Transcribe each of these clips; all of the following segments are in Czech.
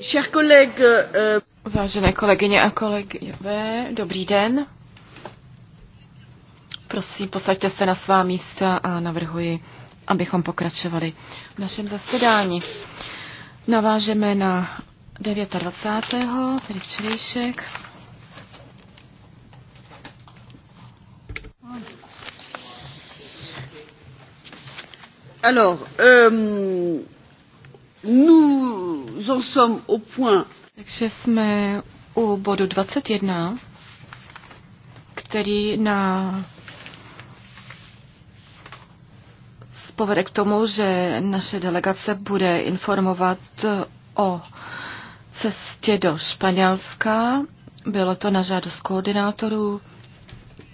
Euh, Vážené kolegyně a kolegové, dobrý den. Prosím, posaďte se na svá místa a navrhuji, abychom pokračovali v našem zasedání. Navážeme na 29. tedy včerejšek. Alors, euh, nous nous en sommes au point. Takže jsme u bodu 21, který na povede k tomu, že naše delegace bude informovat o cestě do Španělska. Bylo to na žádost koordinátorů,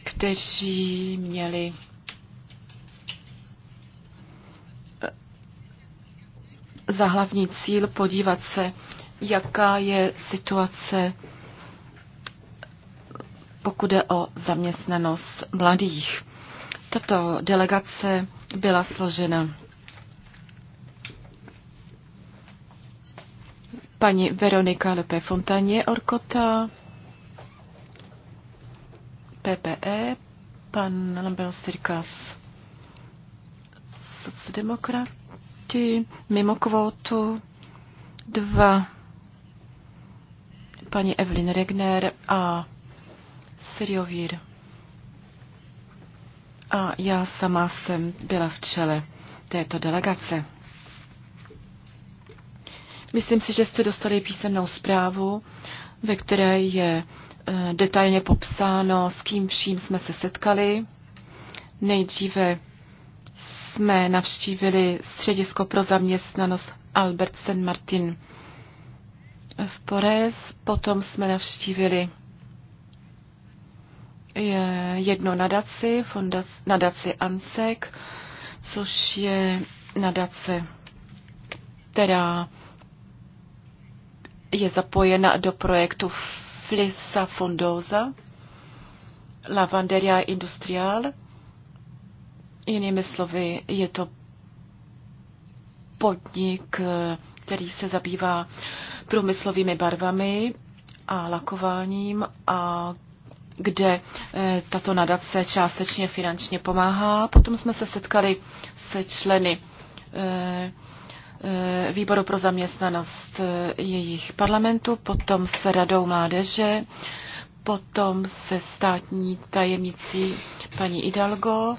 kteří měli za hlavní cíl podívat se, jaká je situace, pokud je o zaměstnanost mladých. Tato delegace byla složena paní Veronika Lepe Fontaně Orkota, PPE, pan Lambel Sirkas, sociodemokrat, činnosti mimo kvótu, dva paní Evelyn Regner a Siriovír. A já sama jsem byla v čele této delegace. Myslím si, že jste dostali písemnou zprávu, ve které je eh, detailně popsáno, s kým vším jsme se setkali. Nejdříve jsme navštívili středisko pro zaměstnanost Albert St. Martin v Porez, potom jsme navštívili jedno nadaci, fondaci, nadaci ANSEC, což je nadace, která je zapojena do projektu Flissa Fondosa, Lavanderia Industrial, Jinými slovy, je to podnik, který se zabývá průmyslovými barvami a lakováním a kde eh, tato nadace částečně finančně pomáhá. Potom jsme se setkali se členy eh, eh, výboru pro zaměstnanost jejich parlamentu, potom s radou mládeže, potom se státní tajemnicí paní Idalgo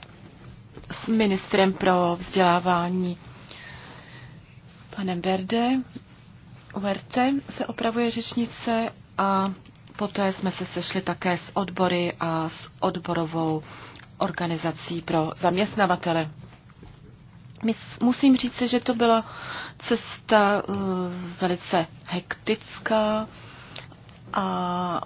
s ministrem pro vzdělávání panem Verde. Uverte se opravuje řečnice a poté jsme se sešli také s odbory a s odborovou organizací pro zaměstnavatele. Musím říct, že to byla cesta eh, velice hektická a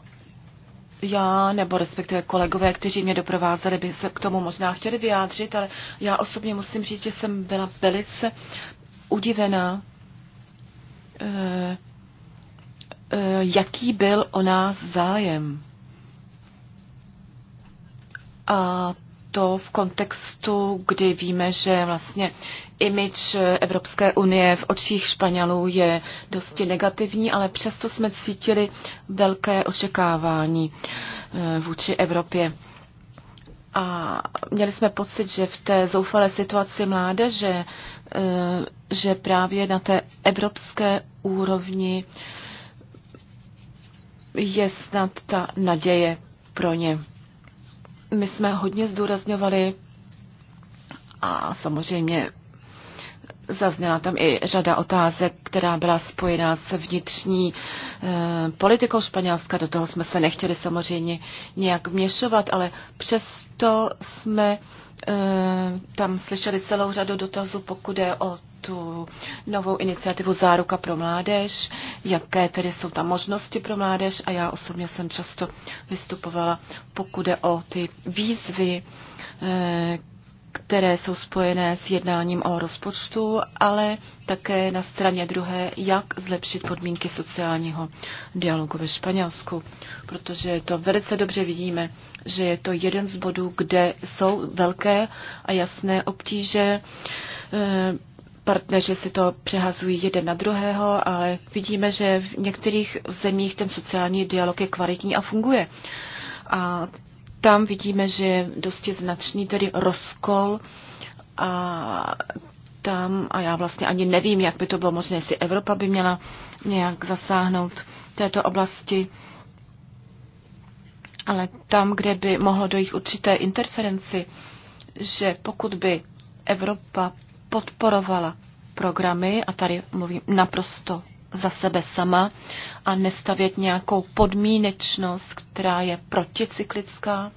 já nebo respektive kolegové, kteří mě doprovázeli, by se k tomu možná chtěli vyjádřit, ale já osobně musím říct, že jsem byla velice udivená, eh, eh, jaký byl o nás zájem. A to v kontextu, kdy víme, že vlastně image Evropské unie v očích Španělů je dosti negativní, ale přesto jsme cítili velké očekávání eh, vůči Evropě. A měli jsme pocit, že v té zoufalé situaci mládeže, eh, že právě na té evropské úrovni je snad ta naděje pro ně. My jsme hodně zdůrazňovali a samozřejmě zazněla tam i řada otázek, která byla spojená se vnitřní e, politikou Španělska. Do toho jsme se nechtěli samozřejmě nějak měšovat, ale přesto jsme e, tam slyšeli celou řadu dotazů, pokud je o tu novou iniciativu Záruka pro mládež, jaké tedy jsou tam možnosti pro mládež a já osobně jsem často vystupovala, pokud jde o ty výzvy, eh, které jsou spojené s jednáním o rozpočtu, ale také na straně druhé, jak zlepšit podmínky sociálního dialogu ve Španělsku. Protože to velice dobře vidíme, že je to jeden z bodů, kde jsou velké a jasné obtíže eh, partneři si to přehazují jeden na druhého, ale vidíme, že v některých zemích ten sociální dialog je kvalitní a funguje. A tam vidíme, že je dosti značný tedy rozkol a tam, a já vlastně ani nevím, jak by to bylo možné, jestli Evropa by měla nějak zasáhnout této oblasti, ale tam, kde by mohlo dojít určité interferenci, že pokud by Evropa podporovala programy, a tady mluvím naprosto za sebe sama, a nestavět nějakou podmínečnost, která je proticyklická,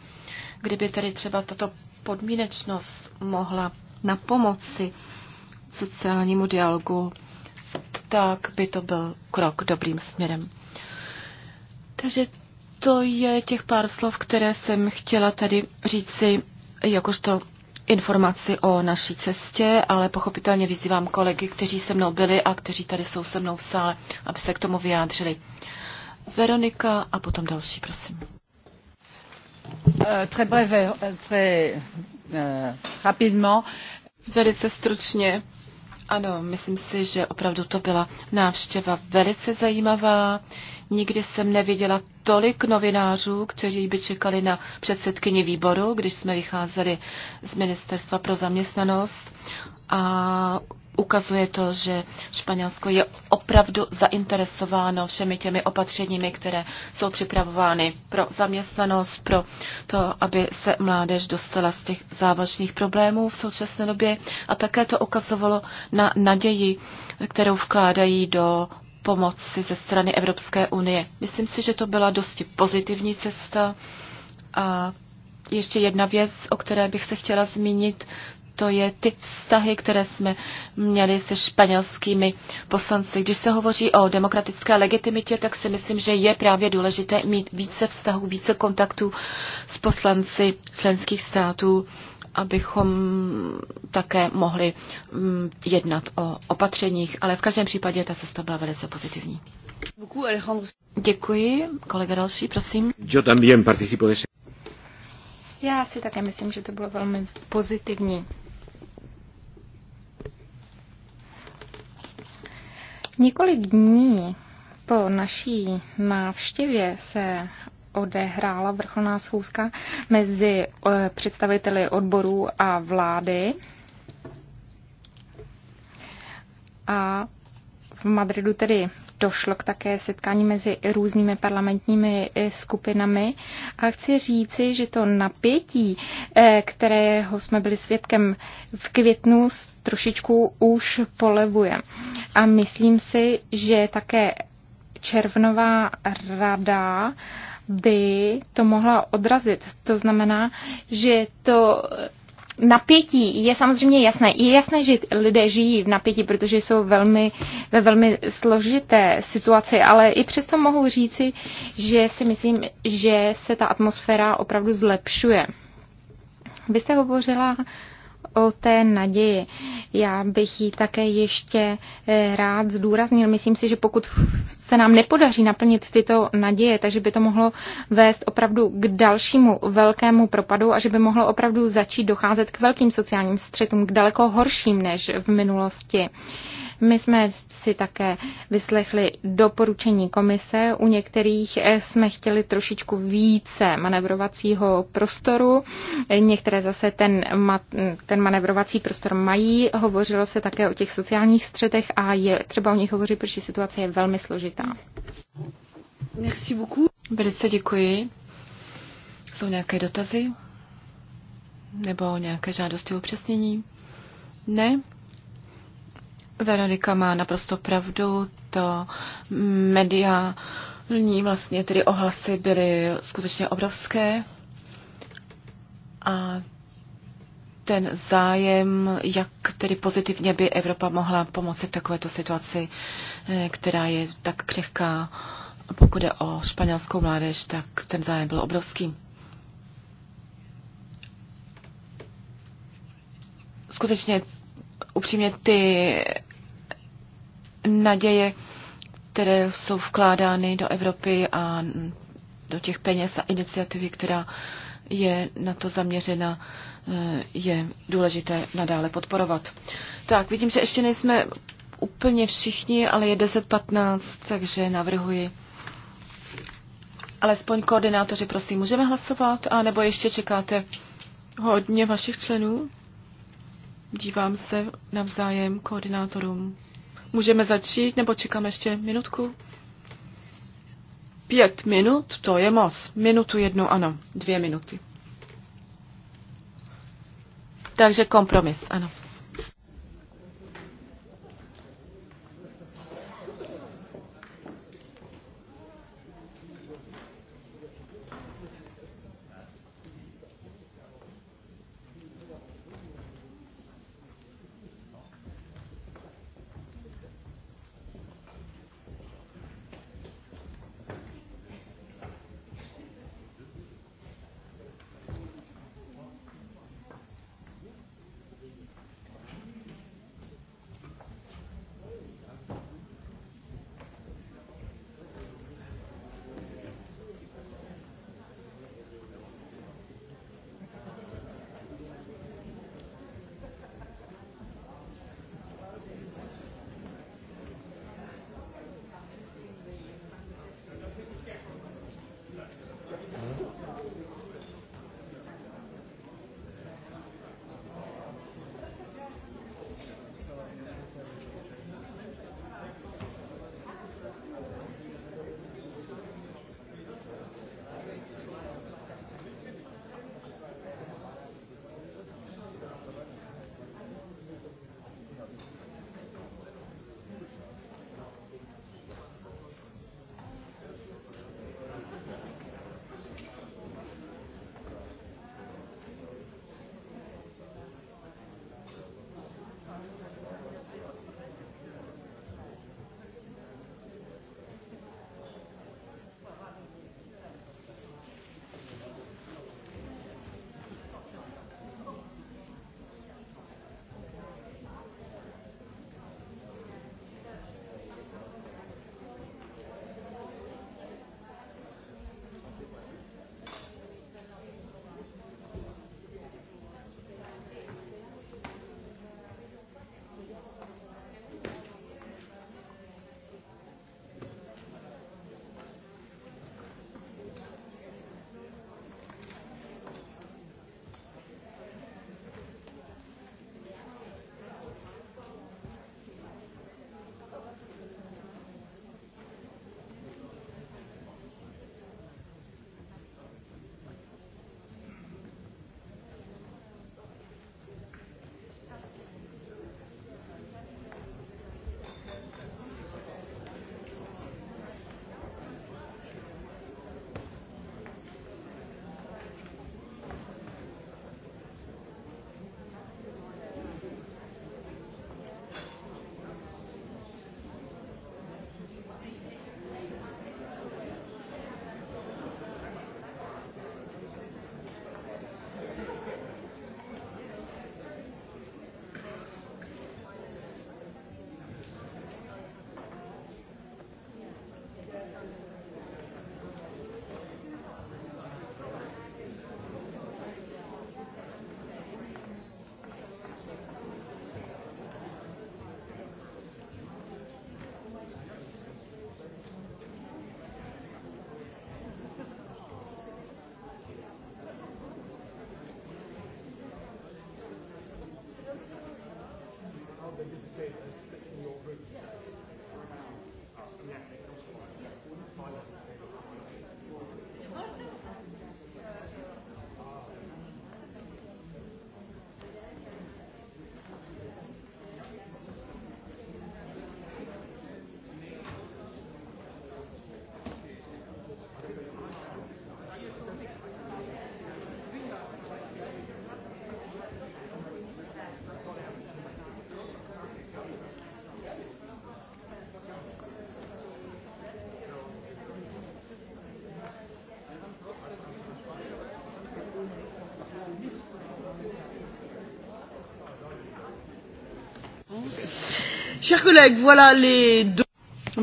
kdyby tedy třeba tato podmínečnost mohla na pomoci sociálnímu dialogu, tak by to byl krok dobrým směrem. Takže to je těch pár slov, které jsem chtěla tady říci jakožto informaci o naší cestě, ale pochopitelně vyzývám kolegy, kteří se mnou byli a kteří tady jsou se mnou v sále, aby se k tomu vyjádřili. Veronika a potom další, prosím. Eh, eh, eh, Velice stručně ano, myslím si, že opravdu to byla návštěva velice zajímavá. Nikdy jsem neviděla tolik novinářů, kteří by čekali na předsedkyni výboru, když jsme vycházeli z Ministerstva pro zaměstnanost. A ukazuje to, že Španělsko je opravdu zainteresováno všemi těmi opatřeními, které jsou připravovány pro zaměstnanost, pro to, aby se mládež dostala z těch závažných problémů v současné době. A také to ukazovalo na naději, kterou vkládají do pomoci ze strany Evropské unie. Myslím si, že to byla dosti pozitivní cesta a ještě jedna věc, o které bych se chtěla zmínit, to je ty vztahy, které jsme měli se španělskými poslanci. Když se hovoří o demokratické legitimitě, tak si myslím, že je právě důležité mít více vztahů, více kontaktů s poslanci členských států, abychom také mohli mm, jednat o opatřeních, ale v každém případě ta cesta byla velice pozitivní. Děkuji. Kolega další, prosím. Yo también participo de Já si také myslím, že to bylo velmi pozitivní. Několik dní po naší návštěvě se odehrála vrcholná schůzka mezi eh, představiteli odborů a vlády. A v Madridu tedy došlo k také setkání mezi různými parlamentními eh, skupinami. A chci říci, že to napětí, eh, kterého jsme byli svědkem v květnu, trošičku už polevuje. A myslím si, že také červnová rada by to mohla odrazit. To znamená, že to napětí je samozřejmě jasné. Je jasné, že lidé žijí v napětí, protože jsou velmi, ve velmi složité situaci, ale i přesto mohu říci, že si myslím, že se ta atmosféra opravdu zlepšuje. Vy jste hovořila o té naději. Já bych ji také ještě eh, rád zdůraznil. Myslím si, že pokud se nám nepodaří naplnit tyto naděje, takže by to mohlo vést opravdu k dalšímu velkému propadu a že by mohlo opravdu začít docházet k velkým sociálním střetům, k daleko horším než v minulosti. My jsme si také vyslechli doporučení komise. U některých eh, jsme chtěli trošičku více manevrovacího prostoru. Některé zase ten, ten manevrovací prostor mají. Hovořilo se také o těch sociálních střetech a je třeba o nich hovořit, protože situace je velmi složitá. Merci beaucoup. Velice děkuji. Jsou nějaké dotazy? Nebo nějaké žádosti o upřesnění? Ne? Veronika má naprosto pravdu, to mediální vlastně tedy ohlasy byly skutečně obrovské a ten zájem, jak tedy pozitivně by Evropa mohla pomoci v takovéto situaci, eh, která je tak křehká, pokud je o španělskou mládež, tak ten zájem byl obrovský. Skutečně upřímně ty naděje, které jsou vkládány do Evropy a do těch peněz a iniciativy, která je na to zaměřena, eh, je důležité nadále podporovat. Tak, vidím, že ještě nejsme úplně všichni, ale je 10.15, takže navrhuji. Alespoň koordinátoři, prosím, můžeme hlasovat, a nebo ještě čekáte hodně vašich členů? Dívám se navzájem koordinátorům. Můžeme začít, nebo čekáme ještě minutku? Pět minut, to je moc. Minutu jednu, ano. Dvě minuty. Takže kompromis, ano.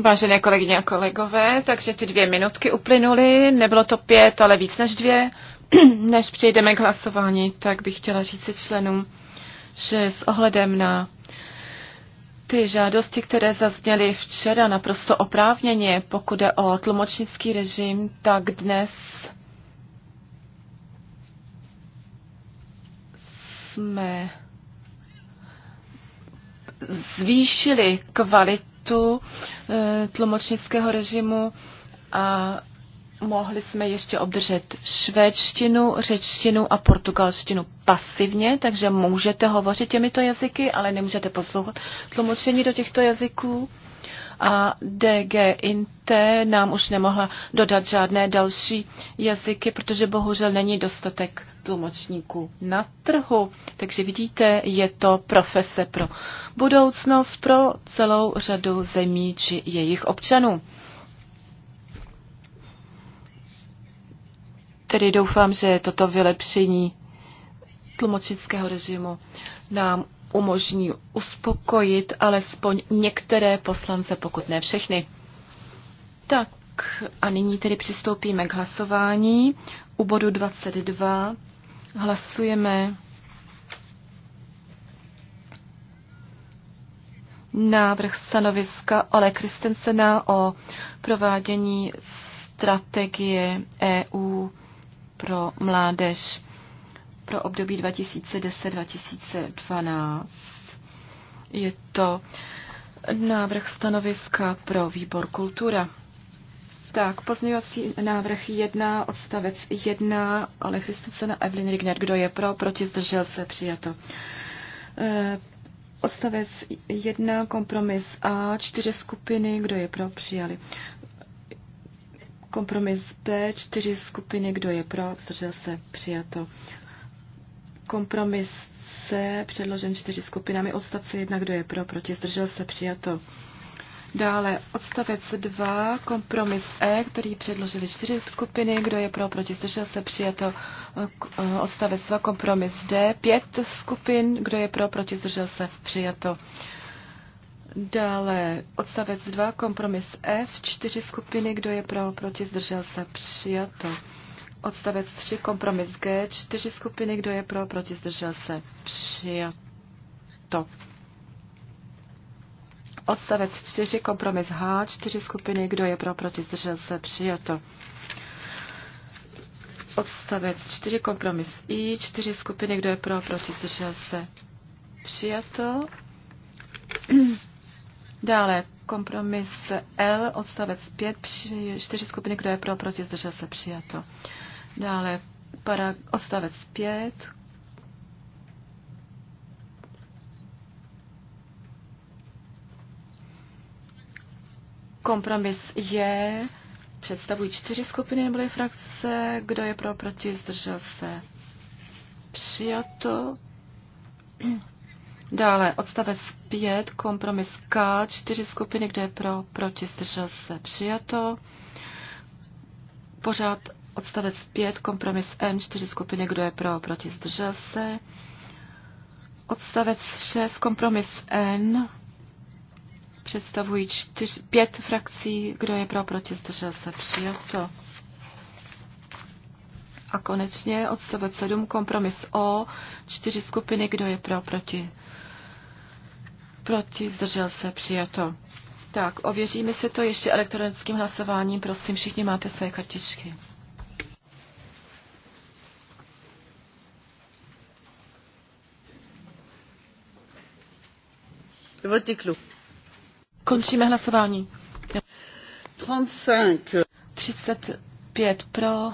Vážené kolegyně a kolegové, takže ty dvě minutky uplynuly, nebylo to pět, ale víc než dvě. Než přejdeme k hlasování, tak bych chtěla říct členům, že s ohledem na ty žádosti, které zazněly včera naprosto oprávněně, pokud je o tlumočnický režim, tak dnes jsme zvýšili kvalitu eh, tlumočnického režimu a mohli jsme ještě obdržet švédštinu, řečtinu a portugalštinu pasivně, takže můžete hovořit těmito jazyky, ale nemůžete poslouchat tlumočení do těchto jazyků a DG Inte nám už nemohla dodat žádné další jazyky, protože bohužel není dostatek tlumočníků na trhu. Takže vidíte, je to profese pro budoucnost pro celou řadu zemí či jejich občanů. Tedy doufám, že toto vylepšení tlumočnického režimu nám umožní uspokojit alespoň některé poslance, pokud ne všechny. Tak a nyní tedy přistoupíme k hlasování. U bodu 22 hlasujeme návrh stanoviska Ole Kristensena o provádění strategie EU pro mládež pro období 2010-2012. Je to návrh stanoviska pro výbor kultura. Tak, pozměňovací návrh 1, odstavec 1, Ale Christensen a Evelyn Rigner. Kdo je pro, proti, zdržel se, přijato. E, odstavec 1, kompromis A, čtyři skupiny, kdo je pro, přijali. Kompromis B, čtyři skupiny, kdo je pro, zdržel se, přijato. Kompromis se předložen čtyři skupinami, odstavce jedna, kdo je pro, proti, zdržel se, přijato. Dále odstavec 2, kompromis E, který předložili čtyři skupiny, kdo je pro, proti, zdržel se, přijato. E, odstavec 2, kompromis D, pět skupin, kdo je pro, proti, zdržel se, přijato. Dále odstavec 2, kompromis F, čtyři skupiny, kdo je pro, proti, zdržel se, přijato. Odstavec 3, kompromis G, čtyři skupiny, kdo je pro, proti, zdržel se, přijato. Odstavec 4, kompromis H, čtyři skupiny, kdo je pro, proti, zdržel se, přijato. Odstavec 4, kompromis I, čtyři skupiny, kdo je pro, proti, zdržel se, přijato. Dále kompromis L, odstavec 5, 4 skupiny, kdo je pro, proti, zdržel se, přijato. Dále para, odstavec 5. Kompromis je, představují čtyři skupiny nebo frakce, kdo je pro, proti, zdržel se. Přijato. Dále odstavec 5, kompromis K, čtyři skupiny, kde je pro, proti, zdržel se, přijato. Pořád Odstavec 5, kompromis N, čtyři skupiny, kdo je pro, proti, zdržel se. Odstavec 6, kompromis N, představují čtyř, pět frakcí, kdo je pro, proti, zdržel se, přijato. A konečně odstavec 7, kompromis O, čtyři skupiny, kdo je pro, proti, proti, zdržel se, přijato. Tak, ověříme si to ještě elektronickým hlasováním, prosím, všichni máte své kartičky. Končíme hlasování. 35. pro,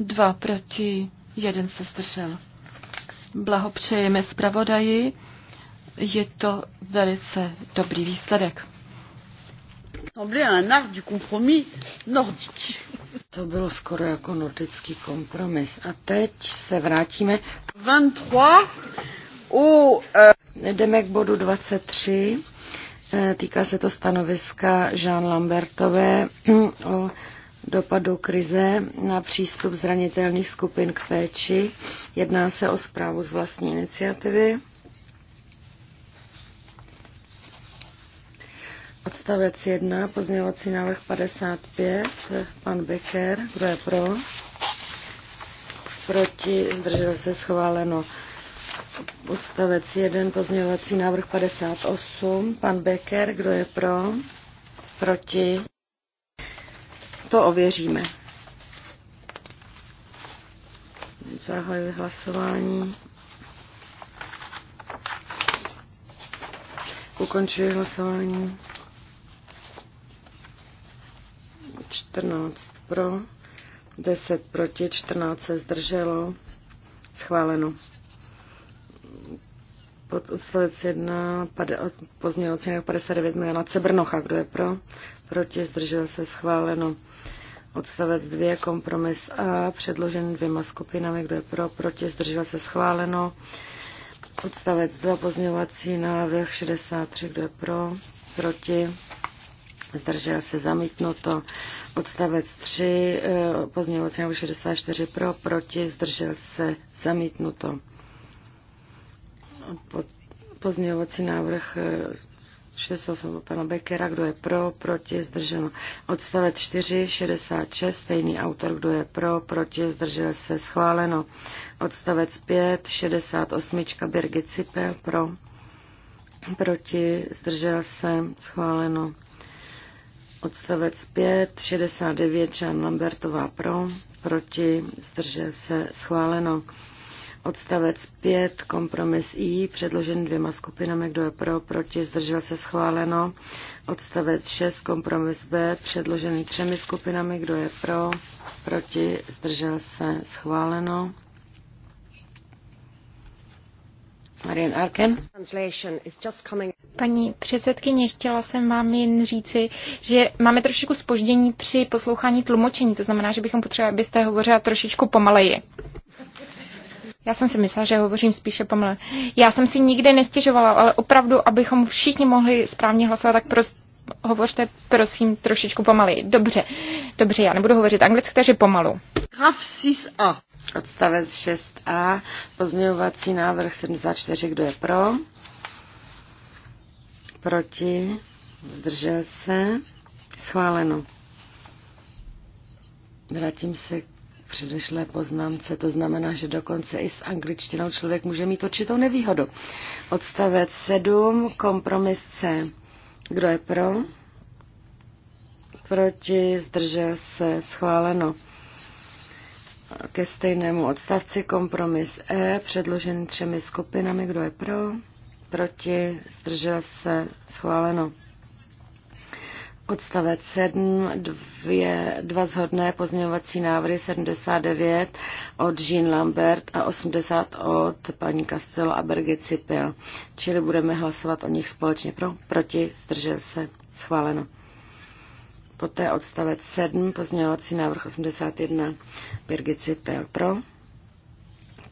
2 proti, 1 se zdržel. Blahopřejeme zpravodaji. Je to velice dobrý výsledek. To bylo skoro jako nordický kompromis. A teď se vrátíme 23 u... Uh, Jdeme k bodu 23. Eh, týká se to stanoviska Jean Lambertové o dopadu krize na přístup zranitelných skupin k péči. Jedná se o zprávu z vlastní iniciativy. Odstavec 1, pozměňovací návrh 55, pan Becker, kdo je pro? Proti, zdržel se schváleno. Odstavec 1, pozměňovací návrh 58. Pan Becker, kdo je pro? Proti? To ověříme. Zahajuji hlasování. Ukončuji hlasování. 14 pro, 10 proti, 14 se zdrželo. Schváleno od odstavec 1, od pozměňovací 59 miliona Cebrnocha. Kdo je pro? Proti, zdržel se, schváleno. Odstavec 2, kompromis A, předložen dvěma skupinami. Kdo je pro? Proti, zdržel se, schváleno. Odstavec 2, pozměňovací návrh 63. Kdo je pro? Proti, zdržel se, zamítnuto. Odstavec 3, eh, pozměňovací návrh 64 pro, proti, zdržel se, zamítnuto. Pozměňovací návrh 68 eh, pana Beckera, kdo je pro, proti, zdrženo. Odstavec 4, 66, stejný autor, kdo je pro, proti, zdržel se, schváleno. Odstavec 5, 68, Birgit Cipel, pro, proti, zdržel se, schváleno. Odstavec 5, 69, Jan Lambertová, pro, proti, zdržel se, schváleno. Odstavec 5, kompromis I, předložen dvěma skupinami, kdo je pro, proti, zdržel se schváleno. Odstavec 6, kompromis B, Předložen třemi skupinami, kdo je pro, proti, zdržel se schváleno. Marian Arken. Paní předsedkyně, chtěla jsem vám jen říci, že máme trošičku spoždění při poslouchání tlumočení, to znamená, že bychom potřebovali, abyste hovořila trošičku pomaleji. Já jsem si myslela, že hovořím spíše pomle. Já jsem si nikdy nestěžovala, ale opravdu, abychom všichni mohli správně hlasovat, tak prostě hovořte prosím trošičku pomaleji. Dobře, dobře, já nebudu hovořit anglicky, takže pomalu. a Odstavec 6a, pozměňovací návrh 74, kdo je pro? Proti? Zdržel se? Schváleno. Vrátím se předešlé poznámce, to znamená, že dokonce i s angličtinou člověk může mít určitou nevýhodu. Odstavec 7, kompromis C. Kdo je pro? Proti, zdržel se, schváleno. Ke stejnému odstavci kompromis E, předložený třemi skupinami. Kdo je pro? Proti, zdržel se, schváleno. Odstavec 7, dvě, dva zhodné pozměňovací návrhy 79 od Jean Lambert a 80 od paní Castello a Birgit Cipil. Čili budeme hlasovat o nich společně pro, proti, zdržel se, schváleno. Poté odstavec 7, pozměňovací návrh 81, Birgit Cipel pro,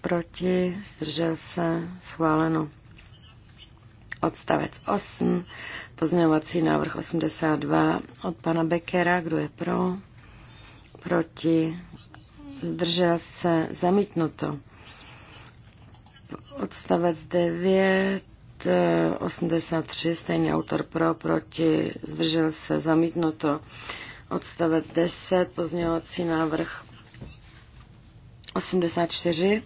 proti, zdržel se, schváleno. Odstavec 8, Pozměňovací návrh 82 od pana Beckera. Kdo je pro? Proti? Zdržel se? Zamítnuto. Odstavec 9, 83, eh, stejný autor pro, proti, zdržel se, zamítnuto. Odstavec 10, pozměňovací návrh 84,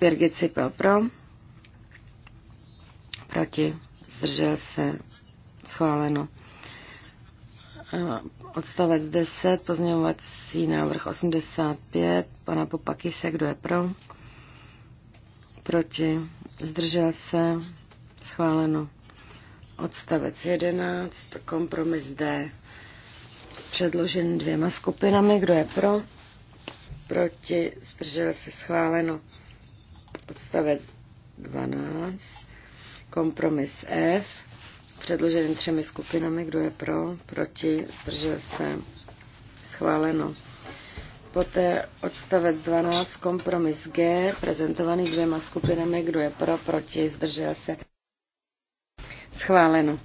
Birgit Cipel pro, proti, zdržel se, Schváleno. Odstavec 10, pozměňovací návrh 85, pana Popakise, kdo je pro? Proti? Zdržel se? Schváleno. Odstavec 11, kompromis D, předložen dvěma skupinami, kdo je pro? Proti? Zdržel se? Schváleno. Odstavec 12, kompromis F, předloženým třemi skupinami. Kdo je pro, proti, zdržel se, schváleno. Poté odstavec 12, kompromis G, prezentovaný dvěma skupinami. Kdo je pro, proti, zdržel se, schváleno.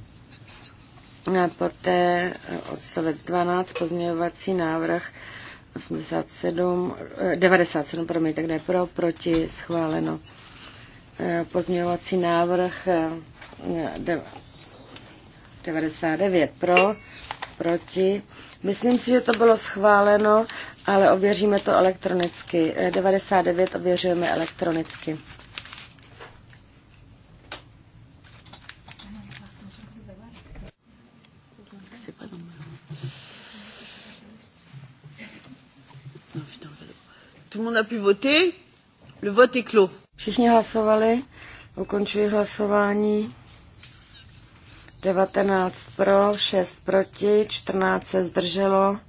A poté odstavec 12, pozměňovací návrh 87, 97, promiňte, tak ne, pro, proti, schváleno. Eh, pozměňovací návrh eh, 99 pro, proti. Myslím si, že to bylo schváleno, ale ověříme to elektronicky. 99 eh, ověřujeme elektronicky. Všichni hlasovali. Ukončuji hlasování. 19 pro, 6 proti, 14 se zdrželo,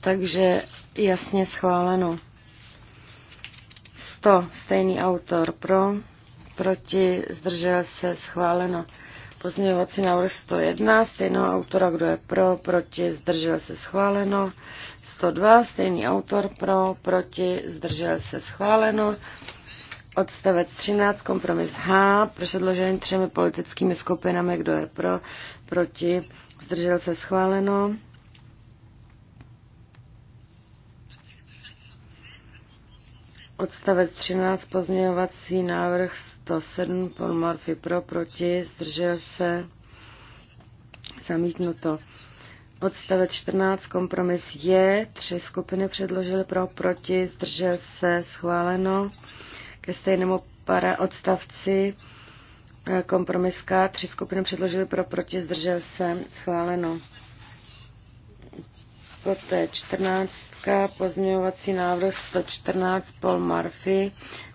takže jasně schváleno. 100 stejný autor pro, proti, zdržel se, schváleno. Pozměňovací návrh 101, stejného autora, kdo je pro, proti, zdržel se, schváleno. 102, stejný autor, pro, proti, zdržel se, schváleno. Odstavec 13, kompromis H, předložený třemi politickými skupinami, kdo je pro, proti, zdržel se schváleno. Odstavec 13, pozměňovací návrh 107, pan Murphy pro, proti, zdržel se, zamítnuto. Odstavec 14, kompromis je, tři skupiny předložily pro, proti, zdržel se, schváleno ke stejnému para odstavci eh, kompromiska. Tři skupiny předložily pro proti, zdržel se, schváleno. Poté 14. pozměňovací návrh 114 Paul Murphy,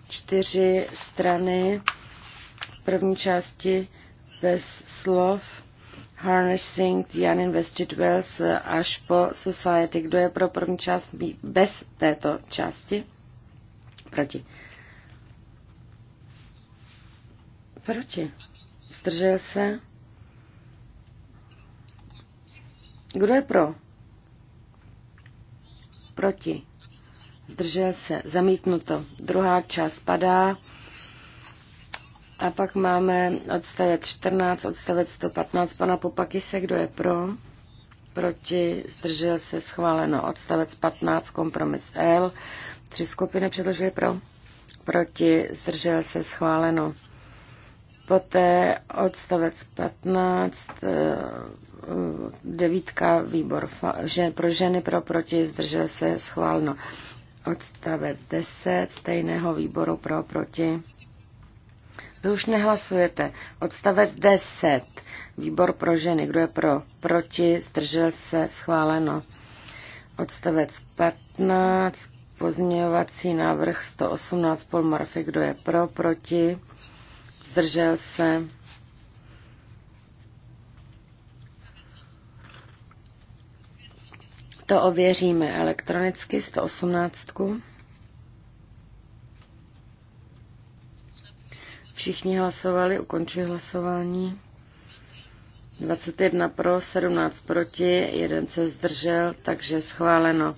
čtyři strany první části bez slov Harnessing the Uninvested Wealth až po Society. Kdo je pro první část bez této části? Proti. Proti. Zdržel se. Kdo je pro? Proti. Zdržel se. Zamítnuto. Druhá část padá. A pak máme odstavec 14, odstavec 115 pana Popakise, kdo je pro, proti, zdržel se, schváleno. Odstavec 15, kompromis L, tři skupiny předložily pro, proti, zdržel se, schváleno. Poté odstavec 15, eh, devítka výbor že pro ženy pro proti zdržel se schválno. Odstavec 10 stejného výboru pro proti. Vy už nehlasujete. Odstavec 10. Výbor pro ženy. Kdo je pro? Proti. Zdržel se. Schváleno. Odstavec 15. Pozměňovací návrh 118. polmorfy, Kdo je pro? Proti zdržel se. To ověříme elektronicky 118. Všichni hlasovali, ukončuji hlasování. 21 pro, 17 proti, jeden se zdržel, takže schváleno.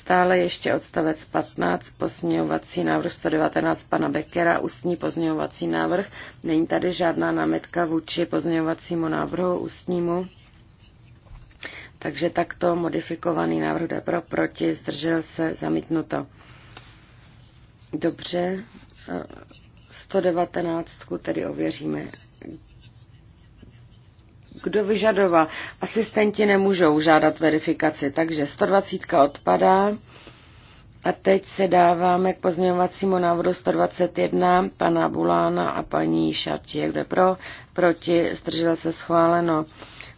Stále ještě odstavec 15, posměňovací návrh 119 pana Beckera, ústní pozměňovací návrh. Není tady žádná námitka vůči pozměňovacímu návrhu ústnímu. Takže takto modifikovaný návrh jde pro, proti, zdržel se, zamítnuto. Dobře, 119 tedy ověříme kdo vyžadoval. Asistenti nemůžou žádat verifikaci, takže 120 odpadá. A teď se dáváme k pozměňovacímu návodu 121 pana Bulána a paní Šartě. Kdo pro? Proti? Zdržel se schváleno.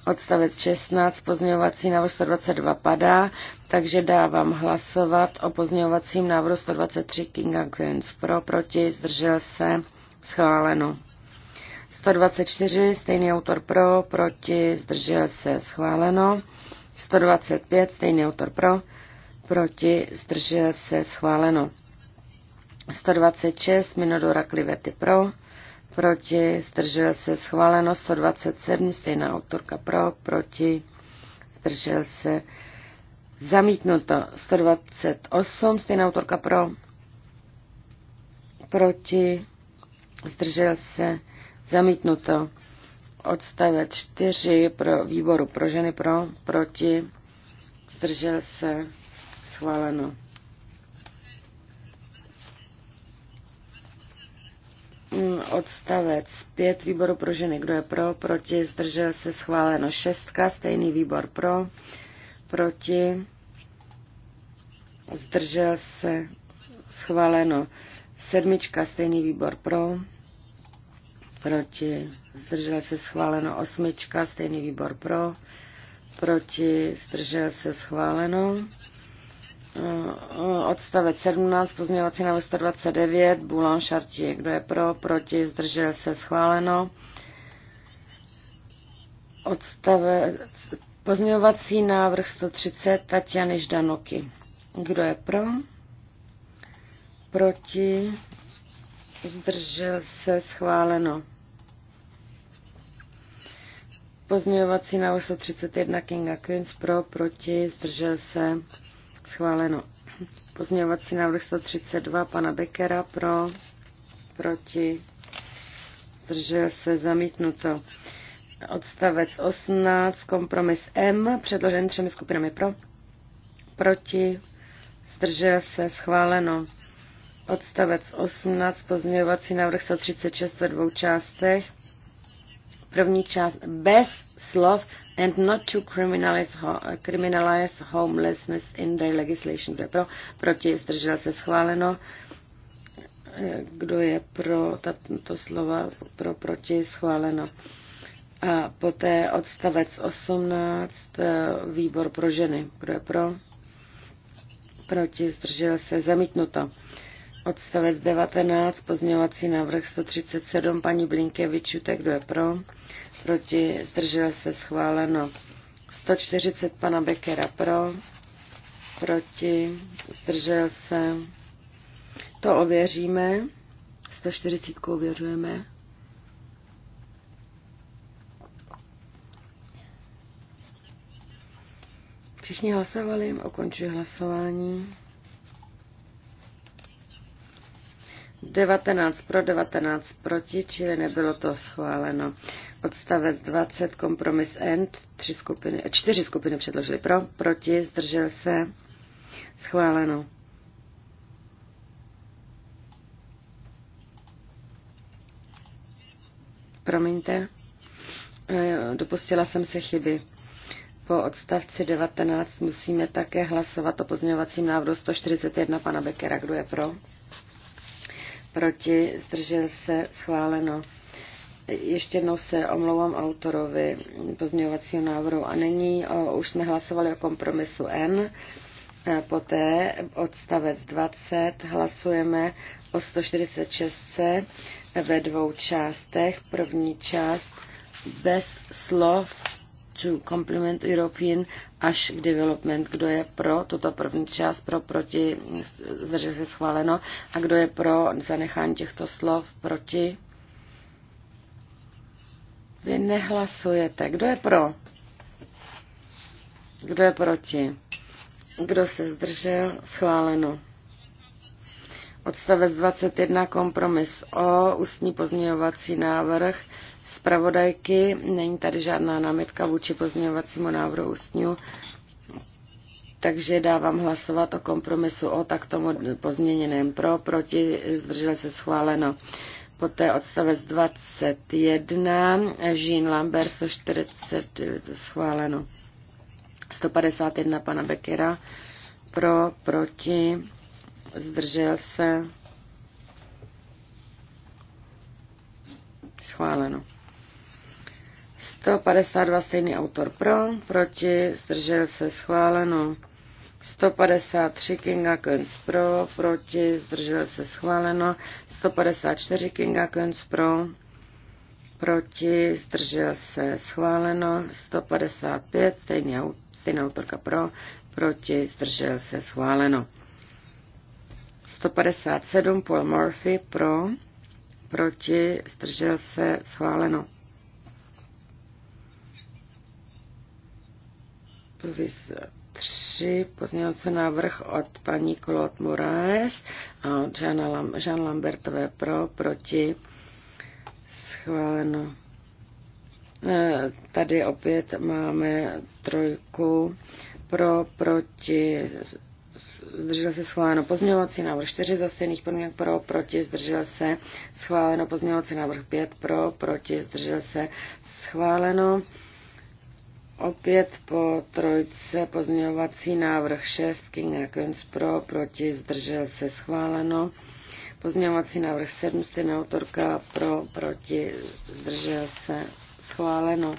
Odstavec 16, pozměňovací návrh 122 padá, takže dávám hlasovat o pozměňovacím návrhu 123 Kinga Kunz. Pro, proti, zdržel se, schváleno. 124, stejný autor pro, proti, zdržel se, schváleno. 125, stejný autor pro, proti, zdržel se, schváleno. 126, Minodora Klivety pro, proti, zdržel se, schváleno. 127, stejná autorka pro, proti, zdržel se, zamítnuto. 128, stejná autorka pro, proti, zdržel se, Zamítnuto. Odstavec 4 pro výboru pro ženy pro, proti, zdržel se, schváleno. Mm, odstavec 5 výboru pro ženy, kdo je pro, proti, zdržel se, schváleno. Šestka, stejný výbor pro, proti, zdržel se, schváleno. Sedmička, stejný výbor pro, proti, zdržel se schváleno osmička, stejný výbor pro, proti, zdržel se schváleno. Eh, odstavec 17, pozměňovací návrh 129, Bulan Chartier, kdo je pro, proti, zdržel se schváleno. Odstavec, pozměňovací návrh 130, Tatiany Ždanoky, kdo je pro, proti, zdržel se schváleno. Pozměňovací návrh 131 Kinga Queens pro, proti, zdržel se, schváleno. Pozměňovací návrh 132 pana Beckera pro, proti, zdržel se, zamítnuto. Odstavec 18, kompromis M, předložen třemi skupinami pro, proti, zdržel se, schváleno. Odstavec 18, pozměňovací návrh 136 ve dvou částech. První část bez slov and not to criminalize, ho, criminalize homelessness in their legislation. Kdo je pro? Proti? Zdržel se schváleno. Eh, kdo je pro tato slova? Pro, proti? Schváleno. A poté odstavec 18, eh, výbor pro ženy. Kdo je pro? Proti? Zdržel se zamítnuto. Odstavec 19, pozměňovací návrh 137, paní Blinkevičutek, kdo je pro? proti, zdržel se schváleno. 140 pana Bekera pro, proti, zdržel se. To ověříme. 140 ověřujeme. Všichni hlasovali, ukončuji hlasování. 19 pro, 19 proti, čili nebylo to schváleno. Odstavec 20, kompromis end, tři skupiny, čtyři skupiny předložili pro, proti, zdržel se, schváleno. Promiňte, e, dopustila jsem se chyby. Po odstavci 19 musíme také hlasovat o pozměňovacím návrhu 141 pana Bekera. Kdo je pro? proti, zdržel se, schváleno. Ještě jednou se omlouvám autorovi pozměňovacího návrhu. A nyní o, už jsme hlasovali o kompromisu N. E, poté odstavec 20 hlasujeme o 146 ve dvou částech. První část bez slov to complement European až k development, kdo je pro tuto první část, pro proti, zdržel se schváleno, a kdo je pro zanechání těchto slov proti. Vy nehlasujete. Kdo je pro? Kdo je proti? Kdo se zdržel? Schváleno. Odstavec 21 kompromis o ústní pozměňovací návrh zpravodajky. Není tady žádná námitka vůči pozměňovacímu návrhu ústního, takže dávám hlasovat o kompromisu o tak tomu pozměněném pro, proti, zdržel se schváleno. Poté odstavec 21, Jean Lambert 149 schváleno. 151 pana Bekera pro, proti, zdržel se, schváleno. 152 stejný autor pro, proti, zdržel se schváleno. 153 Kinga Kunz pro, proti, zdržel se schváleno. 154 Kinga Kunz pro, proti, zdržel se schváleno. 155 stejný, stejná autorka pro, proti, zdržel se schváleno. 157 Paul Murphy pro, proti, zdržel se schváleno. Vys 3, pozměňovací návrh od paní Claude Moraes a od Jean, Lam, Jean Lambertové pro, proti, schváleno. E, tady opět máme trojku pro, proti, zdržel se schváleno pozměňovací návrh 4 za stejných podmínek pro, proti, zdržel se schváleno pozměňovací návrh 5 pro, proti, zdržel se schváleno. Opět po trojce pozměňovací návrh 6 King Akons pro, proti zdržel se schváleno. Pozměňovací návrh 7 stejná autorka pro, proti zdržel se schváleno.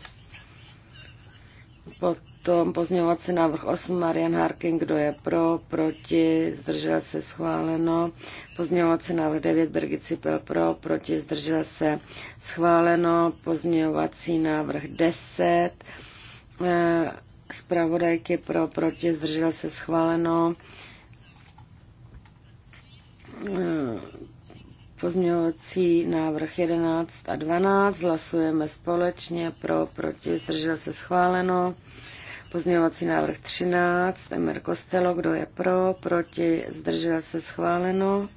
Potom pozměňovací návrh 8 Marian Harkin, kdo je pro, proti, zdržel se schváleno. Pozměňovací návrh 9 Birgit Cipel pro, proti, zdržel se schváleno. Pozměňovací návrh 10 Eh, zpravodajky pro proti zdržel eh, se schváleno. Pozměňovací návrh 11 a 12 hlasujeme společně pro proti zdržel se schváleno. Pozměňovací návrh 13, Emer Kostelo, kdo je pro, proti, zdržel se schváleno.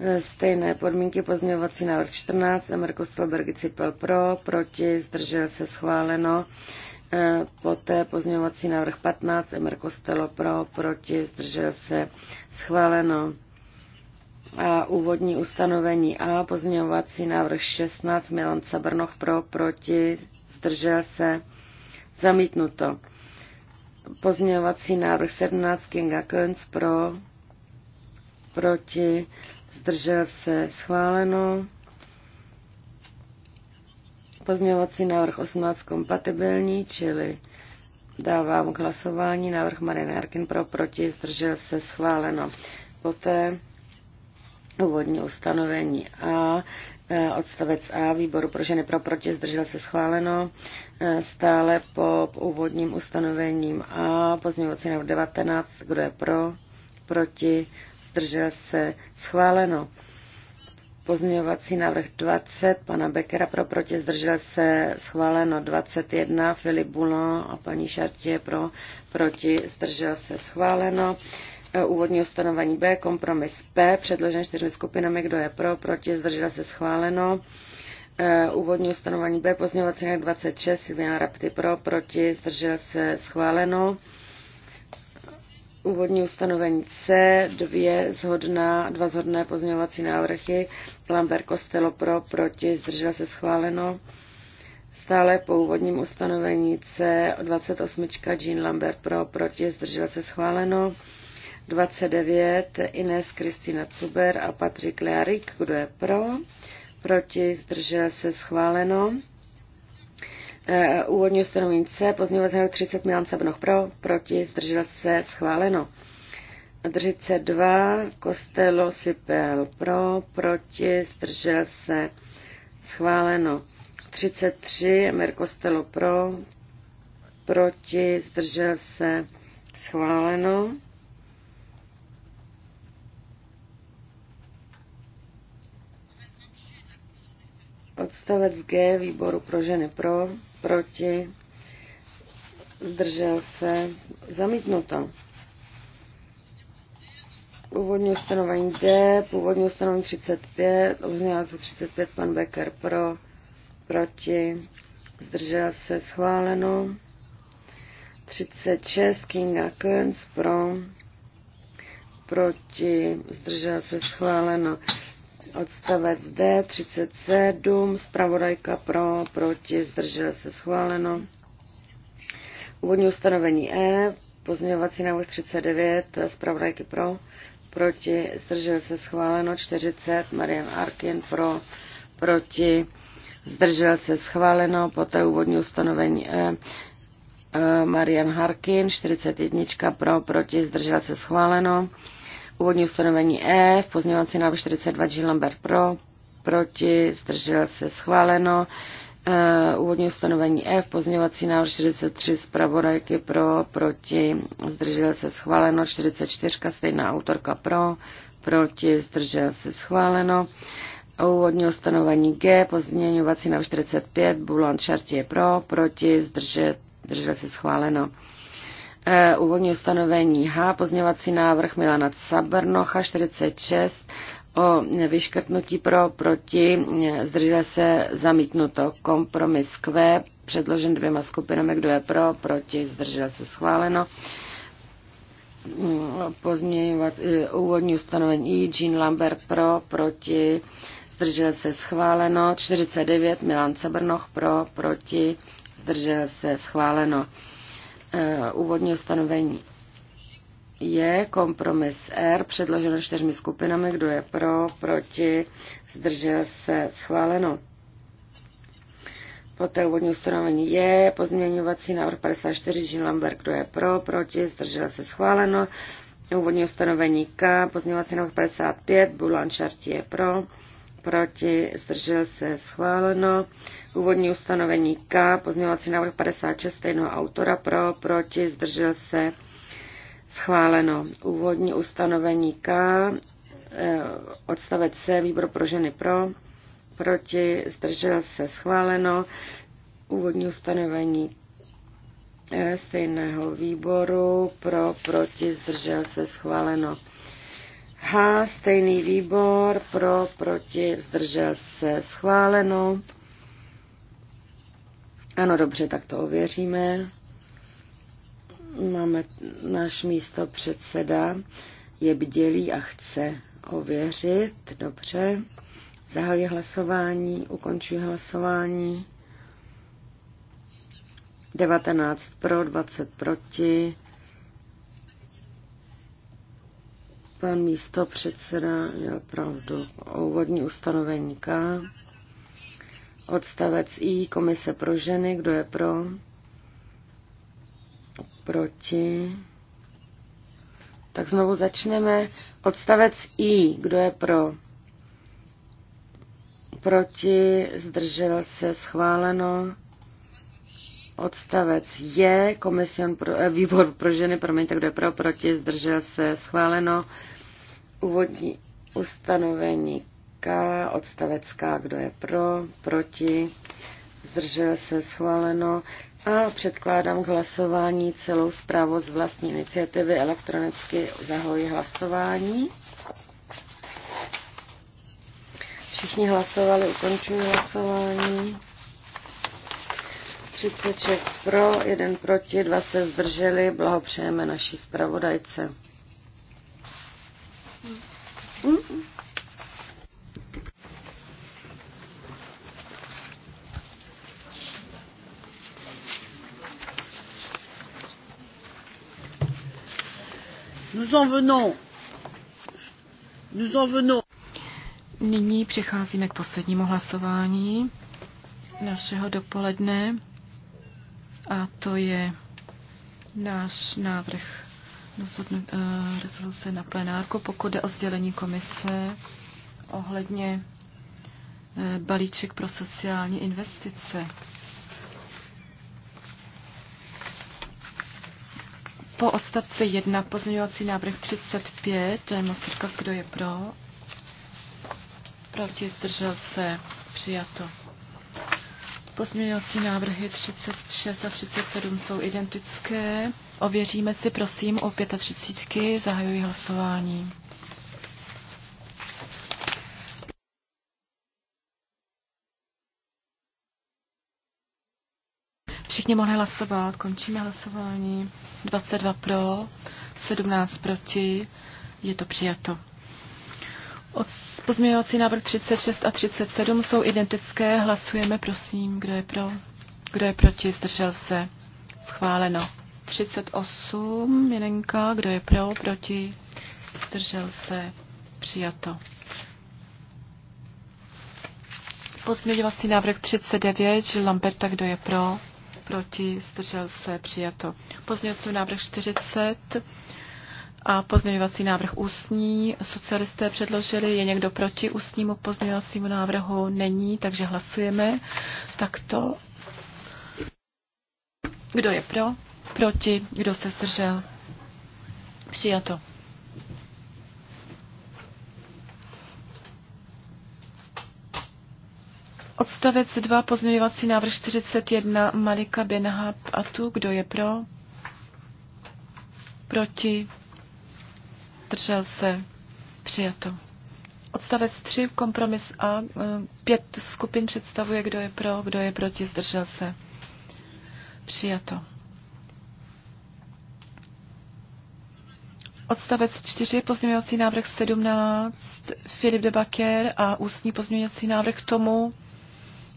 Eh, stejné podmínky pozměňovací návrh 14, Emer Kostelo, Bergicipel pro, proti, zdržel se schváleno. Eh, poté pozměňovací návrh 15, Emer Kostelo pro, proti, zdržel se, schváleno. A úvodní ustanovení A, pozměňovací návrh 16, Milan Cabrnoch pro, proti, zdržel se, zamítnuto. Pozměňovací návrh 17, Kinga Köns pro, proti, zdržel se, schváleno. Pozměňovací návrh 18 kompatibilní, čili dávám k hlasování návrh Marina Arkin pro proti, zdržel se schváleno. Poté úvodní ustanovení A, e, odstavec A, výboru pro ženy pro proti, zdržel se schváleno. E, stále po úvodním ustanovením A, pozměňovací návrh 19, kdo je pro, proti, zdržel se schváleno. Pozměňovací návrh 20 pana Beckera pro proti zdržel se schváleno 21 Filip Boulon a paní Šartě pro proti zdržel se schváleno. E, úvodní ustanovení B, kompromis P, předložen čtyřmi skupinami, kdo je pro, proti, zdržel se schváleno. E, úvodní ustanovení B, pozměňovací návrh 26, Silvina Rapty pro, proti, zdržel se schváleno úvodní ustanovení C, dvě zhodná, dva zhodné pozměňovací návrhy, Lambert Costello pro, proti, zdržel se schváleno. Stále po úvodním ustanovení C, 28. Jean Lambert pro, proti, zdržel se schváleno. 29. Ines Kristina Cuber a Patrik Learik, kdo je pro, proti, zdržel se schváleno. Eh, úvodní ustanovení C, pozměňovací návrh 30 Milan Sabnoch pro, proti, zdržel se, schváleno. 32 Kostelo Sipel pro, proti, zdržel se, schváleno. 33 Emer Kostelo pro, proti, zdržel se, schváleno. Odstavec G výboru pro ženy pro proti, zdržel se, zamítnuto. Původní ustanovení D, původní ustanovení 35, se 35, pan Becker pro, proti, zdržel se, schváleno. 36, Kinga Kearns pro, proti, zdržel se, schváleno. Odstavec D, 37, zpravodajka pro, proti, zdržel se schváleno. Úvodní ustanovení E, pozměňovací návrh 39, zpravodajky pro, proti, zdržel se schváleno. 40, Marian Arkin pro, proti, zdržel se schváleno. Poté úvodní ustanovení E, e Marian Harkin, 41 pro, proti, zdržel se schváleno. Úvodní ustanovení E, v pozměňovací návrh 42 G. Lambert pro, proti, zdržel se schváleno. E, úvodní ustanovení F, e, pozměňovací návrh 43 zpravodajky pro, proti, zdržel se schváleno. 44, stejná autorka pro, proti, zdržel se schváleno. Úvodní ustanovení G, pozměňovací návrh 45, Bulan Chartier pro, proti, zdržel, zdržel se schváleno úvodní eh, ustanovení H, pozněvací návrh Milana Cabrnocha 46 o vyškrtnutí pro, proti, eh, zdržel se zamítnuto kompromis Q, předložen dvěma skupinami, kdo je pro, proti, zdržel se schváleno. Mm, pozměňovat úvodní eh, ustanovení I, Jean Lambert pro, proti, zdržel se schváleno. 49, Milan Cabrnoch pro, proti, zdržel se schváleno. Eh, úvodního stanovení je kompromis R předložen čtyřmi skupinami, kdo je pro, proti, zdržel se, schváleno. Poté úvodní ustanovení je pozměňovací návrh 54 Jean Lambert, kdo je pro, proti, zdržel se, schváleno. Úvodní ustanovení K, pozměňovací návrh 55, Boulan je pro, proti, zdržel se, schváleno. Úvodní ustanovení K, pozměňovací návrh 56 stejného autora, pro, proti, zdržel se, schváleno. Úvodní ustanovení K, eh, odstavec C, výbor pro ženy pro, proti, zdržel se, schváleno. Úvodní ustanovení eh, stejného výboru pro, proti, zdržel se, schváleno. H, stejný výbor, pro, proti, zdržel se, schváleno. Ano, dobře, tak to ověříme. Máme náš místo předseda, je bdělý a chce ověřit. Dobře. Zahajuji hlasování, ukončuji hlasování. 19 pro, 20 proti, Pan místo předseda měl pravdu. Úvodní ustanovení K. Odstavec I. Komise pro ženy. Kdo je pro? Proti. Tak znovu začneme. Odstavec I. Kdo je pro? Proti. Zdržel se. Schváleno. Odstavec je komision pro, eh, výbor pro ženy, promiňte, kdo je pro, proti, zdržel se, schváleno. Úvodní ustanovení K, odstavec K, kdo je pro, proti, zdržel se, schváleno. A předkládám k hlasování celou zprávu z vlastní iniciativy. Elektronicky zahoji hlasování. Všichni hlasovali, ukončuji hlasování. 36 pro, 1 proti, 2 se zdrželi. Blahopřejeme naší zpravodajce. Nous en venons. Nous en venons. Nyní přicházíme k poslednímu hlasování našeho dopoledne. A to je náš návrh eh, rezoluce na plenárku, pokud jde o sdělení komise ohledně eh, balíček pro sociální investice. Po odstavce 1 pozměňovací návrh 35, to je Mosrkas, kdo je pro, proti zdržel se, přijato. Pozměňovací návrhy 36 a 37 jsou identické. Ověříme si prosím o 35. Zahajuji hlasování. Všichni mohli hlasovat. Končíme hlasování. 22 pro, 17 proti. Je to přijato. Pozměňovací návrh 36 a 37 jsou identické. Hlasujeme, prosím, kdo je pro, kdo je proti, zdržel se. Schváleno. 38, Jelenka, kdo je pro, proti, zdržel se, přijato. Pozměňovací návrh 39, Lamberta, kdo je pro, proti, zdržel se, přijato. Pozměňovací návrh 40, a pozměňovací návrh ústní. Socialisté předložili. Je někdo proti ústnímu pozměňovacímu návrhu? Není, takže hlasujeme takto. Kdo je pro? Proti? Kdo se zdržel? Přijato. Odstavec 2, pozměňovací návrh 41, Malika Benhab a tu, kdo je pro? Proti? zdržel se, přijato. Odstavec 3, kompromis A, e, pět skupin představuje, kdo je pro, kdo je proti, zdržel se. Přijato. Odstavec 4, pozměňovací návrh 17, Filip de Baker a ústní pozměňovací návrh tomu.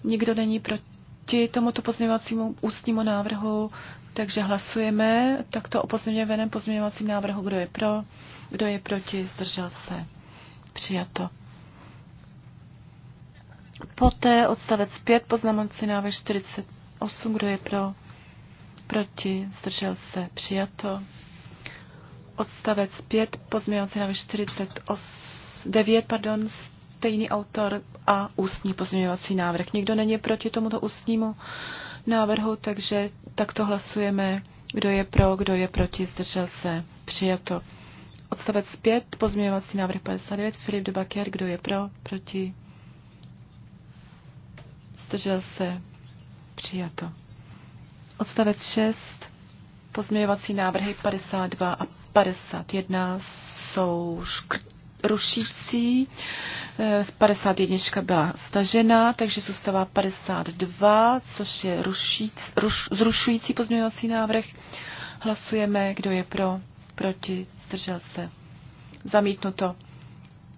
Nikdo není proti, proti tomuto pozměňovacímu ústnímu návrhu, takže hlasujeme takto o pozměňovaném pozměňovacím návrhu, kdo je pro, kdo je proti, zdržel se. Přijato. Poté odstavec 5, poznamenací návrh 48, kdo je pro, proti, zdržel se. Přijato. Odstavec 5, pozměňovací návrh 48, 9, pardon, stejný autor a ústní pozměňovací návrh. Nikdo není proti tomuto ústnímu návrhu, takže takto hlasujeme, kdo je pro, kdo je proti, zdržel se, přijato. Odstavec 5, pozměňovací návrh 59, Filip Debakier, kdo je pro, proti, zdržel se, přijato. Odstavec 6, pozměňovací návrhy 52 a 51 jsou škrt rušící. 51 eh, byla stažena, takže zůstává 52, což je rušíc, ruš, zrušující pozměňovací návrh. Hlasujeme, kdo je pro, proti, zdržel se. Zamítnuto.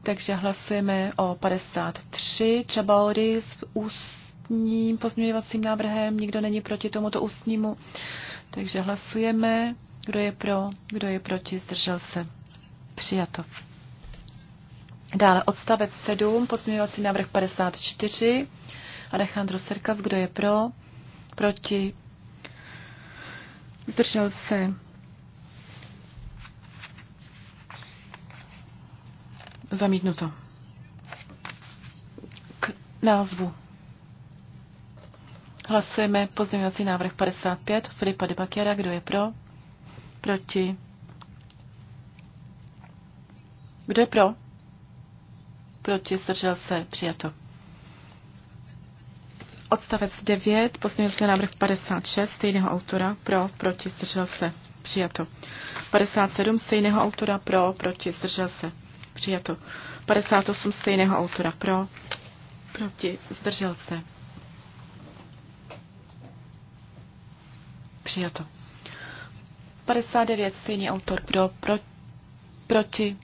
Takže hlasujeme o 53 Čabaury s ústním pozměňovacím návrhem. Nikdo není proti tomuto ústnímu. Takže hlasujeme, kdo je pro, kdo je proti, zdržel se. Přijato. Dále odstavec 7, pozměňovací návrh 54. Alejandro Serkas, kdo je pro? Proti? Zdržel se? Zamítnuto. K názvu. Hlasujeme pozměňovací návrh 55 Filipa Debakiera. Kdo je pro? Proti? Kdo je pro? proti, zdržel se, přijato. Odstavec 9, poslední návrh 56, stejného autora, pro, proti, zdržel se, přijato. 57, stejného autora, pro, proti, zdržel se, přijato. 58, stejného autora, pro, proti, zdržel se, přijato. 59, stejný autor, pro, pro, proti,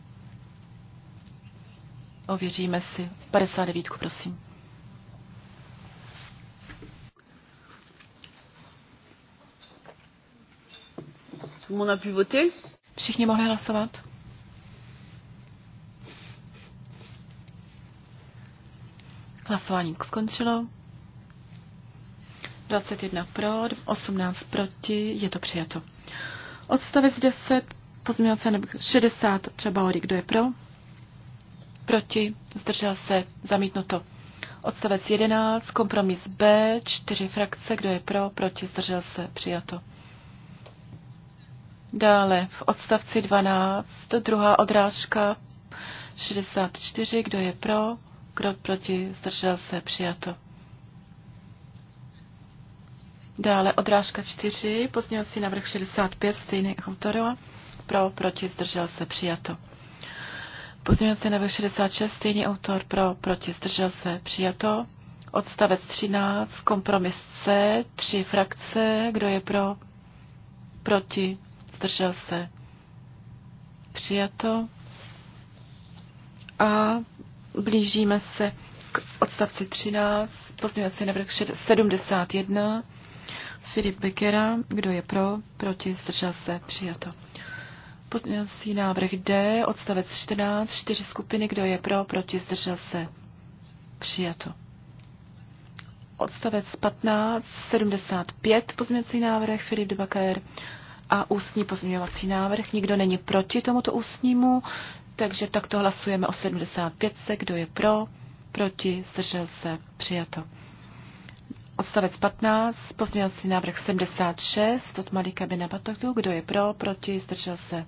Ověříme si. 59, prosím. Všichni mohli hlasovat? Hlasování skončilo. 21 pro, 18 proti, je to přijato. Odstavec 10, pozměňovací 60 třeba kdo je pro? proti, zdržel se, zamítnuto. Odstavec 11, kompromis B, čtyři frakce, kdo je pro, proti, zdržel se, přijato. Dále v odstavci 12, druhá odrážka, 64, kdo je pro, kdo proti, zdržel se, přijato. Dále odrážka 4, si návrh 65, stejný autora, jako pro, proti, zdržel se, přijato. Pozměňovací návrh 66, stejný autor pro, proti, zdržel se, přijato. Odstavec 13, kompromis C, tři frakce, kdo je pro, proti, zdržel se, přijato. A blížíme se k odstavci 13, pozměňovací návrh 71, Filip Beckera, kdo je pro, proti, zdržel se, přijato. Pozměňovací návrh D, odstavec 14, čtyři skupiny, kdo je pro, proti, zdržel se. Přijato. Odstavec 15, 75, pozměňovací návrh, Filip de Baker a ústní pozměňovací návrh. Nikdo není proti tomuto ústnímu, takže takto hlasujeme o 75, kdo je pro, proti, zdržel se, přijato. Odstavec 15, pozměňovací návrh 76 od Malika Benabatotu. Kdo je pro, proti, zdržel se,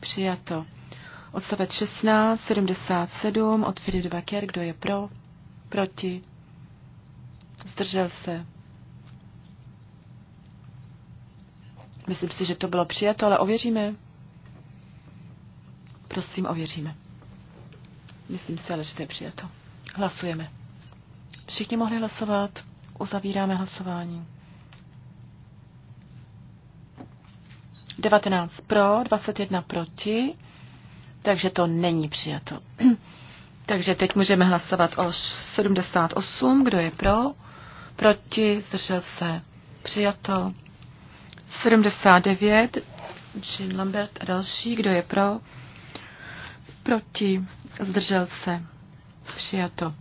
přijato. Odstavec 16, 77 od Filip Baker. Kdo je pro, proti, zdržel se. Myslím si, že to bylo přijato, ale ověříme. Prosím, ověříme. Myslím si ale, že to je přijato. Hlasujeme. Všichni mohli hlasovat. Uzavíráme hlasování. 19 pro, 21 proti, takže to není přijato. takže teď můžeme hlasovat o 78, kdo je pro, proti, zdržel se, přijato. 79, Jean Lambert a další, kdo je pro, proti, zdržel se, přijato.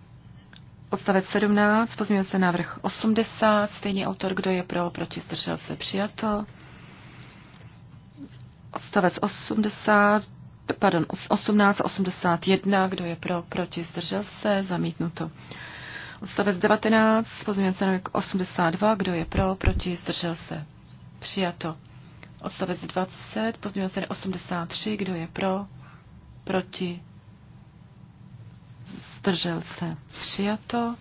Odstavec 17, se návrh 80, stejný autor, kdo je pro, proti, zdržel se, přijato. Odstavec 80, pardon, 18 a 81, kdo je pro, proti, zdržel se, zamítnuto. Odstavec 19, se návrh 82, kdo je pro, proti, zdržel se, přijato. Odstavec 20, se 83, kdo je pro, proti, zdržel se, přijato.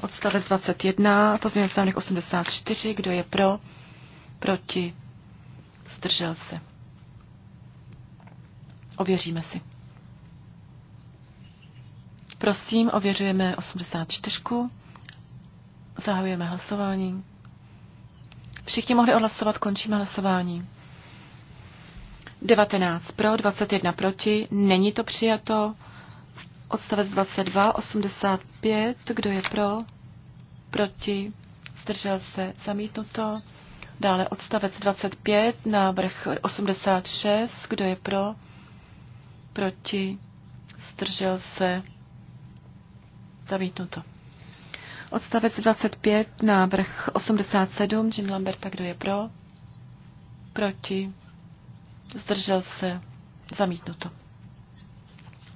Odstavec 21, To znamená 84, kdo je pro, proti, zdržel se. Ověříme si. Prosím, ověřujeme 84. Zahajujeme hlasování. Všichni mohli odhlasovat, končíme hlasování. 19 pro, 21 proti, není to přijato. Odstavec 22, 85, kdo je pro, proti, zdržel se, zamítnuto. Dále odstavec 25, návrh 86, kdo je pro, proti, zdržel se, zamítnuto. Odstavec 25, návrh 87, Jean Lamberta, kdo je pro, proti, zdržel se, zamítnuto.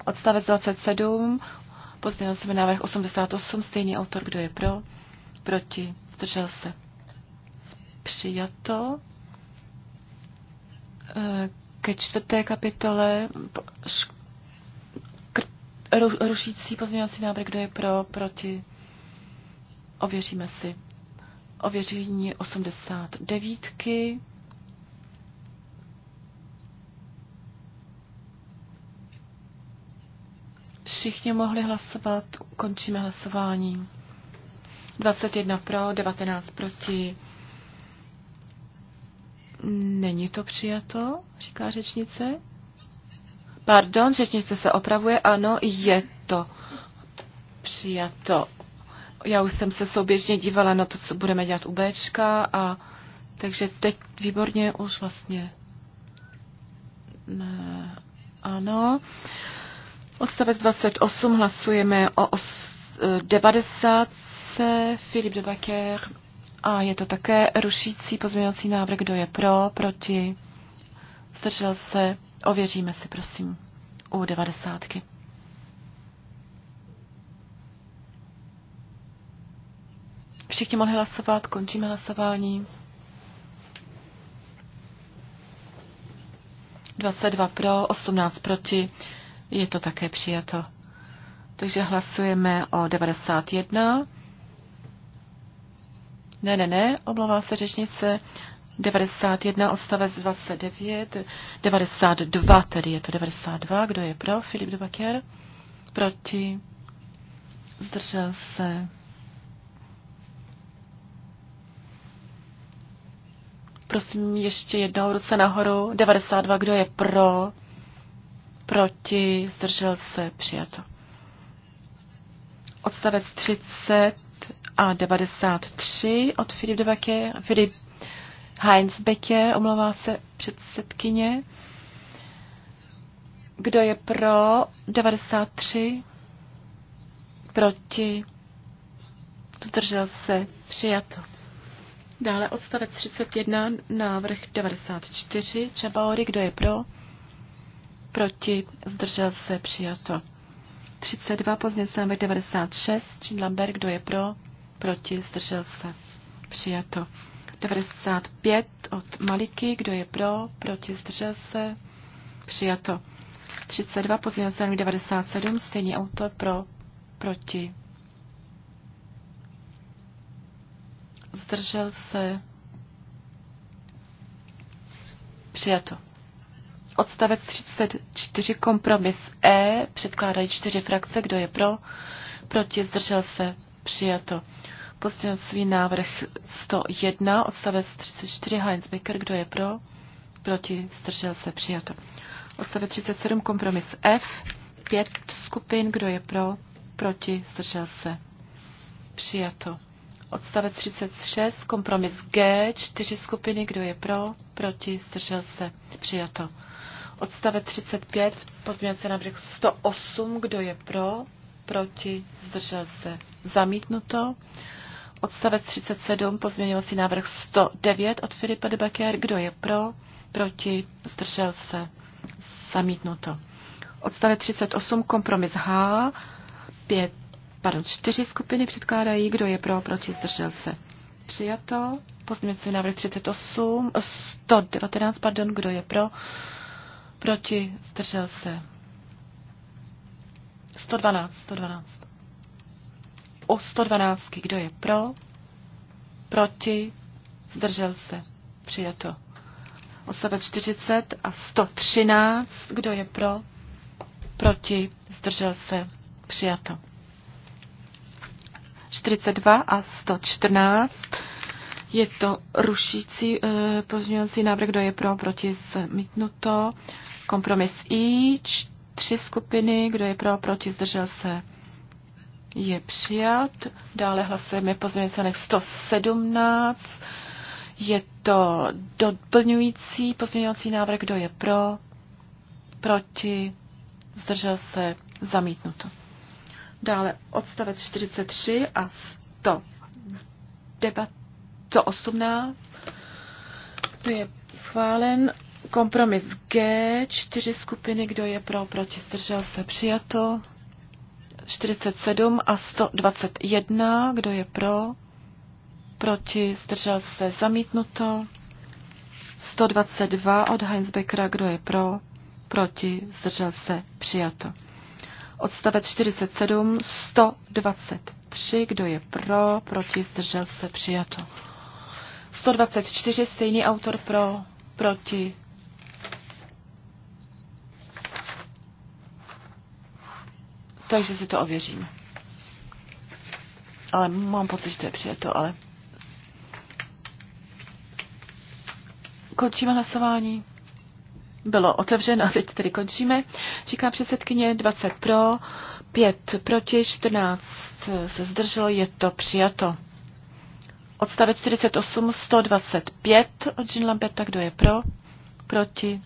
Odstavec 27, mi návrh 88, stejný autor, kdo je pro, proti, zdržel se. Přijato. E, ke čtvrté kapitole rušící pozměňovací návrh, kdo je pro, proti, ověříme si. Ověření 89. Všichni mohli hlasovat, končíme hlasování. 21 pro, 19 proti. Není to přijato, říká řečnice. Pardon, řečnice se opravuje, ano, je to přijato. Já už jsem se souběžně dívala na to, co budeme dělat u Bčka a takže teď výborně už vlastně ne, ano. Odstavec 28 hlasujeme o os, 90. E, Filip de Baker. A je to také rušící pozměňovací návrh. Kdo je pro, proti? Zdržel se? Ověříme si, prosím, u 90. Všichni mohli hlasovat, končíme hlasování. 22 pro, 18 proti. Je to také přijato. Takže hlasujeme o 91. Ne, ne, ne, oblová se řečnice. 91 odstavec 29, 92 tedy je to 92. Kdo je pro? Filip Dubaker. Proti. Zdržel se. Prosím ještě jednou ruce nahoru. 92, kdo je pro? proti, zdržel se, přijato. Odstavec 30 a 93 od Filip de Beke, Filip Heinz Becke, omlouvá se předsedkyně. Kdo je pro 93? Proti? Zdržel se, přijato. Dále odstavec 31, návrh 94, Čabaory, kdo je pro? proti, zdržel se, přijato. 32, pozdě se 96, Lambert, kdo je pro, proti, zdržel se, přijato. 95 od Maliky, kdo je pro, proti, zdržel se, přijato. 32, pozdě 97, stejný autor, pro, proti, zdržel se, přijato odstavec 34 kompromis E předkládají čtyři frakce. Kdo je pro? Proti zdržel se přijato. Pozdělací návrh 101 odstavec 34 Heinz Becker. Kdo je pro? Proti zdržel se přijato. Odstavec 37 kompromis F. Pět skupin. Kdo je pro? Proti zdržel se přijato. Odstavec 36, kompromis G, čtyři skupiny, kdo je pro, proti, zdržel se, přijato. Odstavec 35, pozměňovací návrh 108, kdo je pro, proti, zdržel se, zamítnuto. Odstavec 37, pozměňovací návrh 109 od Filipa de Becker, kdo je pro, proti, zdržel se, zamítnuto. Odstavec 38, kompromis H, 5, pardon, 4 skupiny předkládají, kdo je pro, proti, zdržel se, přijato. Pozměňovací návrh 38, 119, pardon, kdo je pro, Proti. Zdržel se. 112. 112. O 112. Kdo je pro? Proti. Zdržel se. Přijato. Odstavec 40 a 113. Kdo je pro? Proti. Zdržel se. Přijato. 42 a 114. Je to rušící e, pozměňovací návrh, kdo je pro, proti, zamítnuto. Kompromis I, tři skupiny, kdo je pro, proti, zdržel se, je přijat. Dále hlasujeme pozměnit 117. Je to doplňující pozměňovací návrh, kdo je pro, proti, zdržel se, zamítnuto. Dále odstavec 43 a 100. Debat 118. To je schválen Kompromis G, čtyři skupiny, kdo je pro, proti, zdržel se, přijato. 47 a 121, kdo je pro, proti, zdržel se, zamítnuto. 122 od Heinzbeckera, kdo je pro, proti, zdržel se, přijato. Odstavec 47, 123, kdo je pro, proti, zdržel se, přijato. 124, stejný autor pro, proti, Takže si to ověřím. Ale mám pocit, že to je přijeto, ale... Končíme hlasování. Bylo otevřeno a teď tedy končíme. Říká předsedkyně 20 pro, 5 proti, 14 se zdrželo, je to přijato. Odstavec 48, 125 od Jean Lamberta, kdo je pro, proti,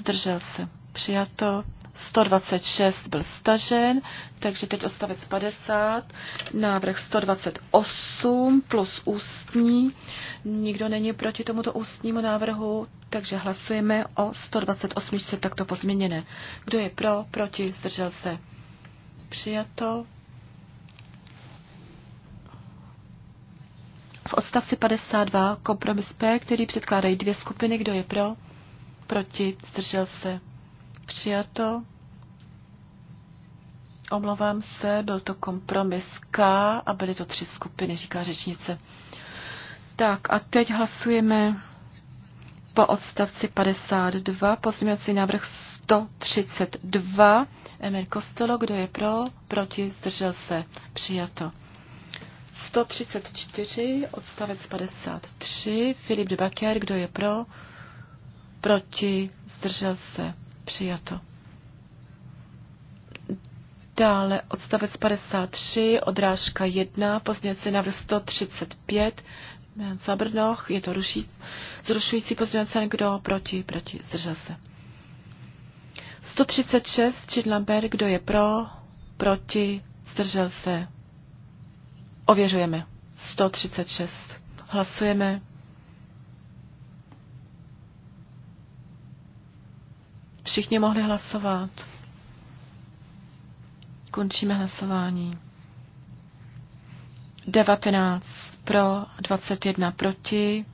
zdržel se, přijato. 126 byl stažen, takže teď odstavec 50, návrh 128 plus ústní. Nikdo není proti tomuto ústnímu návrhu, takže hlasujeme o 128 takto pozměněné. Kdo je pro, proti, zdržel se. Přijato. V odstavci 52 kompromis P, který předkládají dvě skupiny, kdo je pro, proti, zdržel se Přijato. Omlouvám se, byl to kompromis K a byly to tři skupiny, říká řečnice. Tak a teď hlasujeme po odstavci 52, pozměňovací návrh 132. Emil Kostelo, kdo je pro, proti, zdržel se, přijato. 134, odstavec 53, Filip de Baker, kdo je pro, proti, zdržel se, Přijato. Dále odstavec 53, odrážka 1, pozdějící návrh 135, Jan Zabrnoch, je to ruší, zrušující pozdějící kdo proti, proti, zdržel se. 136, Čidlamber, kdo je pro, proti, zdržel se. Ověřujeme. 136. Hlasujeme. Všichni mohli hlasovat. Končíme hlasování. 19 pro, 21 proti.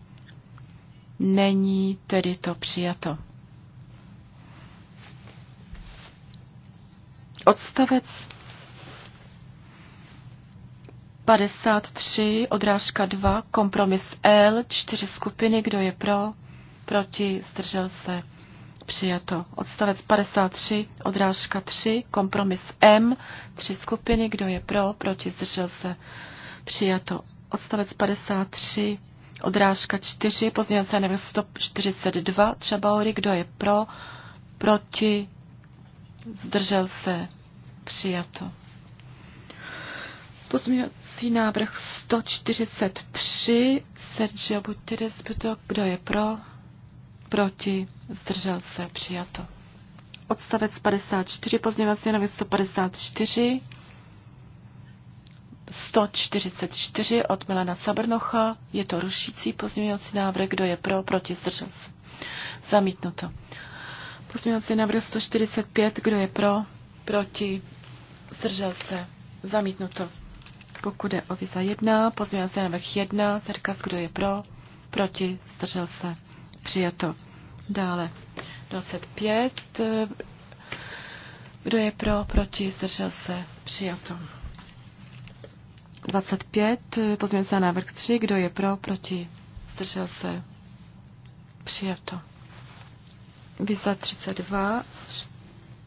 Není tedy to přijato. Odstavec 53, odrážka 2, kompromis L, čtyři skupiny, kdo je pro, proti, zdržel se, Přijato. Odstavec 53, odrážka 3, kompromis M, tři skupiny, kdo je pro, proti, zdržel se. Přijato. Odstavec 53, odrážka 4, pozměňovací návrh 142, Čabaury, kdo je pro, proti, zdržel se. Přijato. Pozměňovací návrh 143, Sergio Butyres, kdo je pro, proti, zdržel se, přijato. Odstavec 54, pozměňovací návrh 154, 144 od Milana Sabrnocha, je to rušící pozměňovací návrh, kdo je pro, proti, zdržel se. Zamítnuto. Pozměňovací návrh 145, kdo je pro, proti, zdržel se, zamítnuto. Pokud je o viza 1, pozměňovací návrh 1, zrkaz, kdo je pro, proti, zdržel se, Přijato. Dále 25. Kdo je pro, proti, zdržel se? Přijato. 25. Pozměňovací návrh 3. Kdo je pro, proti, zdržel se? Přijato. Výzva 32.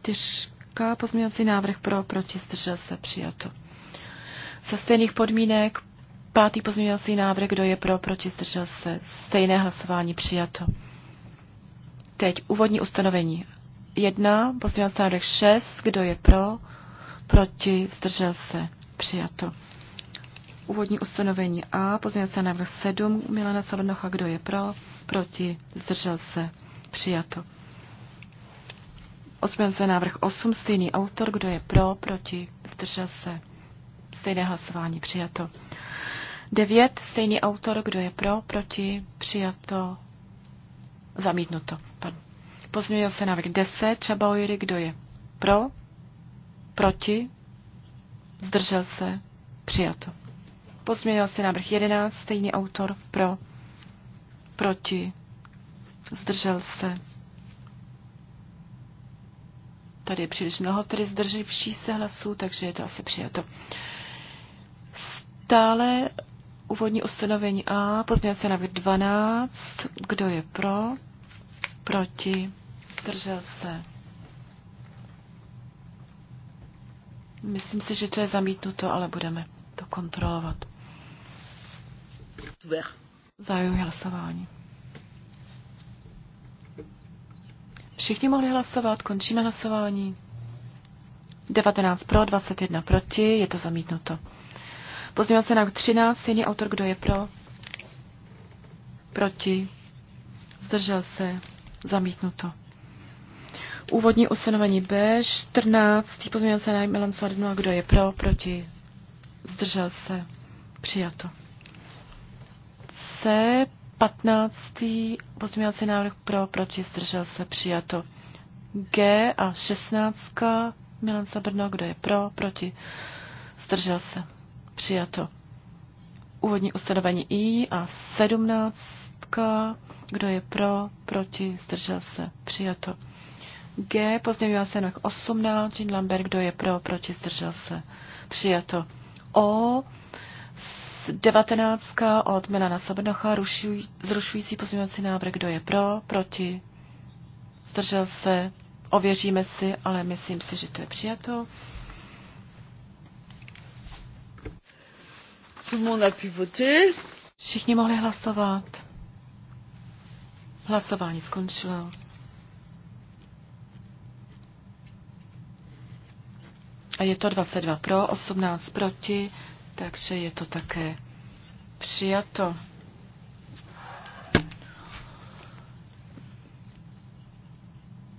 4. Pozměňovací návrh pro, proti, zdržel se? Přijato. Za stejných podmínek Pátý pozměňovací návrh, kdo je pro, proti, zdržel se. Stejné hlasování přijato. Teď úvodní ustanovení. Jedna, pozměňovací návrh šest, kdo je pro, proti, zdržel se. Přijato. Úvodní ustanovení A, pozměňovací návrh 7, Milana Cabrnocha, kdo je pro, proti, zdržel se. Přijato. Pozměňovací návrh 8, stejný autor, kdo je pro, proti, zdržel se. Stejné hlasování přijato. 9, stejný autor, kdo je pro, proti, přijato, zamítnuto. Pozměnil se návrh 10, Čabaojry, kdo je pro, proti, zdržel se, přijato. Pozměnil se návrh 11, stejný autor, pro, proti, zdržel se. Tady je příliš mnoho tedy zdrživší se hlasů, takže je to asi přijato. Stále Úvodní ustanovení A, pozměňovací návrh 12. Kdo je pro? Proti? Zdržel se? Myslím si, že to je zamítnuto, ale budeme to kontrolovat. Zájmu hlasování. Všichni mohli hlasovat, končíme hlasování. 19 pro, 21 proti, je to zamítnuto. Pozměňovací návrh 13, stejný autor, kdo je pro? Proti? Zdržel se? Zamítnuto. Úvodní ustanovení B, 14, pozměňovací návrh Milan Sladinu, kdo je pro? Proti? Zdržel se? Přijato. C, 15. pozměňovací návrh pro, proti, zdržel se, přijato. G a 16. Milan Sabrno, kdo je pro, proti, zdržel se. Přijato. Úvodní ustanovení I a sedmnáctka Kdo je pro, proti, zdržel se. Přijato. G, pozměňoval se 18, Jean Lambert, kdo je pro, proti, zdržel se. Přijato. O, 19 od Milana Sabenocha, rušuj, zrušující pozměňovací návrh, kdo je pro, proti, zdržel se, ověříme si, ale myslím si, že to je přijato. Tout le monde a pu voter. Všichni mohli hlasovat. Hlasování skončilo. A je to 22 pro, 18 proti, takže je to také přijato.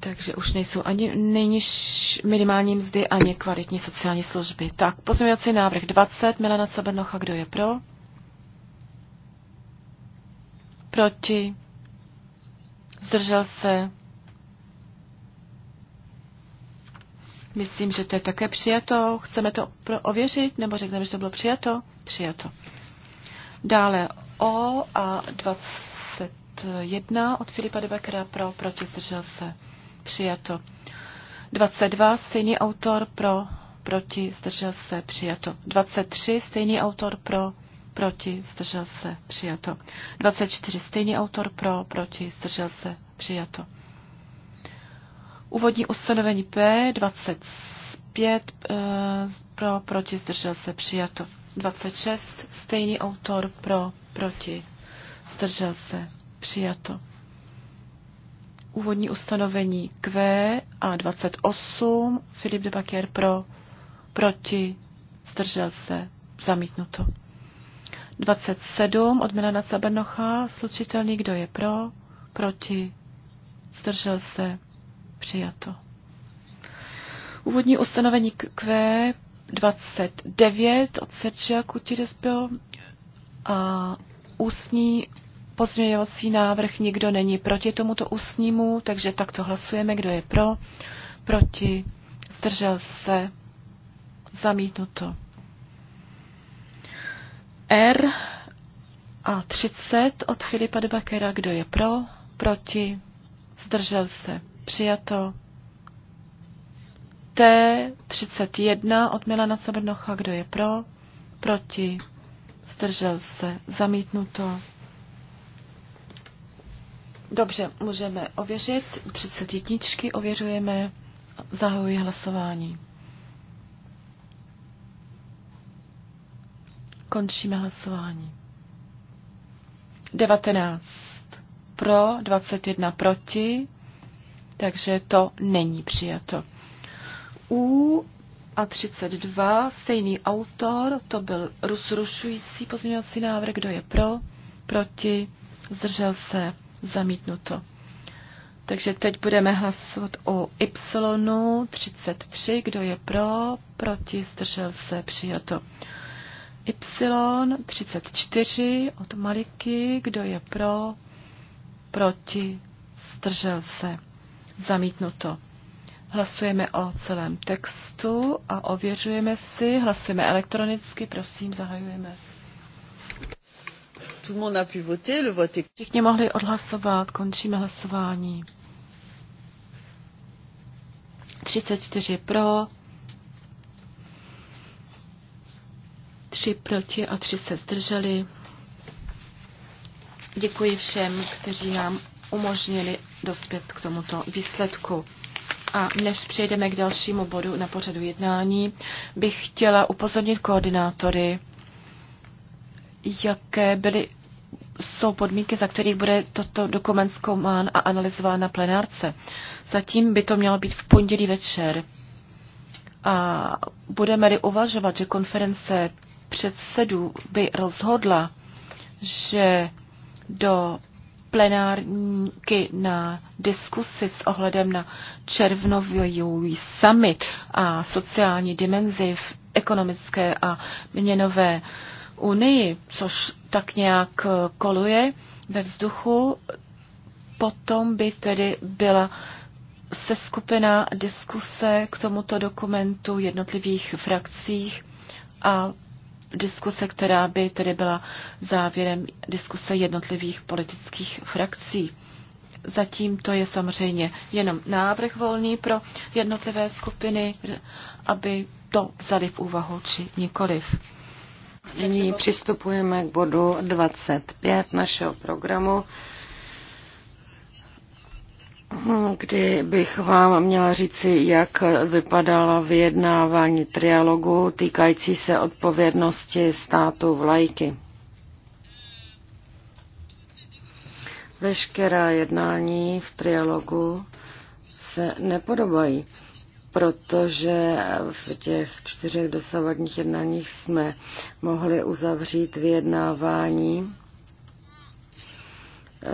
Takže už nejsou ani nejniž minimální mzdy, ani kvalitní sociální služby. Tak, pozměňovací návrh 20, Milena Cabernocha, kdo je pro? Proti? Zdržel se? Myslím, že to je také přijato. Chceme to pro ověřit, nebo řekneme, že to bylo přijato? Přijato. Dále O a 21 od Filipa Debekera pro, proti, zdržel se přijato. 22, stejný autor pro, proti, zdržel se, přijato. 23, stejný autor pro, proti, zdržel se, přijato. 24, stejný autor pro, proti, zdržel se, přijato. Úvodní ustanovení P, 25, eh, pro, proti, zdržel se, přijato. 26, stejný autor pro, proti, zdržel se, přijato. Úvodní ustanovení Q a 28. Filip de Bakier pro, proti, zdržel se, zamítnuto. 27 od Milana Cabernocha, slučitelný, kdo je pro, proti, zdržel se, přijato. Úvodní ustanovení Q 29 od Sergia Kutides byl a ústní pozměňovací návrh, nikdo není proti tomuto ústnímu, takže takto hlasujeme, kdo je pro, proti, zdržel se, zamítnuto. R a 30 od Filipa de Bakera, kdo je pro, proti, zdržel se, přijato. T 31 od Milana Cabrnocha, kdo je pro, proti, zdržel se, zamítnuto. Dobře, můžeme ověřit. 31. ověřujeme. Zahajuji hlasování. Končíme hlasování. 19 pro, 21 proti, takže to není přijato. U a 32, stejný autor, to byl rozrušující pozměňovací návrh, kdo je pro, proti, zdržel se, Zamítnuto. Takže teď budeme hlasovat o Y33. Kdo je pro? Proti? Zdržel se? Přijato. Y34 od Maliky. Kdo je pro? Proti? Zdržel se? Zamítnuto. Hlasujeme o celém textu a ověřujeme si. Hlasujeme elektronicky. Prosím, zahajujeme. Tout le monde a pu voter, le vote est... Všichni mohli odhlasovat, končíme hlasování. 34 pro, 3 proti a 3 se zdrželi. Děkuji všem, kteří nám umožnili dospět k tomuto výsledku. A než přejdeme k dalšímu bodu na pořadu jednání, bych chtěla upozornit koordinátory, jaké byly jsou podmínky, za kterých bude toto dokument zkoumán a analyzován na plenárce. Zatím by to mělo být v pondělí večer. A budeme-li uvažovat, že konference předsedů by rozhodla, že do plenárníky na diskusy s ohledem na červnový summit a sociální dimenzi v ekonomické a měnové uh, unii, což tak nějak eh, koluje ve vzduchu, potom by tedy byla se skupina diskuse k tomuto dokumentu jednotlivých frakcích a diskuse, která by tedy byla závěrem diskuse jednotlivých politických frakcí. Zatím to je samozřejmě jenom návrh volný pro jednotlivé skupiny, aby to vzali v úvahu či nikoliv. Nyní přistupujeme k bodu 25 našeho programu, kdy bych vám měla říci, jak vypadala vyjednávání trialogu týkající se odpovědnosti státu vlajky. Veškerá jednání v trialogu se nepodobají protože v těch čtyřech dosavadních jednáních jsme mohli uzavřít vyjednávání eh,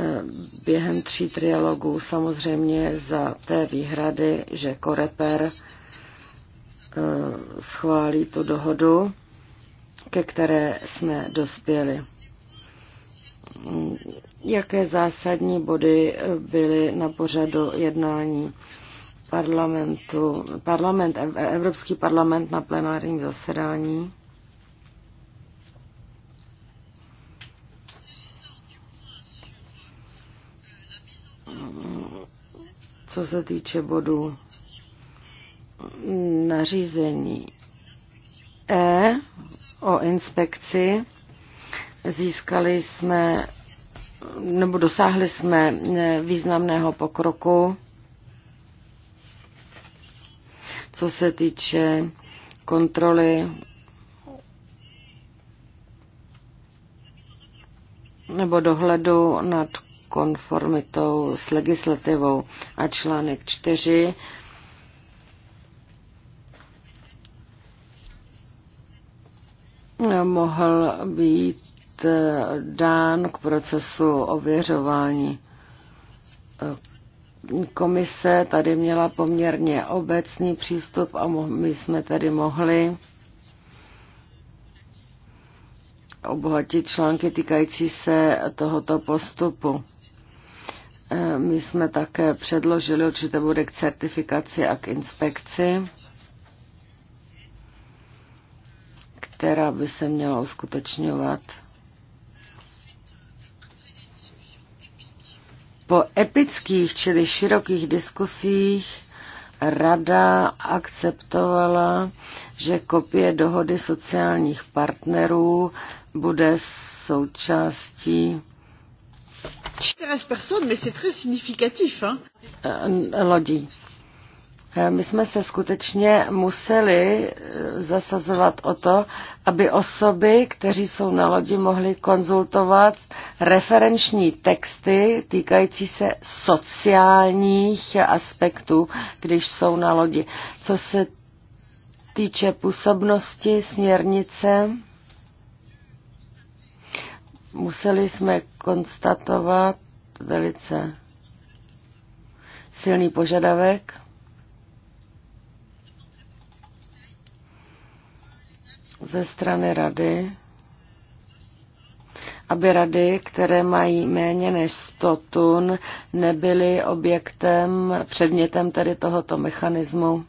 během tří trialogů, samozřejmě za té výhrady, že Koreper eh, schválí tu dohodu, ke které jsme dospěli. Jaké zásadní body byly na pořadu jednání? parlamentu, parlament, Evropský parlament na plenárním zasedání. Co se týče bodu nařízení E o inspekci, získali jsme nebo dosáhli jsme e, významného pokroku co se týče kontroly nebo dohledu nad konformitou s legislativou a článek 4 mohl být dán k procesu ověřování komise tady měla poměrně obecný přístup a my jsme tady mohli obohatit články týkající se tohoto postupu. E, my jsme také předložili určité bude k certifikaci a k inspekci, která by se měla uskutečňovat Po epických, čili širokých diskusích, Rada akceptovala, že kopie dohody sociálních partnerů bude součástí 14 personnes, mais c'est très significatif. Hein? Eh, lodí. My jsme se skutečně museli eh, zasazovat o to, aby osoby, kteří jsou na lodi, mohly konzultovat referenční texty týkající se sociálních aspektů, když jsou na lodi. Co se týče působnosti směrnice, museli jsme konstatovat velice silný požadavek, ze strany rady, aby rady, které mají méně než 100 tun, nebyly objektem, předmětem tedy tohoto mechanismu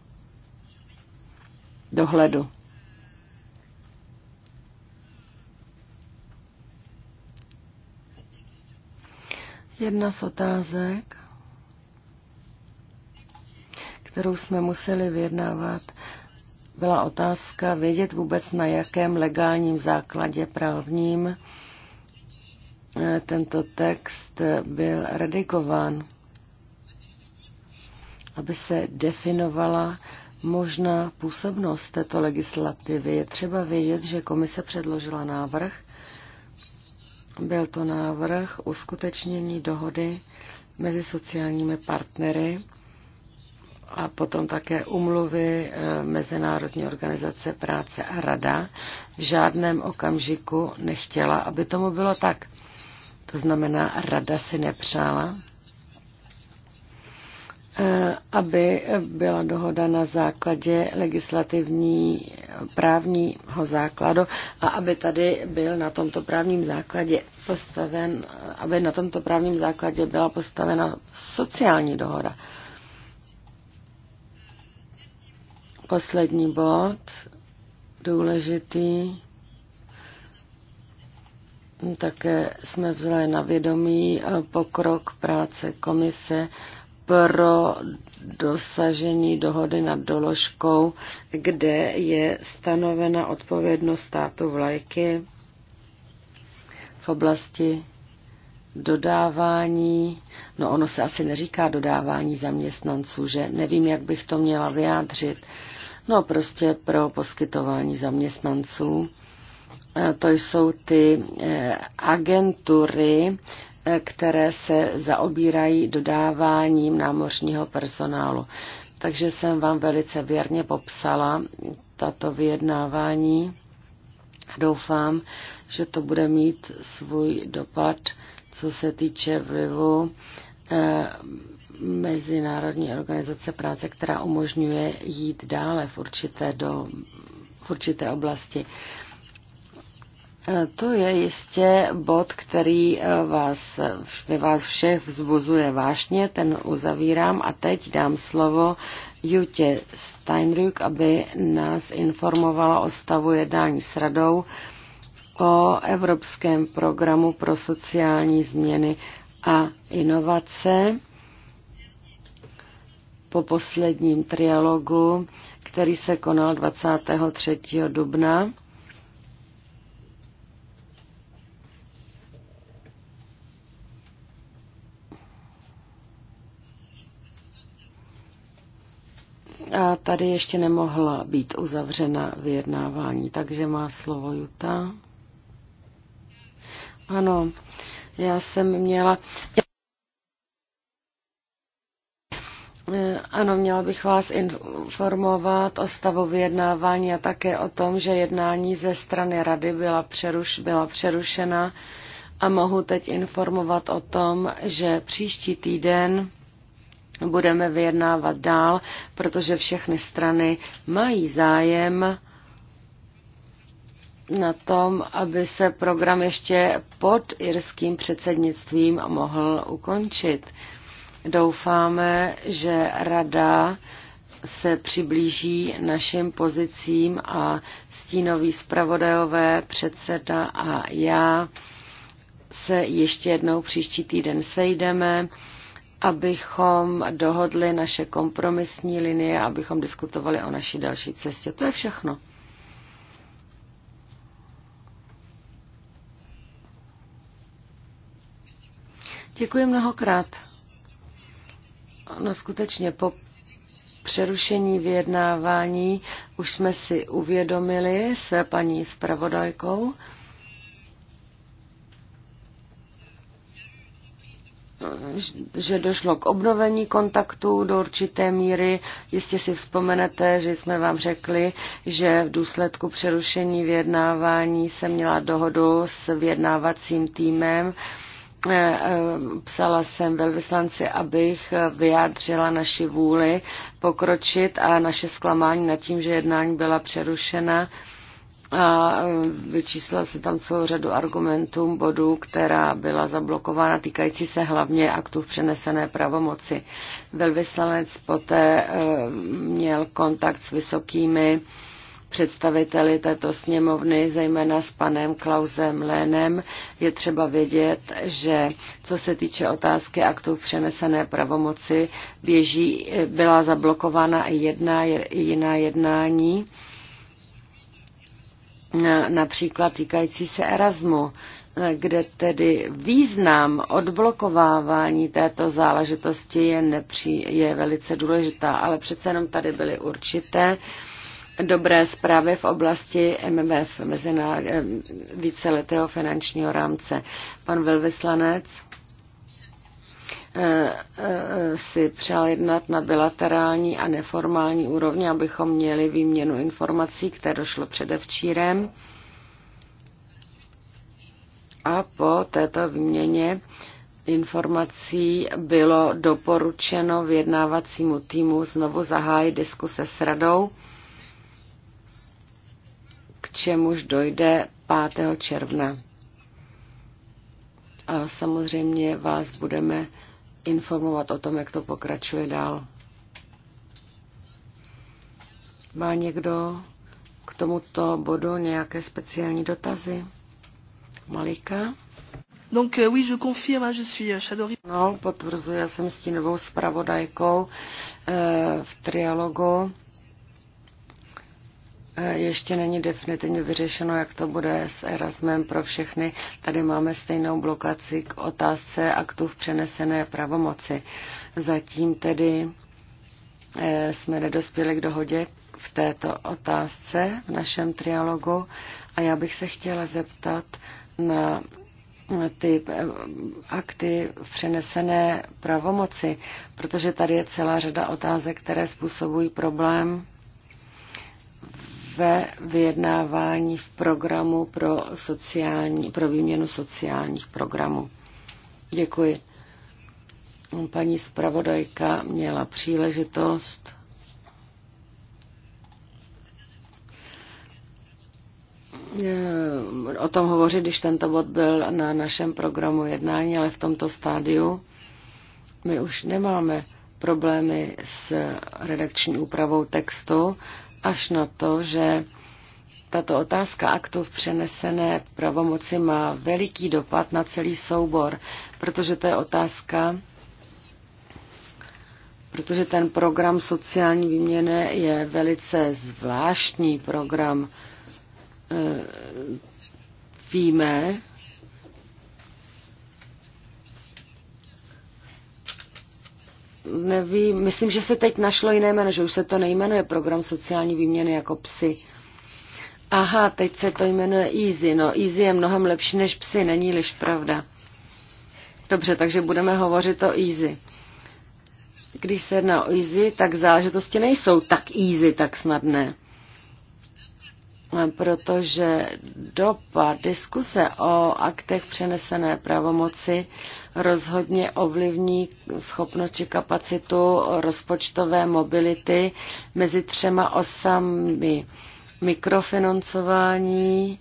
dohledu. Jedna z otázek, kterou jsme museli vyjednávat, byla otázka vědět vůbec, na jakém legálním základě právním eh, tento text byl redigován, aby se definovala možná působnost této legislativy. Je třeba vědět, že komise předložila návrh. Byl to návrh uskutečnění dohody mezi sociálními partnery a potom také umluvy eh, Mezinárodní organizace práce a rada v žádném okamžiku nechtěla, aby tomu bylo tak. To znamená, rada si nepřála, eh, aby byla dohoda na základě legislativní právního základu a aby tady byl na tomto právním základě postaven, aby na tomto právním základě byla postavena sociální dohoda. Poslední bod, důležitý. Také jsme vzali na vědomí eh, pokrok práce komise pro dosažení dohody nad doložkou, kde je stanovena odpovědnost státu vlajky v oblasti dodávání, no ono se asi neříká dodávání zaměstnanců, že nevím, jak bych to měla vyjádřit. Uh, No prostě pro poskytování zaměstnanců. E, to jsou ty e, agentury, e, které se zaobírají dodáváním námořního personálu. Takže jsem vám velice věrně popsala tato vyjednávání. Doufám, že to bude mít svůj dopad, co se týče vlivu Mezinárodní organizace práce, která umožňuje jít dále v určité, do, v určité oblasti. E, to je jistě bod, který e, vás, vás všech vzbuzuje vášně, ten uzavírám a teď dám slovo Jutě Steinrück, aby nás informovala o stavu jednání s radou o Evropském programu pro sociální změny a inovace po posledním trialogu, který se konal 23. dubna. A tady ještě nemohla být uzavřena vyjednávání, takže má slovo Juta. Ano, já jsem měla. Eh, ano, měla bych vás informovat o stavu vyjednávání a také o tom, že jednání ze strany rady byla, přeruš, byla přerušena a mohu teď informovat o tom, že příští týden budeme vyjednávat dál, protože všechny strany mají zájem na tom, aby se program ještě pod irským předsednictvím mohl ukončit. Doufáme, že Rada se přiblíží našim pozicím a stínoví zpravodajové předseda a já se ještě jednou příští týden sejdeme, abychom dohodli naše kompromisní linie, abychom diskutovali o naší další cestě. To je všechno. Děkuji mnohokrát. No skutečně po přerušení vyjednávání už jsme si uvědomili s paní zpravodajkou, že došlo k obnovení kontaktů do určité míry. Jistě si vzpomenete, že jsme vám řekli, že v důsledku přerušení vyjednávání se měla dohodu s vyjednávacím týmem, Eh, eh, psala jsem velvyslanci, abych vyjádřila naši vůli pokročit a naše zklamání nad tím, že jednání byla přerušena a eh, vyčíslila se tam celou řadu argumentů, bodů, která byla zablokována, týkající se hlavně aktů v přenesené pravomoci. Velvyslanec poté měl kontakt s vysokými představiteli této sněmovny, zejména s panem Klausem Lénem, je třeba vědět, že co se týče otázky aktů přenesené pravomoci, běží, byla zablokována i jedna, jiná jednání, například týkající se Erasmu kde tedy význam odblokovávání této záležitosti je, nepří, je velice důležitá, ale přece jenom tady byly určité uh, dobré zprávy v oblasti MMF, eh, víceletého finančního rámce. Pan velvyslanec eh, eh, si přál jednat na bilaterální a neformální úrovni, abychom měli výměnu informací, které došlo předevčírem. A po této výměně informací bylo doporučeno vyjednávacímu týmu znovu zahájit diskuse s radou čemuž dojde 5. června. A samozřejmě vás budeme informovat o tom, jak to pokračuje dál. Má někdo k tomuto bodu nějaké speciální dotazy? Malika? Donc euh, oui, je confirme, je suis euh, shadow... No, potvrzuji, já jsem stínovou zpravodajkou eh, v trialogu E, ještě není definitivně vyřešeno, jak to bude s Erasmem pro všechny. Tady máme stejnou blokaci k otázce aktů v přenesené pravomoci. Zatím tedy e, jsme nedospěli k dohodě v této otázce v našem trialogu a já bych se chtěla zeptat na ty e, akty v přenesené pravomoci, protože tady je celá řada otázek, které způsobují problém ve vyjednávání v programu pro, sociální, pro výměnu sociálních programů. Děkuji. Paní zpravodajka měla příležitost o tom hovořit, když tento bod byl na našem programu jednání, ale v tomto stádiu my už nemáme problémy s redakční úpravou textu, až na to, že tato otázka aktu v přenesené pravomoci má veliký dopad na celý soubor, protože to je otázka, protože ten program sociální výměny je velice zvláštní program. E, víme, nevím, myslím, že se teď našlo jiné jméno, že už se to nejmenuje program sociální výměny jako psy. Aha, teď se to jmenuje Easy. No, Easy je mnohem lepší než psy, není-liž pravda. Dobře, takže budeme hovořit o Easy. Když se jedná o Easy, tak záležitosti nejsou tak easy, tak snadné protože doba diskuse o aktech přenesené pravomoci rozhodně ovlivní schopnost či kapacitu rozpočtové mobility mezi třema osami mikrofinancování,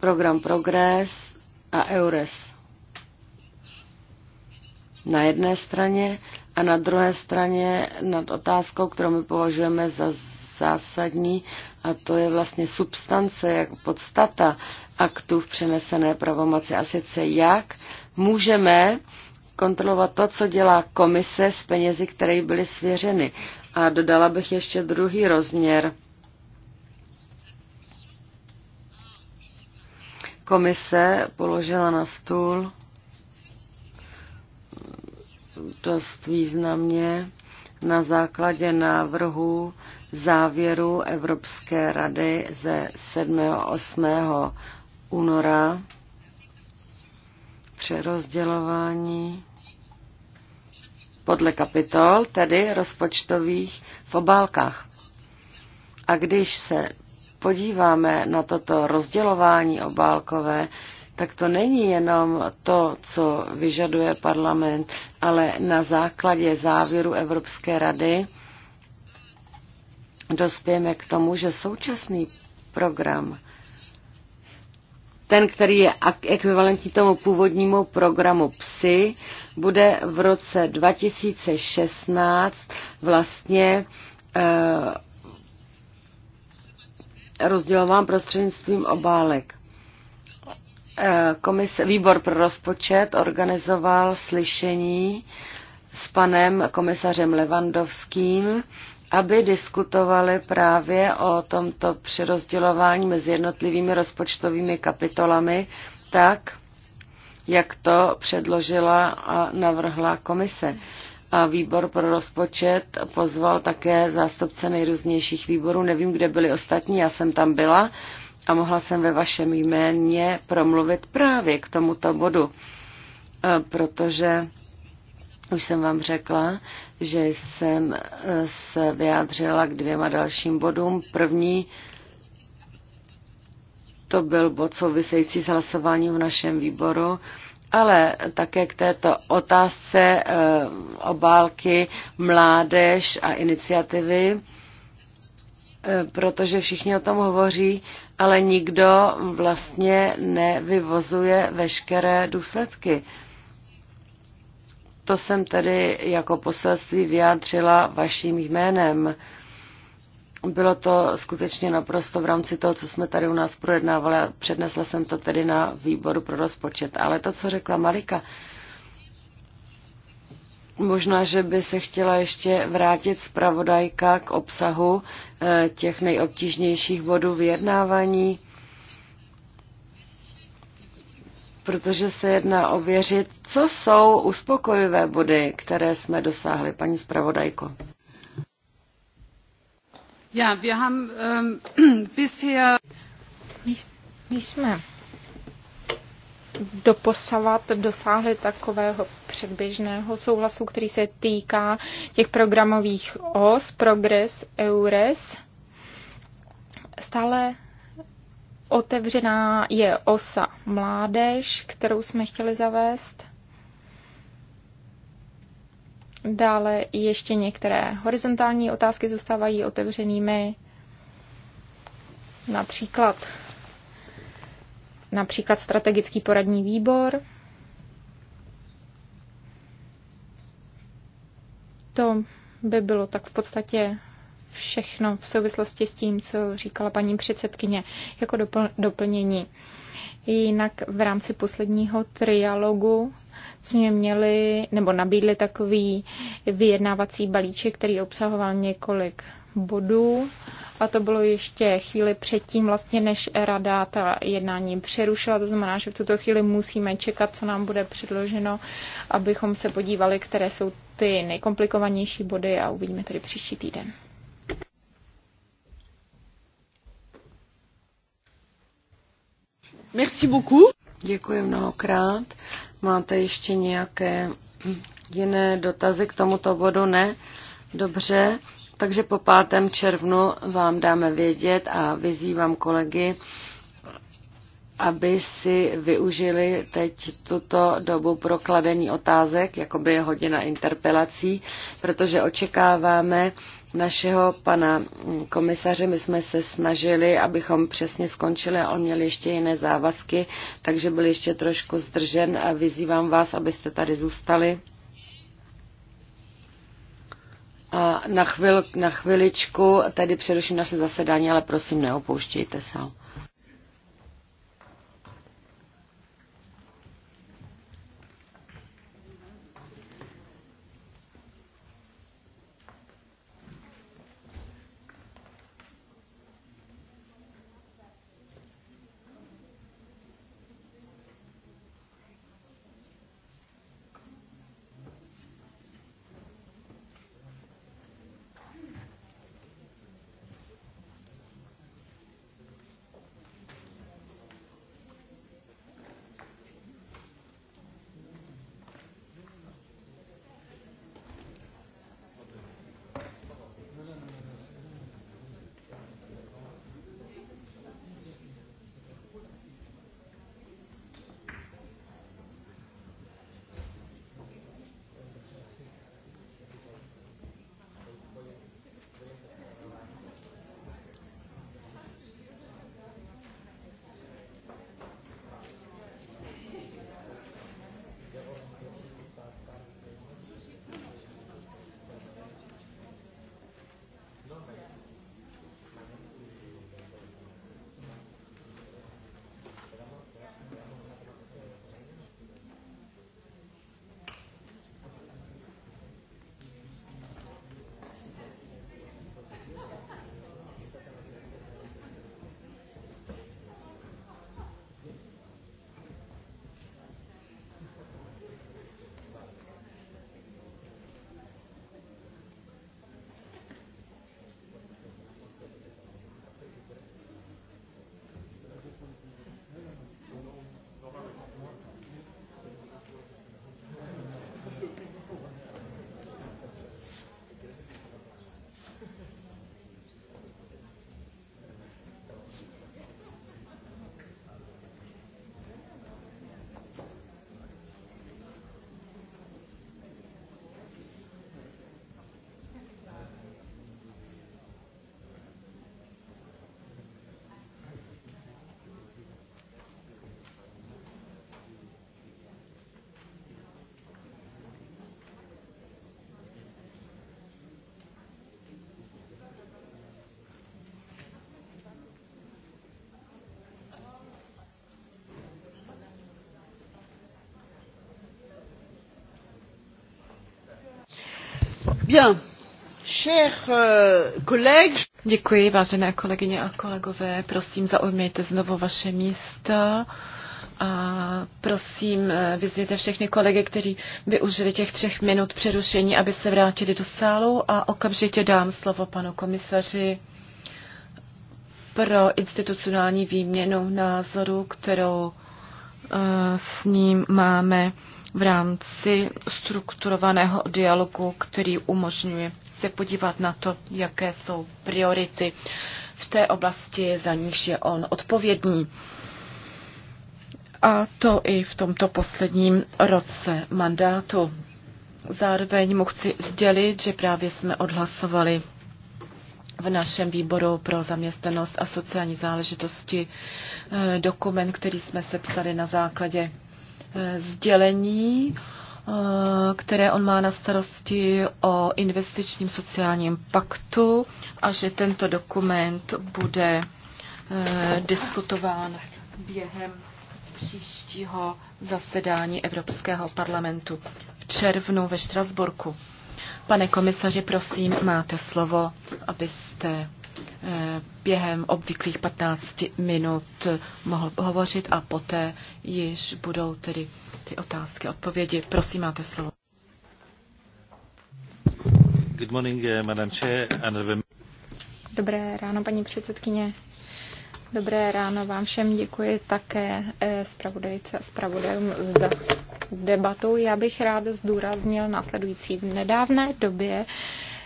program Progress a EURES. Na jedné straně a na druhé straně nad otázkou, kterou my považujeme za zásadní a to je vlastně substance, jako podstata aktů v přenesené pravomoci. A sice jak můžeme kontrolovat to, co dělá komise s penězi, které byly svěřeny. A dodala bych ještě druhý rozměr. Komise položila na stůl dost významně na základě návrhu závěru Evropské rady ze 7. a 8. února přerozdělování podle kapitol, tedy rozpočtových v obálkách. A když se podíváme na toto rozdělování obálkové, tak to není jenom to, co vyžaduje parlament, ale na základě závěru Evropské rady dospějeme k tomu, že současný program, ten, který je ekvivalentní tomu původnímu programu PSY, bude v roce 2016 vlastně eh, rozdělován prostřednictvím obálek. Eh, Komise, výbor pro rozpočet organizoval slyšení s panem komisařem Levandovským aby diskutovali právě o tomto přerozdělování mezi jednotlivými rozpočtovými kapitolami tak, jak to předložila a navrhla komise. A výbor pro rozpočet pozval také zástupce nejrůznějších výborů. Nevím, kde byli ostatní, já jsem tam byla a mohla jsem ve vašem jméně promluvit právě k tomuto bodu, eh, protože už jsem vám řekla, že jsem eh, se vyjádřila k dvěma dalším bodům. První to byl bod související s hlasováním v našem výboru, ale také k této otázce eh, obálky mládež a iniciativy, eh, protože všichni o tom hovoří, ale nikdo vlastně nevyvozuje veškeré důsledky. To jsem tedy jako poselství vyjádřila vaším jménem. Bylo to skutečně naprosto v rámci toho, co jsme tady u nás projednávali a přednesla jsem to tedy na výboru pro rozpočet. Ale to, co řekla Malika, možná, že by se chtěla ještě vrátit zpravodajka k obsahu eh, těch nejobtížnějších bodů vyjednávání protože se jedná o věřit, co jsou uspokojivé body, které jsme dosáhli. Paní zpravodajko. Ja, wir haben ähm, bisher... My, my jsme doposavat dosáhli takového předběžného souhlasu, který se týká těch programových OS, Progress, EURES. Stále Otevřená je osa mládež, kterou jsme chtěli zavést. Dále ještě některé horizontální otázky zůstávají otevřenými. Například, například strategický poradní výbor. To by bylo tak v podstatě všechno v souvislosti s tím, co říkala paní předsedkyně jako dopl- doplnění. Jinak v rámci posledního trialogu jsme měli nebo nabídli takový vyjednávací balíček, který obsahoval několik bodů. A to bylo ještě chvíli předtím, vlastně než rada ta jednání přerušila. To znamená, že v tuto chvíli musíme čekat, co nám bude předloženo, abychom se podívali, které jsou ty nejkomplikovanější body a uvidíme tedy příští týden. Merci beaucoup. Děkuji mnohokrát. Máte ještě nějaké jiné dotazy k tomuto bodu? Ne? Dobře. Takže po 5. červnu vám dáme vědět a vyzývám kolegy, aby si využili teď tuto dobu pro kladení otázek, jako by hodina interpelací, protože očekáváme, našeho pana komisaře. My jsme se snažili, abychom přesně skončili a on měl ještě jiné závazky, takže byl ještě trošku zdržen a vyzývám vás, abyste tady zůstali. A na, chvil, na chviličku tady přeruším naše zasedání, ale prosím neopouštějte se. Bien. Cher, euh, Děkuji, vážené kolegyně a kolegové. Prosím, zaujmějte znovu vaše místa. A prosím, eh, vyzvěte všechny kolegy, kteří využili těch třech minut přerušení, aby se vrátili do sálu a okamžitě dám slovo panu komisaři pro institucionální výměnu názoru, kterou uh, s ním máme v rámci strukturovaného dialogu, který umožňuje se podívat na to, jaké jsou priority v té oblasti, za níž je on odpovědný. A to i v tomto posledním roce mandátu. Zároveň mu chci sdělit, že právě jsme odhlasovali v našem výboru pro zaměstnanost a sociální záležitosti eh, dokument, který jsme sepsali na základě Eh, sdělení, eh, které on má na starosti o investičním sociálním paktu a že tento dokument bude eh, diskutován během příštího zasedání Evropského parlamentu v červnu ve Štrasburku. Pane komisaři, prosím, máte slovo, abyste Eh, během obvyklých 15 minut mohl hovořit a poté již budou tedy ty otázky, odpovědi. Prosím, máte slovo. Good morning, eh, Madam Chair, and... Dobré ráno, paní předsedkyně. Dobré ráno vám všem. Děkuji také eh, zpravodajce a zpravodajům za debatu. Já bych rád zdůraznil následující. V nedávné době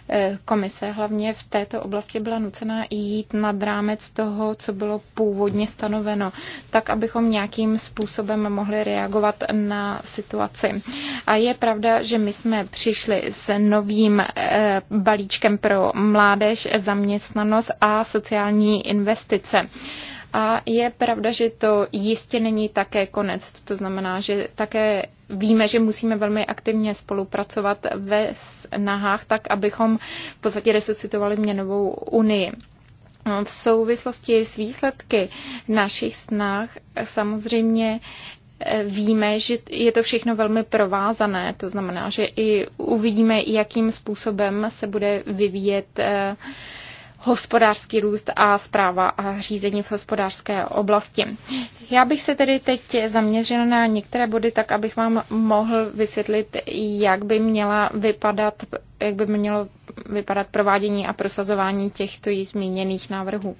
Eh, komise hlavně v této oblasti byla nucena jít nad rámec toho, co bylo původně stanoveno, tak abychom nějakým způsobem mohli reagovat na situaci. A je pravda, že my jsme přišli s novým eh, balíčkem pro mládež, zaměstnanost a sociální investice. A je pravda, že to jistě není také konec. To znamená, že také víme, že musíme velmi aktivně spolupracovat ve snahách, tak abychom v podstatě resuscitovali měnovou unii. V souvislosti s výsledky našich snah samozřejmě eh, víme, že je to všechno velmi provázané, to znamená, že i uvidíme, jakým způsobem se bude vyvíjet eh, hospodářský růst a zpráva a řízení v hospodářské oblasti. Já bych se tedy teď zaměřil na některé body, tak abych vám mohl vysvětlit, jak by měla vypadat, jak by mělo vypadat provádění a prosazování těchto již zmíněných návrhů.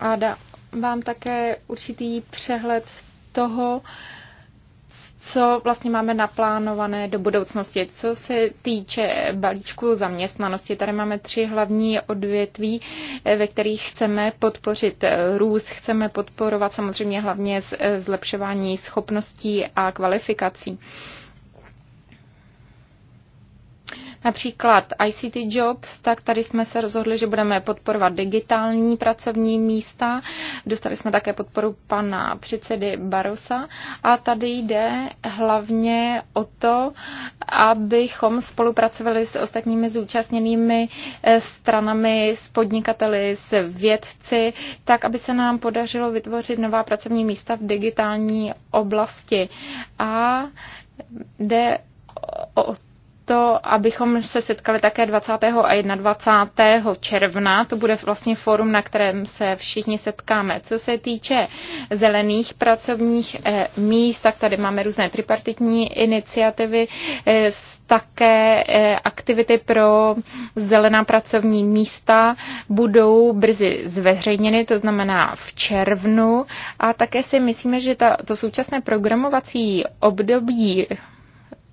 A dá vám také určitý přehled toho, co vlastně máme naplánované do budoucnosti. Co se týče balíčku zaměstnanosti, tady máme tři hlavní odvětví, eh, ve kterých chceme podpořit eh, růst, chceme podporovat samozřejmě hlavně eh, zlepšování schopností a kvalifikací například ICT Jobs, tak tady jsme se rozhodli, že budeme podporovat digitální pracovní místa. Dostali jsme také podporu pana předsedy Barosa a tady jde hlavně o to, abychom spolupracovali s ostatními zúčastněnými eh, stranami, s podnikateli, s vědci, tak, aby se nám podařilo vytvořit nová pracovní místa v digitální oblasti. A jde o to, abychom se setkali také 20. a 21. června. To bude vlastně fórum, na kterém se všichni setkáme. Co se týče zelených pracovních eh, míst, tak tady máme různé tripartitní iniciativy, eh, také eh, aktivity pro zelená pracovní místa budou brzy zveřejněny, to znamená v červnu. A také si myslíme, že ta, to současné programovací období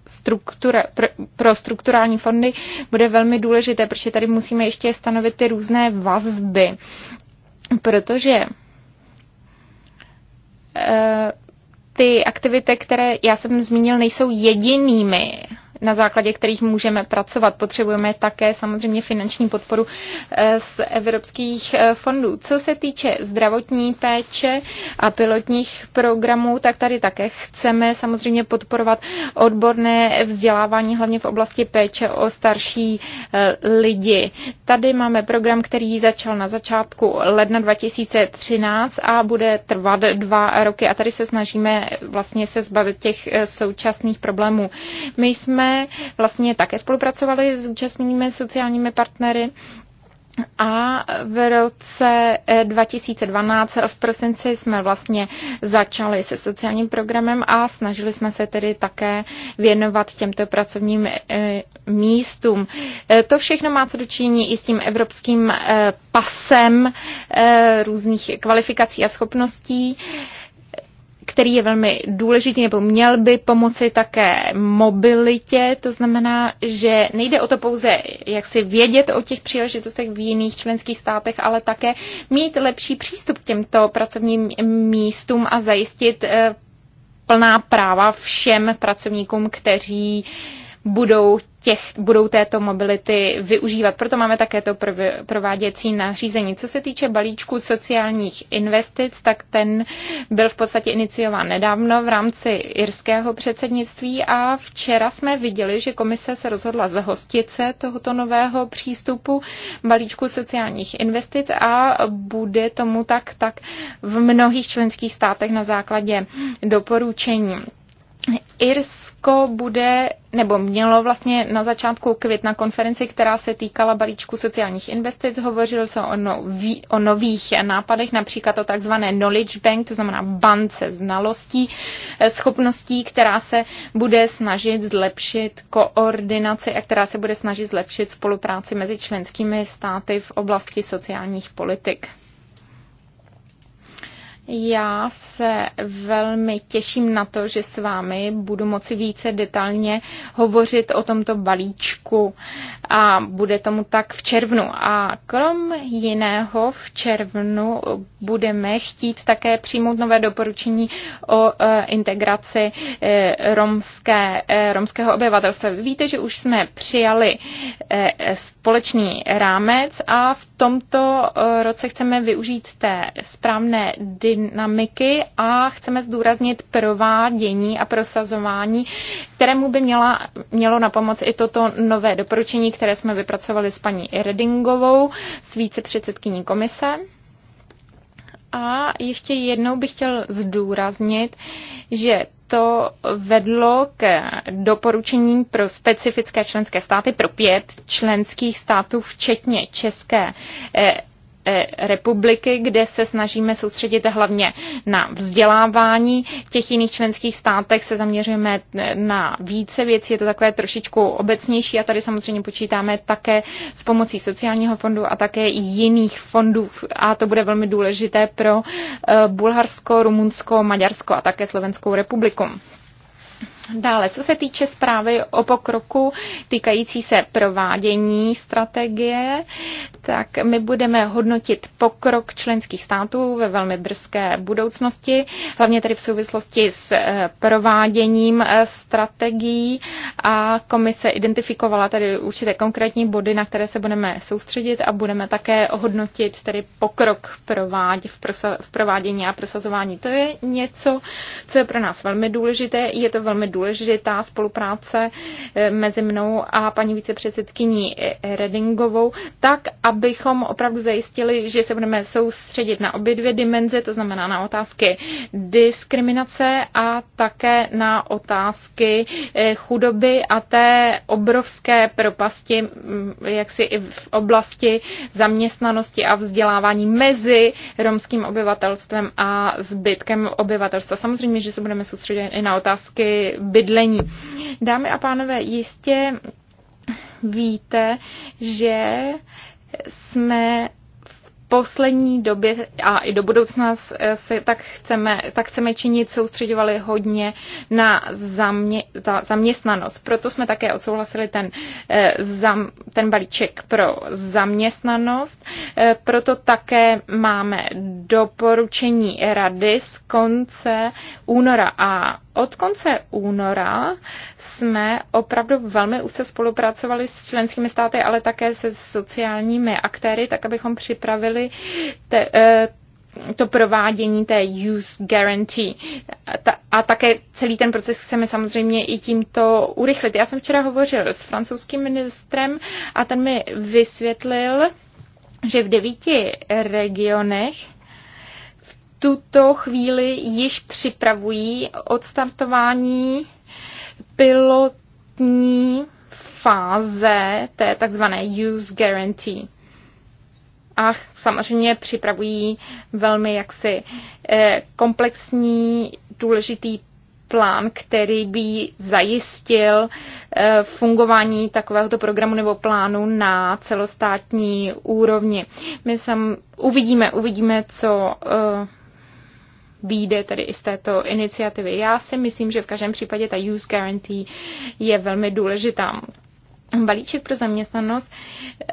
struktura, pro, pro strukturální fondy bude velmi důležité, protože tady musíme ještě stanovit ty různé vazby, protože eh, ty aktivity, které já jsem zmínil, nejsou jedinými na základě kterých můžeme pracovat. Potřebujeme také samozřejmě finanční podporu eh, z evropských eh, fondů. Co se týče zdravotní péče a pilotních programů, tak tady také chceme samozřejmě podporovat odborné vzdělávání, hlavně v oblasti péče o starší eh, lidi. Tady máme program, který začal na začátku ledna 2013 a bude trvat dva roky a tady se snažíme vlastně se zbavit těch současných problémů. My jsme vlastně také spolupracovali s účastními sociálními partnery a v roce 2012 eh, v prosinci jsme vlastně začali se sociálním programem a snažili jsme se tedy také věnovat těmto pracovním eh, místům. Eh, to všechno má co dočinění i s tím evropským pasem různých kvalifikací a schopností který je velmi důležitý, nebo měl by pomoci také mobilitě, to znamená, že nejde o to pouze, jak si vědět o těch příležitostech v jiných členských státech, ale také mít lepší přístup k těmto pracovním místům a zajistit eh, plná práva všem pracovníkům, kteří uh, budou, těch, budou této mobility využívat. Proto máme také to prováděcí nařízení. Co se týče balíčku sociálních investic, tak ten byl v podstatě iniciován nedávno v rámci irského předsednictví a včera jsme viděli, že komise se rozhodla zhostit se tohoto nového přístupu balíčku sociálních investic a bude tomu tak, tak v mnohých členských státech na základě doporučení Irsko bude, nebo mělo vlastně na začátku května konferenci, která se týkala balíčku sociálních investic. Hovořilo se o, nový, o nových nápadech, například o takzvané knowledge bank, to znamená bance znalostí, eh, schopností, která se bude snažit zlepšit koordinaci a která se bude snažit zlepšit spolupráci mezi členskými státy v oblasti sociálních politik. Já se velmi těším na to, že s vámi budu moci více detailně hovořit o tomto balíčku a bude tomu tak v červnu. A krom jiného v červnu budeme chtít také přijmout nové doporučení o e, integraci e, romské, e, romského obyvatelstva. Víte, že už jsme přijali společný rámec a v tomto roce chceme využít té správné di- dynamiky a chceme zdůraznit provádění a prosazování, kterému by měla, mělo na pomoc i toto nové doporučení, které jsme vypracovali s paní Redingovou, s více předsedkyní komise. A ještě jednou bych chtěl zdůraznit, že to vedlo k doporučením pro specifické členské státy, pro pět členských států, včetně České eh, E, republiky, kde se snažíme soustředit hlavně na vzdělávání. V těch jiných členských státech se zaměřujeme e, na více věcí, je to takové trošičku obecnější a tady samozřejmě počítáme také s pomocí sociálního fondu a také jiných fondů a to bude velmi důležité pro e, Bulharsko, Rumunsko, Maďarsko a také Slovenskou republiku. Dále, co se týče zprávy o pokroku týkající se provádění strategie, tak my budeme hodnotit pokrok členských států ve velmi brzké budoucnosti, hlavně tedy v souvislosti s eh, prováděním eh, strategií a komise identifikovala tedy určité konkrétní body, na které se budeme soustředit a budeme také hodnotit tedy pokrok v provádění a prosazování. To je něco, co je pro nás velmi důležité, je to velmi důležitá spolupráce eh, mezi mnou a paní vicepředsedkyní Redingovou, tak, abychom opravdu zajistili, že se budeme soustředit na obě dvě dimenze, to znamená na otázky diskriminace a také na otázky eh, chudoby a té obrovské propasti, jaksi i v oblasti zaměstnanosti a vzdělávání mezi romským obyvatelstvem a zbytkem obyvatelstva. Samozřejmě, že se budeme soustředit i na otázky bydlení. Dámy a pánové, jistě víte, že jsme poslední době a i do budoucna se tak chceme, tak chceme činit, soustředovali hodně na zamě, za, zaměstnanost. Proto jsme také odsouhlasili ten, eh, zam, ten balíček pro zaměstnanost. Eh, proto také máme doporučení rady z konce února a od konce února jsme opravdu velmi úzce spolupracovali s členskými státy, ale také se sociálními aktéry, tak abychom připravili te, eh, to provádění té use guarantee. A, a také celý ten proces chceme samozřejmě i tímto urychlit. Já jsem včera hovořil s francouzským ministrem a ten mi vysvětlil, že v devíti regionech tuto chvíli již připravují odstartování pilotní fáze té takzvané use guarantee. A samozřejmě připravují velmi jaksi eh, komplexní, důležitý plán, který by zajistil eh, fungování takovéhoto programu nebo plánu na celostátní úrovni. My sam uvidíme, uvidíme, co eh, výjde tedy i z této iniciativy. Já si myslím, že v každém případě ta Use Guarantee je velmi důležitá. Balíček pro zaměstnanost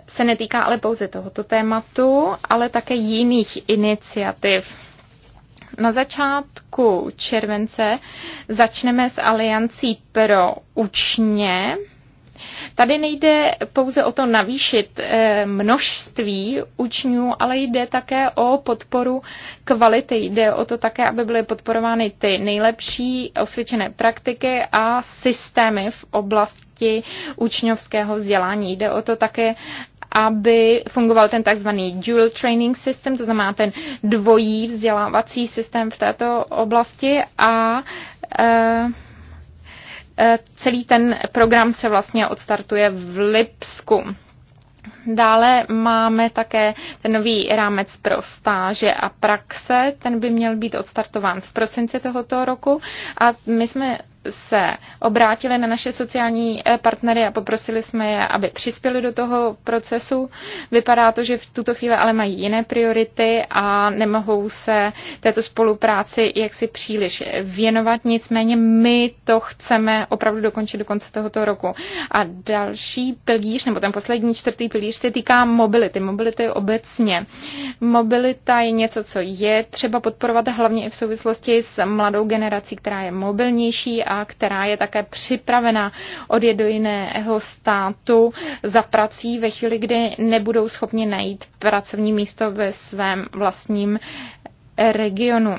se netýká ale pouze tohoto tématu, ale také jiných iniciativ. Na začátku července začneme s Aliancí pro učně, Tady nejde pouze o to navýšit eh, množství učňů, ale jde také o podporu kvality. Jde o to také, aby byly podporovány ty nejlepší osvědčené praktiky a systémy v oblasti učňovského vzdělání. Jde o to také, aby fungoval ten takzvaný dual training system, to znamená ten dvojí vzdělávací systém v této oblasti a uh Eh, celý ten program se vlastně odstartuje v Lipsku. Dále máme také ten nový rámec pro stáže a praxe. Ten by měl být odstartován v prosinci tohoto roku a my jsme se obrátili na naše sociální eh, partnery a poprosili jsme je, aby přispěli do toho procesu. Vypadá to, že v tuto chvíli ale mají jiné priority a nemohou se této spolupráci jaksi příliš věnovat. Nicméně my to chceme opravdu dokončit do konce tohoto roku. A další pilíř, nebo ten poslední čtvrtý pilíř, se týká mobility. Mobility obecně. Mobilita je něco, co je třeba podporovat hlavně i v souvislosti s mladou generací, která je mobilnější a která je také připravena odjet do jiného státu za prací ve chvíli, kdy nebudou schopni najít pracovní místo ve svém vlastním regionu.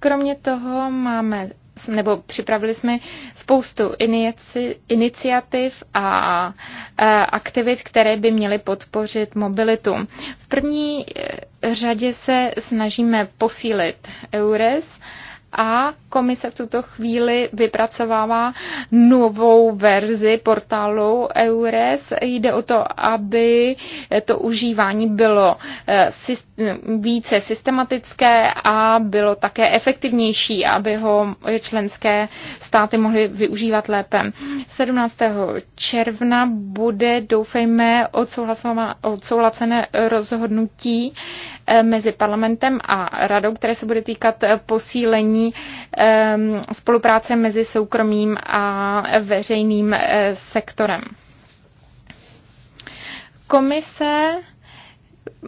Kromě toho máme nebo připravili jsme spoustu inici, iniciativ a e, aktivit, které by měly podpořit mobilitu. V první e, řadě se snažíme posílit EURES, a komise v tuto chvíli vypracovává novou verzi portálu EURES. Jde o to, aby to užívání bylo eh, více systematické a bylo také efektivnější, aby ho členské státy mohly využívat lépe. 17. června bude, doufejme, odsouhlasené rozhodnutí Eh, mezi parlamentem a radou, které se bude týkat eh, posílení eh, spolupráce mezi soukromým a veřejným sektorem. Komise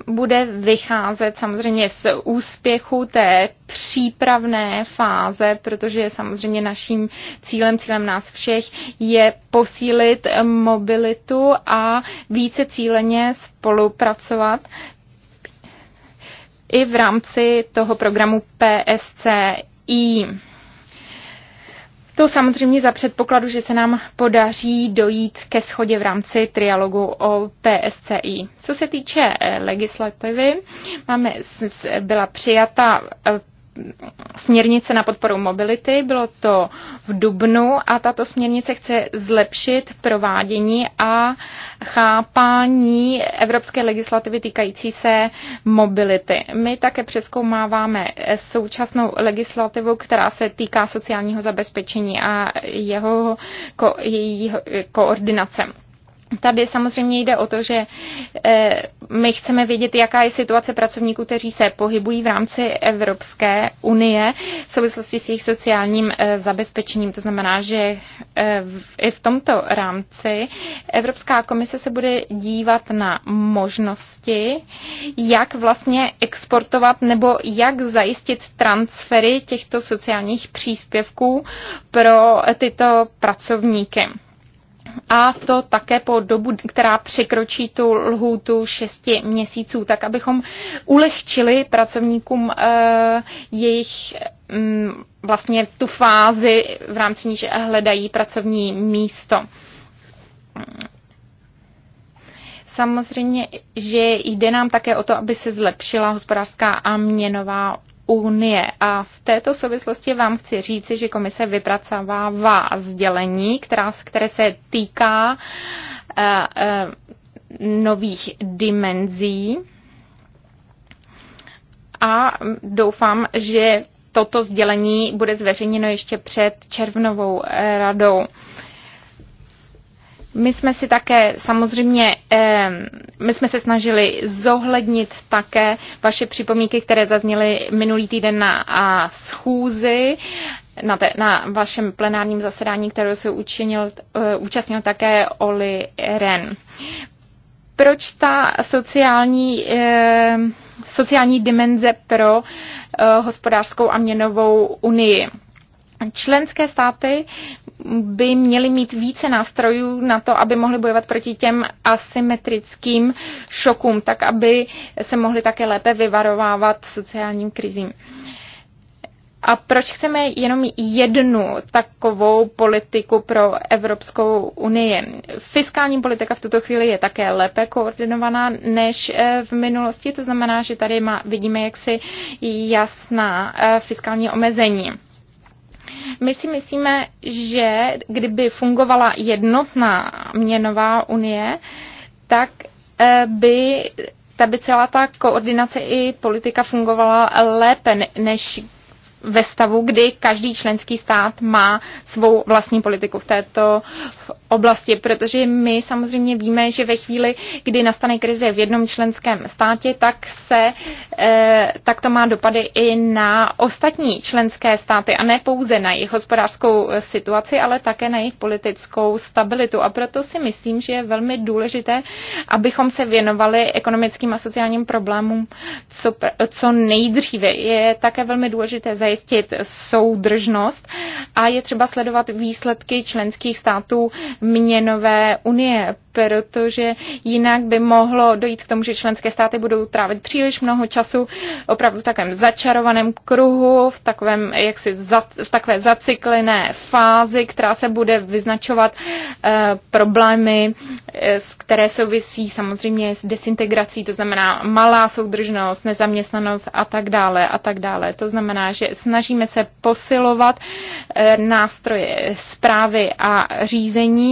bude vycházet samozřejmě z úspěchu té přípravné fáze, protože samozřejmě naším cílem, cílem nás všech je posílit mobilitu a více cíleně spolupracovat i v rámci toho programu PSCI. To samozřejmě za předpokladu, že se nám podaří dojít ke schodě v rámci trialogu o PSCI. Co se týče eh, legislativy, máme, byla přijata eh, směrnice na podporu mobility, bylo to v Dubnu a tato směrnice chce zlepšit provádění a chápání evropské legislativy týkající se mobility. My také přeskoumáváme současnou legislativu, která se týká sociálního zabezpečení a jeho, ko, její koordinace. Tady samozřejmě jde o to, že eh, my chceme vědět, jaká je situace pracovníků, kteří se pohybují v rámci Evropské unie v souvislosti s jejich sociálním eh, zabezpečením. To znamená, že eh, i v tomto rámci Evropská komise se bude dívat na možnosti, jak vlastně exportovat nebo jak zajistit transfery těchto sociálních příspěvků pro tyto pracovníky a to také po dobu, která překročí tu lhůtu 6 měsíců, tak abychom ulehčili pracovníkům uh, jejich um, vlastně tu fázi, v rámci níž hledají pracovní místo. Samozřejmě, že jde nám také o to, aby se zlepšila hospodářská a měnová unie. A v této souvislosti vám chci říci, že komise vypracovává sdělení, která, které se týká eh, eh, nových dimenzí. A doufám, že toto sdělení bude zveřejněno ještě před červnovou eh, radou. My jsme si také samozřejmě, my jsme se snažili zohlednit také vaše připomínky, které zazněly minulý týden na schůzi, na, te, na vašem plenárním zasedání, které se učinil, eh, účastnil také Oli Ren. Proč ta sociální, sociální dimenze pro eh, hospodářskou a měnovou unii? Členské státy by měly mít více nástrojů na to, aby mohly bojovat proti těm asymetrickým šokům, tak aby se mohly také lépe vyvarovávat sociálním krizím. A proč chceme jenom jednu takovou politiku pro Evropskou unii? Fiskální politika v tuto chvíli je také lépe koordinovaná než eh, v minulosti, to znamená, že tady má, vidíme jaksi jasná eh, fiskální omezení. My si myslíme, že kdyby fungovala jednotná měnová unie, tak eh, by ta by celá ta koordinace i politika fungovala lépe než ve stavu, kdy každý členský stát má svou vlastní politiku v této oblasti, protože my samozřejmě víme, že ve chvíli, kdy nastane krize v jednom členském státě, tak, se, eh, tak to má dopady i na ostatní členské státy a ne pouze na jejich hospodářskou eh, situaci, ale také na jejich politickou stabilitu. A proto si myslím, že je velmi důležité, abychom se věnovali ekonomickým a sociálním problémům co, co nejdříve. Je také velmi důležité zajistit soudržnost a je třeba sledovat výsledky členských států měnové unie, protože jinak by mohlo dojít k tomu, že členské státy budou trávit příliš mnoho času opravdu v takovém začarovaném kruhu, v, takovém, jaksi, v takové zacyklené fázi, která se bude vyznačovat e, problémy, e, které souvisí samozřejmě s desintegrací, to znamená malá soudržnost, nezaměstnanost a tak dále a tak dále. To znamená, že snažíme se posilovat e, nástroje zprávy a řízení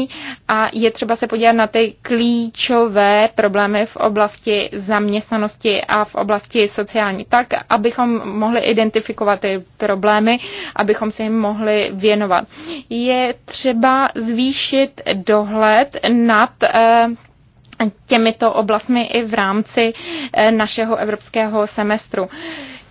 a je třeba se podívat na ty klíčové problémy v oblasti zaměstnanosti a v oblasti sociální, tak abychom mohli identifikovat ty problémy, abychom se jim mohli věnovat. Je třeba zvýšit dohled nad eh, těmito oblastmi i v rámci eh, našeho evropského semestru.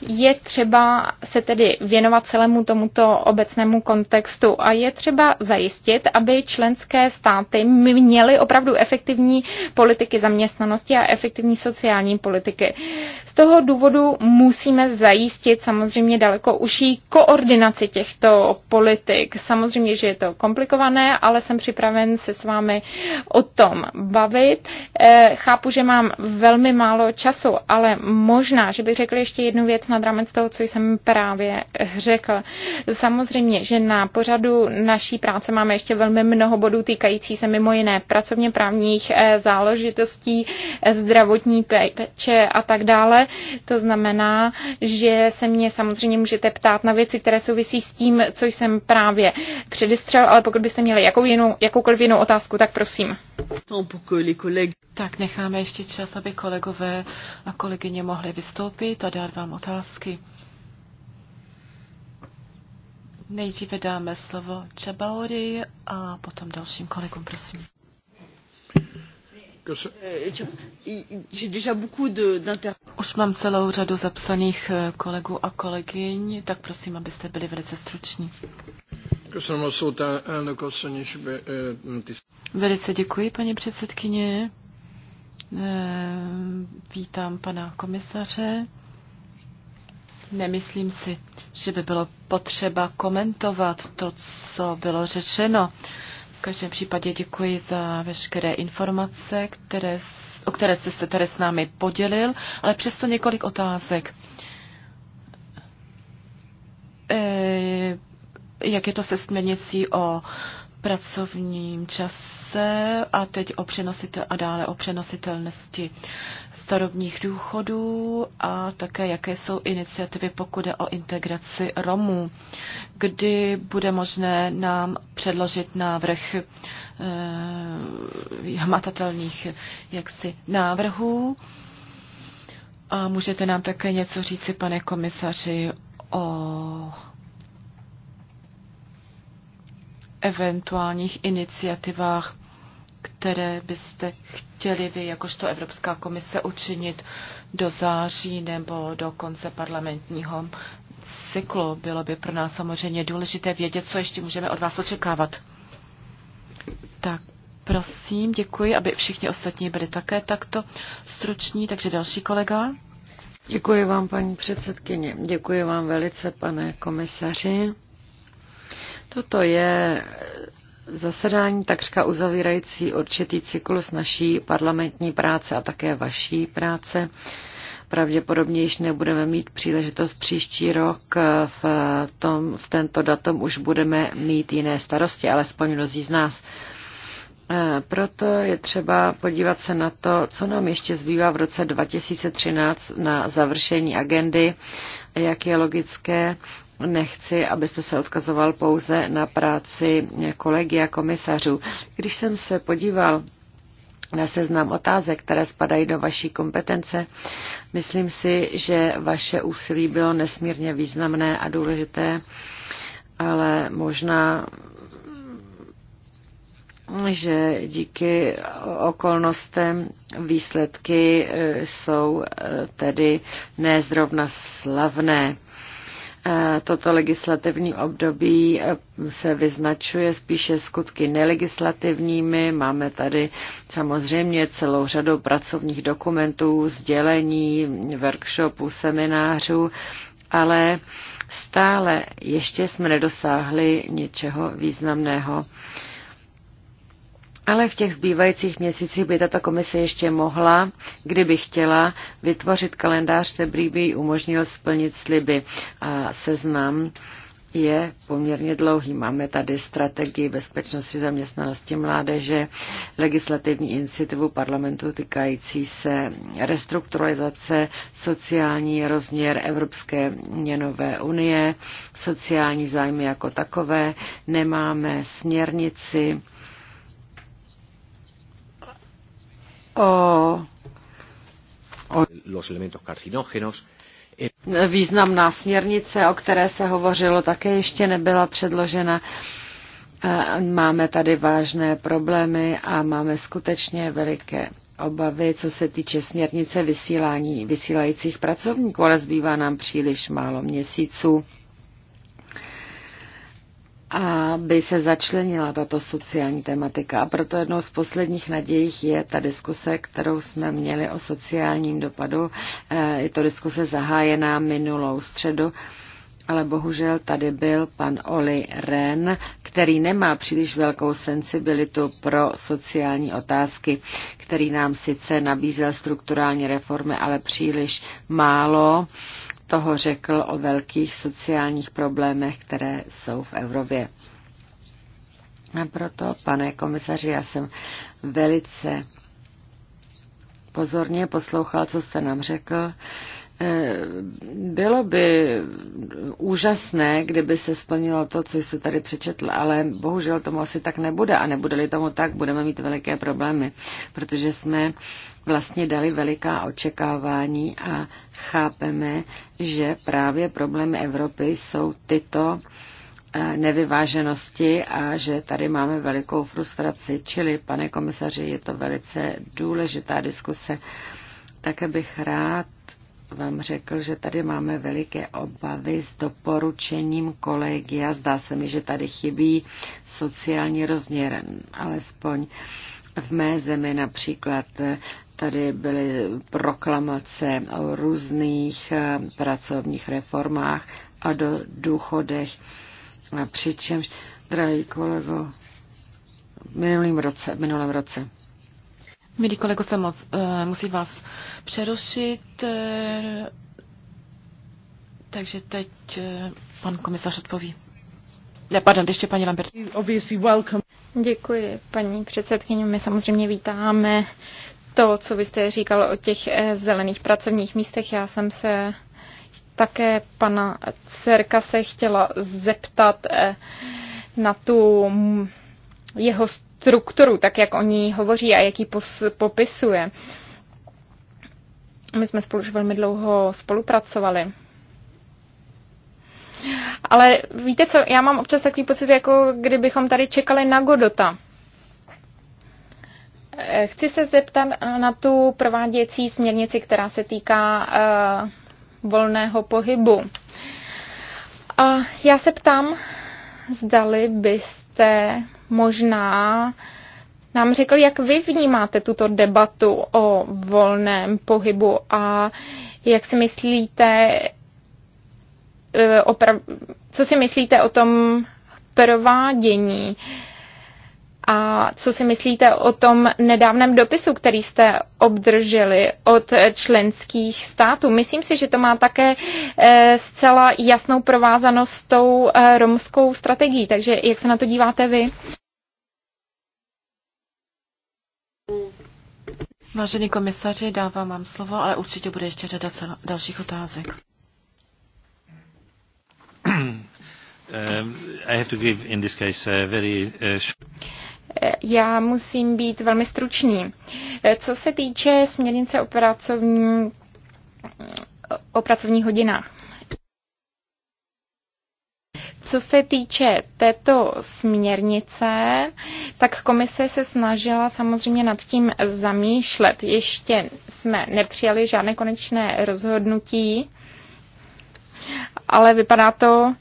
Je třeba se tedy věnovat celému tomuto obecnému kontextu a je třeba zajistit, aby členské státy měly opravdu efektivní politiky zaměstnanosti a efektivní sociální politiky. Z toho důvodu musíme zajistit samozřejmě daleko užší koordinaci těchto politik. Samozřejmě, že je to komplikované, ale jsem připraven se s vámi o tom bavit. Eh, chápu, že mám velmi málo času, ale možná, že bych řekl ještě jednu věc nad rámec toho, co jsem právě řekl. Samozřejmě, že na pořadu naší práce máme ještě velmi mnoho bodů týkající se mimo jiné pracovně právních eh, záležitostí, eh, zdravotní péče a tak dále to znamená, že se mě samozřejmě můžete ptát na věci, které souvisí s tím, co jsem právě předestřel, ale pokud byste měli jakou jinou, jakoukoliv jinou otázku, tak prosím. Tak necháme ještě čas, aby kolegové a kolegyně mohli vystoupit a dát vám otázky. Nejdříve dáme slovo Čabaori a potom dalším kolegům, prosím. Eh, Už mám celou řadu zapsaných eh, kolegů a kolegyň, tak prosím, abyste byli velice struční. Eh, velice děkuji, paní předsedkyně. Vítám pana komisaře. Nemyslím si, že by bylo potřeba komentovat to, co bylo řečeno každém případě děkuji za veškeré informace, které, o které jste se tady s námi podělil, ale přesto několik otázek. E, jak je to se směrnicí o pracovním čase a teď o přenositel, a dále o přenositelnosti starobních důchodů a také jaké jsou iniciativy, pokud je o integraci Romů, kdy bude možné nám předložit návrh eh, hmatatelných jaksi návrhů. A můžete nám také něco říci, pane komisaři, o eventuálních iniciativách, které byste chtěli vy, jakožto Evropská komise, učinit do září nebo do konce parlamentního cyklu. Bylo by pro nás samozřejmě důležité vědět, co ještě můžeme od vás očekávat. Tak prosím, děkuji, aby všichni ostatní byli také takto struční, takže další kolega. Děkuji vám, paní předsedkyně. Děkuji vám velice, pane komisaři. Toto je zasedání takřka uzavírající určitý cyklus naší parlamentní práce a také vaší práce. Pravděpodobně již nebudeme mít příležitost příští rok. V, tom, v tento datum už budeme mít jiné starosti, alespoň mnozí z nás. E, proto je třeba podívat se na to, co nám ještě zbývá v roce 2013 na završení agendy, jak je logické, nechci, abyste se odkazoval pouze na práci kolegy a komisařů. Když jsem se podíval na seznam otázek, které spadají do vaší kompetence, myslím si, že vaše úsilí bylo nesmírně významné a důležité, ale možná že díky okolnostem výsledky eh, jsou eh, tedy nezrovna slavné. Eh, toto legislativní období eh, se vyznačuje spíše skutky nelegislativními. Máme tady samozřejmě celou řadu pracovních dokumentů, sdělení, workshopů, seminářů, ale stále ještě jsme nedosáhli něčeho významného. Ale v těch zbývajících měsících by tato komise ještě mohla, kdyby chtěla, vytvořit kalendář, který by jí umožnil splnit sliby. A seznam je poměrně dlouhý. Máme tady strategii bezpečnosti zaměstnanosti mládeže, legislativní iniciativu parlamentu týkající se restrukturalizace, sociální rozměr Evropské měnové unie, sociální zájmy jako takové. Nemáme směrnici o, o los elementos carcinógenos. Významná směrnice, o které se hovořilo, také ještě nebyla předložena. Máme tady vážné problémy a máme skutečně veliké obavy, co se týče směrnice vysílání vysílajících pracovníků, ale zbývá nám příliš málo měsíců aby se začlenila tato sociální tematika. A proto jednou z posledních nadějích je ta diskuse, kterou jsme měli o sociálním dopadu. Eh, je to diskuse zahájená minulou středu, ale bohužel tady byl pan Oli Ren, který nemá příliš velkou sensibilitu pro sociální otázky, který nám sice nabízel strukturální reformy, ale příliš málo toho řekl o velkých sociálních problémech, které jsou v Evropě. A proto, pane komisaři, já jsem velice pozorně poslouchal, co jste nám řekl. Eh, bylo by úžasné, kdyby se splnilo to, co jste tady přečetl, ale bohužel tomu asi tak nebude a nebude-li tomu tak, budeme mít veliké problémy, protože jsme vlastně dali veliká očekávání a chápeme, že právě problémy Evropy jsou tyto eh, nevyváženosti a že tady máme velikou frustraci. Čili, pane komisaři, je to velice důležitá diskuse. Také bych rád vám řekl, že tady máme veliké obavy s doporučením kolegia. Zdá se mi, že tady chybí sociální rozměr, alespoň v mé zemi například tady byly proklamace o různých eh, pracovních reformách a do důchodech. A přičemž, drahý kolego, v minulém roce, minulém roce Milí kolego, jsem moc, uh, musím vás přerušit, eh, takže teď uh, pan komisař odpoví. Ne, pardon, ještě paní Lambert. Děkuji, paní předsedkyně. My samozřejmě vítáme to, co vy jste říkal o těch zelených pracovních místech. Já jsem se také pana dcerka se chtěla zeptat na tu jeho strukturu, tak jak o ní hovoří a jak ji pos- popisuje. My jsme spolu už velmi dlouho spolupracovali. Ale víte co, já mám občas takový pocit, jako kdybychom tady čekali na Godota. Eh, chci se zeptat eh, na tu prováděcí směrnici, která se týká uh, volného pohybu. A já se ptám, zdali byste možná nám řekl, jak vy vnímáte tuto debatu o volném pohybu a jak si myslíte, eh, oprav, co si myslíte o tom provádění a co si myslíte o tom nedávném dopisu, který jste obdrželi od členských států? Myslím si, že to má také eh, zcela jasnou provázanost s tou eh, romskou strategií, takže jak se na to díváte vy? Vážený komisaři, dávám vám slovo, ale určitě bude ještě řada cel- dalších otázek. Uh, já musím být velmi stručný. Co se týče směrnice o pracovní, o pracovních hodinách. Co se týče této směrnice, tak komise se snažila samozřejmě nad tím zamýšlet. Ještě jsme nepřijali žádné konečné rozhodnutí, ale vypadá to,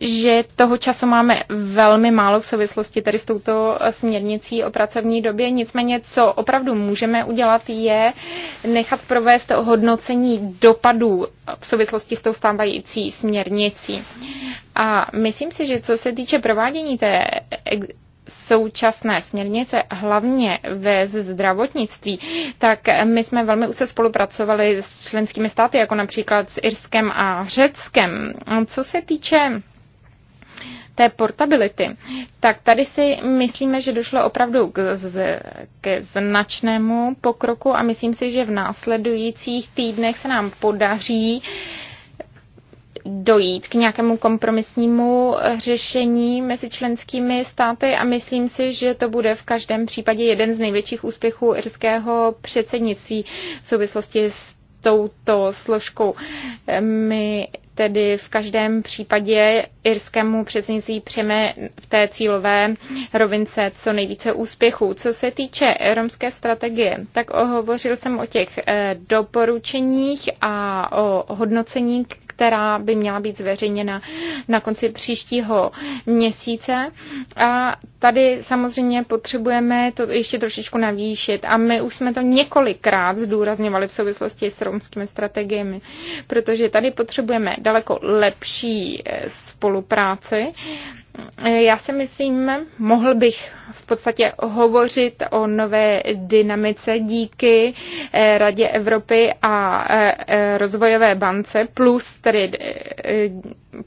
že toho času máme velmi málo v souvislosti tedy s touto směrnicí o pracovní době. Nicméně, co opravdu můžeme udělat, je nechat provést hodnocení dopadů v souvislosti s tou stávající směrnicí. A myslím si, že co se týče provádění té současné směrnice, hlavně ve zdravotnictví, tak my jsme velmi úzce spolupracovali s členskými státy, jako například s Irskem a Řeckem. Co se týče té portability, tak tady si myslíme, že došlo opravdu k, k značnému pokroku a myslím si, že v následujících týdnech se nám podaří dojít k nějakému kompromisnímu řešení mezi členskými státy a myslím si, že to bude v každém případě jeden z největších úspěchů irského předsednictví v souvislosti s touto složkou. My tedy v každém případě irskému předsednictví přijeme v té cílové rovince co nejvíce úspěchů. Co se týče romské strategie, tak hovořil jsem o těch eh, doporučeních a o hodnocení, která by měla být zveřejněna na konci příštího měsíce. A tady samozřejmě potřebujeme to ještě trošičku navýšit. A my už jsme to několikrát zdůrazňovali v souvislosti s romskými strategiemi, protože tady potřebujeme daleko lepší eh, spolupráci já si myslím, mohl bych v podstatě hovořit o nové dynamice díky eh, Radě Evropy a eh, eh, rozvojové bance plus tedy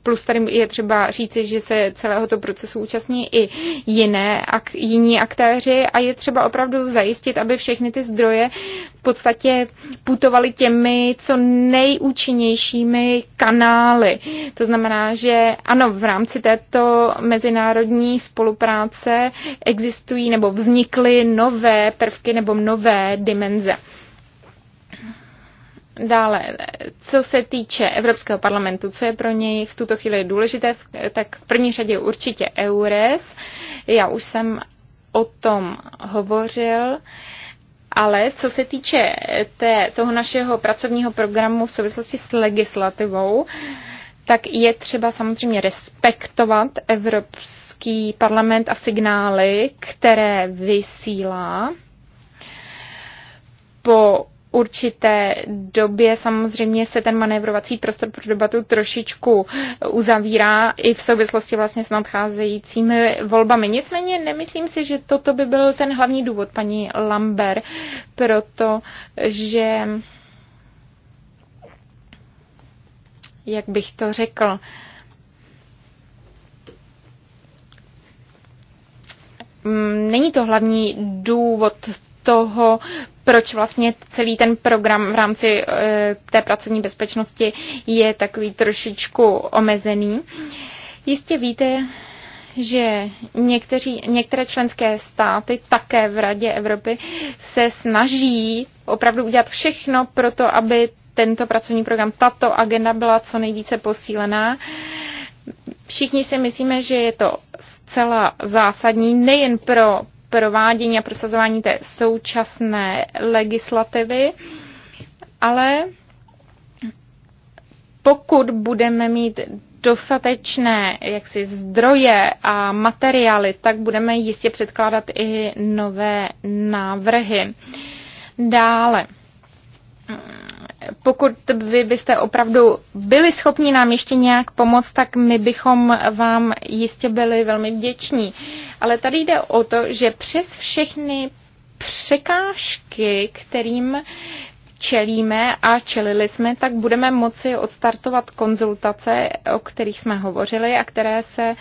plus tady je třeba říci, že se celého toho procesu účastní i jiné, ak, jiní aktéři a je třeba opravdu zajistit, aby všechny ty zdroje v podstatě putovaly těmi co nejúčinnějšími kanály. To znamená, že ano, v rámci této mezinárodní spolupráce existují nebo vznikly nové prvky nebo nové dimenze. Dále, co se týče Evropského parlamentu, co je pro něj v tuto chvíli důležité, tak v první řadě určitě EURES. Já už jsem o tom hovořil. Ale co se týče té, toho našeho pracovního programu v souvislosti s legislativou, tak je třeba samozřejmě respektovat Evropský parlament a signály, které vysílá po určité době samozřejmě se ten manévrovací prostor pro debatu trošičku uzavírá i v souvislosti vlastně s nadcházejícími volbami. Nicméně nemyslím si, že toto by byl ten hlavní důvod, paní Lambert, protože jak bych to řekl, mm, není to hlavní důvod toho, proč vlastně celý ten program v rámci eh, té pracovní bezpečnosti je takový trošičku omezený. Jistě víte, že někteří, některé členské státy také v Radě Evropy se snaží opravdu udělat všechno pro to, aby tento pracovní program, tato agenda byla co nejvíce posílená. Všichni si myslíme, že je to zcela zásadní nejen pro provádění a prosazování té současné legislativy, ale pokud budeme mít dostatečné jaksi, zdroje a materiály, tak budeme jistě předkládat i nové návrhy. Dále pokud vy byste opravdu byli schopni nám ještě nějak pomoct, tak my bychom vám jistě byli velmi vděční. Ale tady jde o to, že přes všechny překážky, kterým čelíme a čelili jsme, tak budeme moci odstartovat konzultace, o kterých jsme hovořili a které se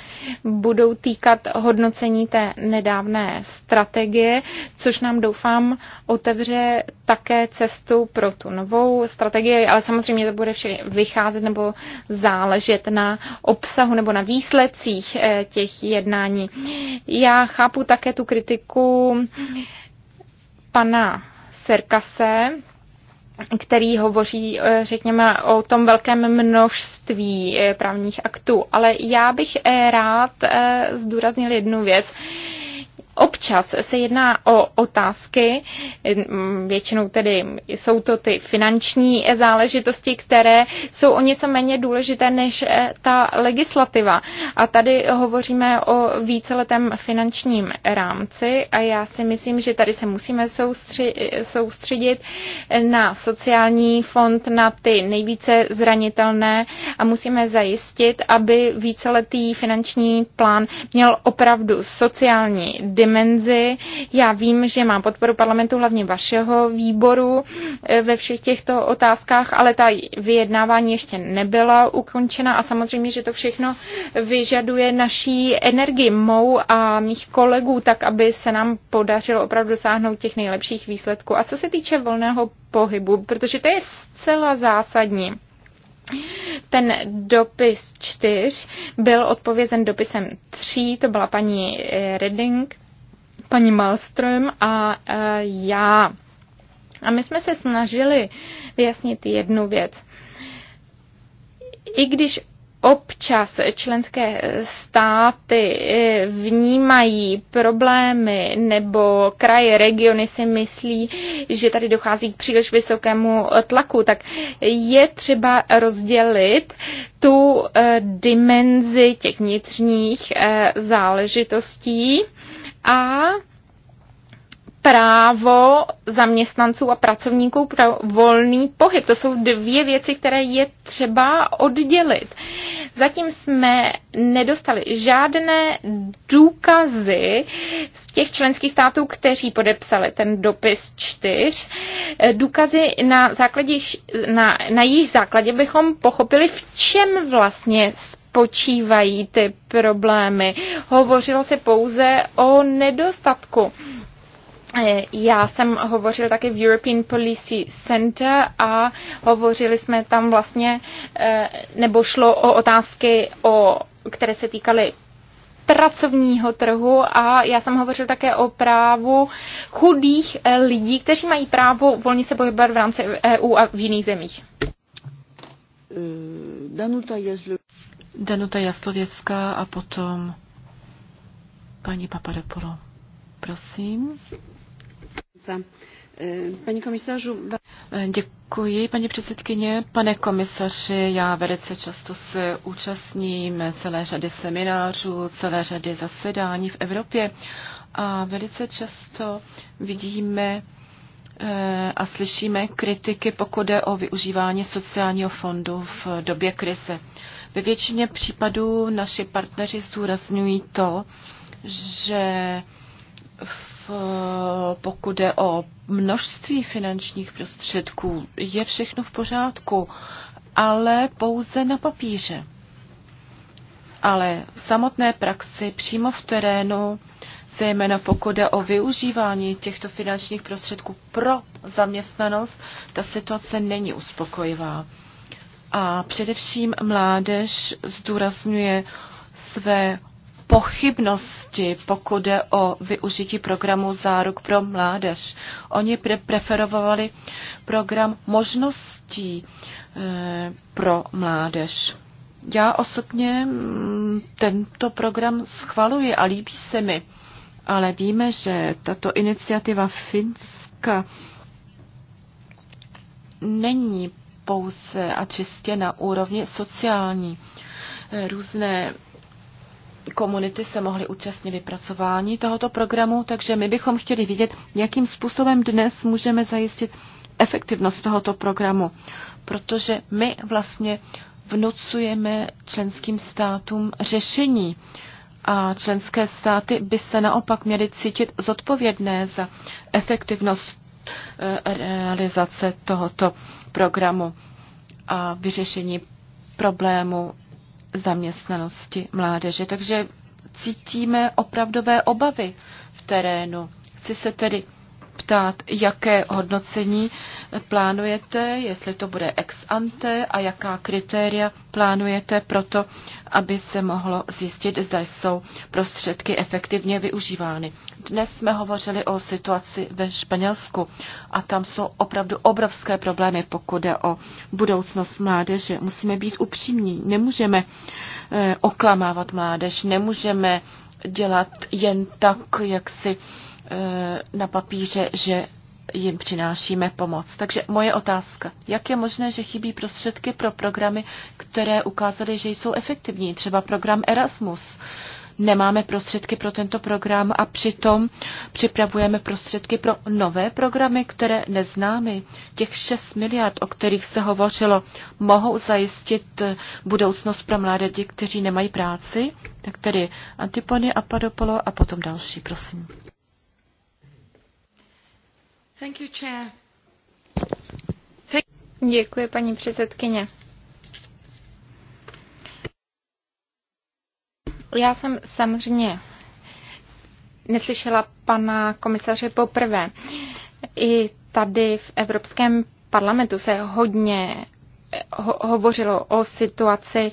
budou týkat hodnocení té nedávné strategie, což nám doufám otevře také cestu pro tu novou strategii, ale samozřejmě to bude vše vycházet nebo záležet na obsahu nebo na výsledcích eh, těch jednání. Já chápu také tu kritiku pana Serkase, který hovoří, eh, řekněme, o tom velkém množství eh, právních aktů. Ale já bych eh, rád zdůraznil jednu věc, Občas se jedná o otázky, většinou tedy jsou to ty finanční záležitosti, které jsou o něco méně důležité než ta legislativa. A tady hovoříme o víceletém finančním rámci a já si myslím, že tady se musíme soustředit na sociální fond, na ty nejvíce zranitelné a musíme zajistit, aby víceletý finanční plán měl opravdu sociální dimenzi. Já vím, že mám podporu parlamentu, hlavně vašeho výboru eh, ve všech těchto otázkách, ale ta vyjednávání ještě nebyla ukončena a samozřejmě, že to všechno vyžaduje naší energii, mou a mých kolegů, tak aby se nám podařilo opravdu dosáhnout těch nejlepších výsledků. A co se týče volného pohybu, protože to je zcela zásadní. Ten dopis čtyř byl odpovězen dopisem tří, to byla paní eh, Redding, paní Malström a e, já. A my jsme se snažili vyjasnit jednu věc. I když občas členské státy e, vnímají problémy nebo kraje, regiony si myslí, že tady dochází k příliš vysokému tlaku, tak je třeba rozdělit tu e, dimenzi těch vnitřních záležitostí a právo zaměstnanců a pracovníků pro volný pohyb. To jsou dvě věci, které je třeba oddělit. Zatím jsme nedostali žádné důkazy z těch členských států, kteří podepsali ten dopis čtyř. Důkazy na, základě, na, na jejich základě bychom pochopili, v čem vlastně spočívají ty problémy. Hovořilo se pouze o nedostatku. Eh, já jsem hovořil taky v European Policy Center a hovořili jsme tam vlastně, eh, nebo šlo o otázky, o, které se týkaly pracovního trhu a já jsem hovořil také o právu chudých eh, lidí, kteří mají právo volně se pohybovat v rámci EU a v jiných zemích. Danuta Jezle. Danuta Jaslověcká a potom paní Papadopolo. Prosím. Paní komisařu. Eh, děkuji, paní předsedkyně. Pane komisaři, já velice často se účastním celé řady seminářů, celé řady zasedání v Evropě a velice často vidíme eh, a slyšíme kritiky, pokud jde o využívání sociálního fondu v době krize. Ve většině případů naši partneři zdůrazňují to, že v, pokud je o množství finančních prostředků, je všechno v pořádku, ale pouze na papíře. Ale v samotné praxi přímo v terénu zejména pokud jde o využívání těchto finančních prostředků pro zaměstnanost, ta situace není uspokojivá. A především mládež zdůrazňuje své pochybnosti, pokud jde o využití programu záruk pro mládež. Oni pre- preferovali program možností e, pro mládež. Já osobně mm, tento program schvaluji a líbí se mi, ale víme, že tato iniciativa Finska není pouze a čistě na úrovni sociální. Různé komunity se mohly účastnit vypracování tohoto programu, takže my bychom chtěli vidět, jakým způsobem dnes můžeme zajistit efektivnost tohoto programu, protože my vlastně vnucujeme členským státům řešení a členské státy by se naopak měly cítit zodpovědné za efektivnost realizace tohoto programu a vyřešení problému zaměstnanosti mládeže. Takže cítíme opravdové obavy v terénu. Chci se tedy ptát, jaké hodnocení plánujete, jestli to bude ex ante a jaká kritéria plánujete pro to, aby se mohlo zjistit, zda jsou prostředky efektivně využívány. Dnes jsme hovořili o situaci ve Španělsku a tam jsou opravdu obrovské problémy, pokud jde o budoucnost mládeže. Musíme být upřímní, nemůžeme eh, oklamávat mládež, nemůžeme dělat jen tak, jak si eh, Eh, na papíře, že jim přinášíme pomoc. Takže moje otázka. Jak je možné, že chybí prostředky pro programy, které ukázaly, že jsou efektivní? Třeba program Erasmus. Nemáme prostředky pro tento program a přitom připravujeme prostředky pro nové programy, které neznámy. Těch 6 miliard, o kterých se hovořilo, mohou zajistit eh, budoucnost pro mladé děti, kteří nemají práci? Tak tedy Antipony, Apadopolo a potom další, prosím. Děkuji, paní předsedkyně. Já jsem samozřejmě neslyšela pana komisaře poprvé. I tady v Evropském parlamentu se hodně ho- hovořilo o situaci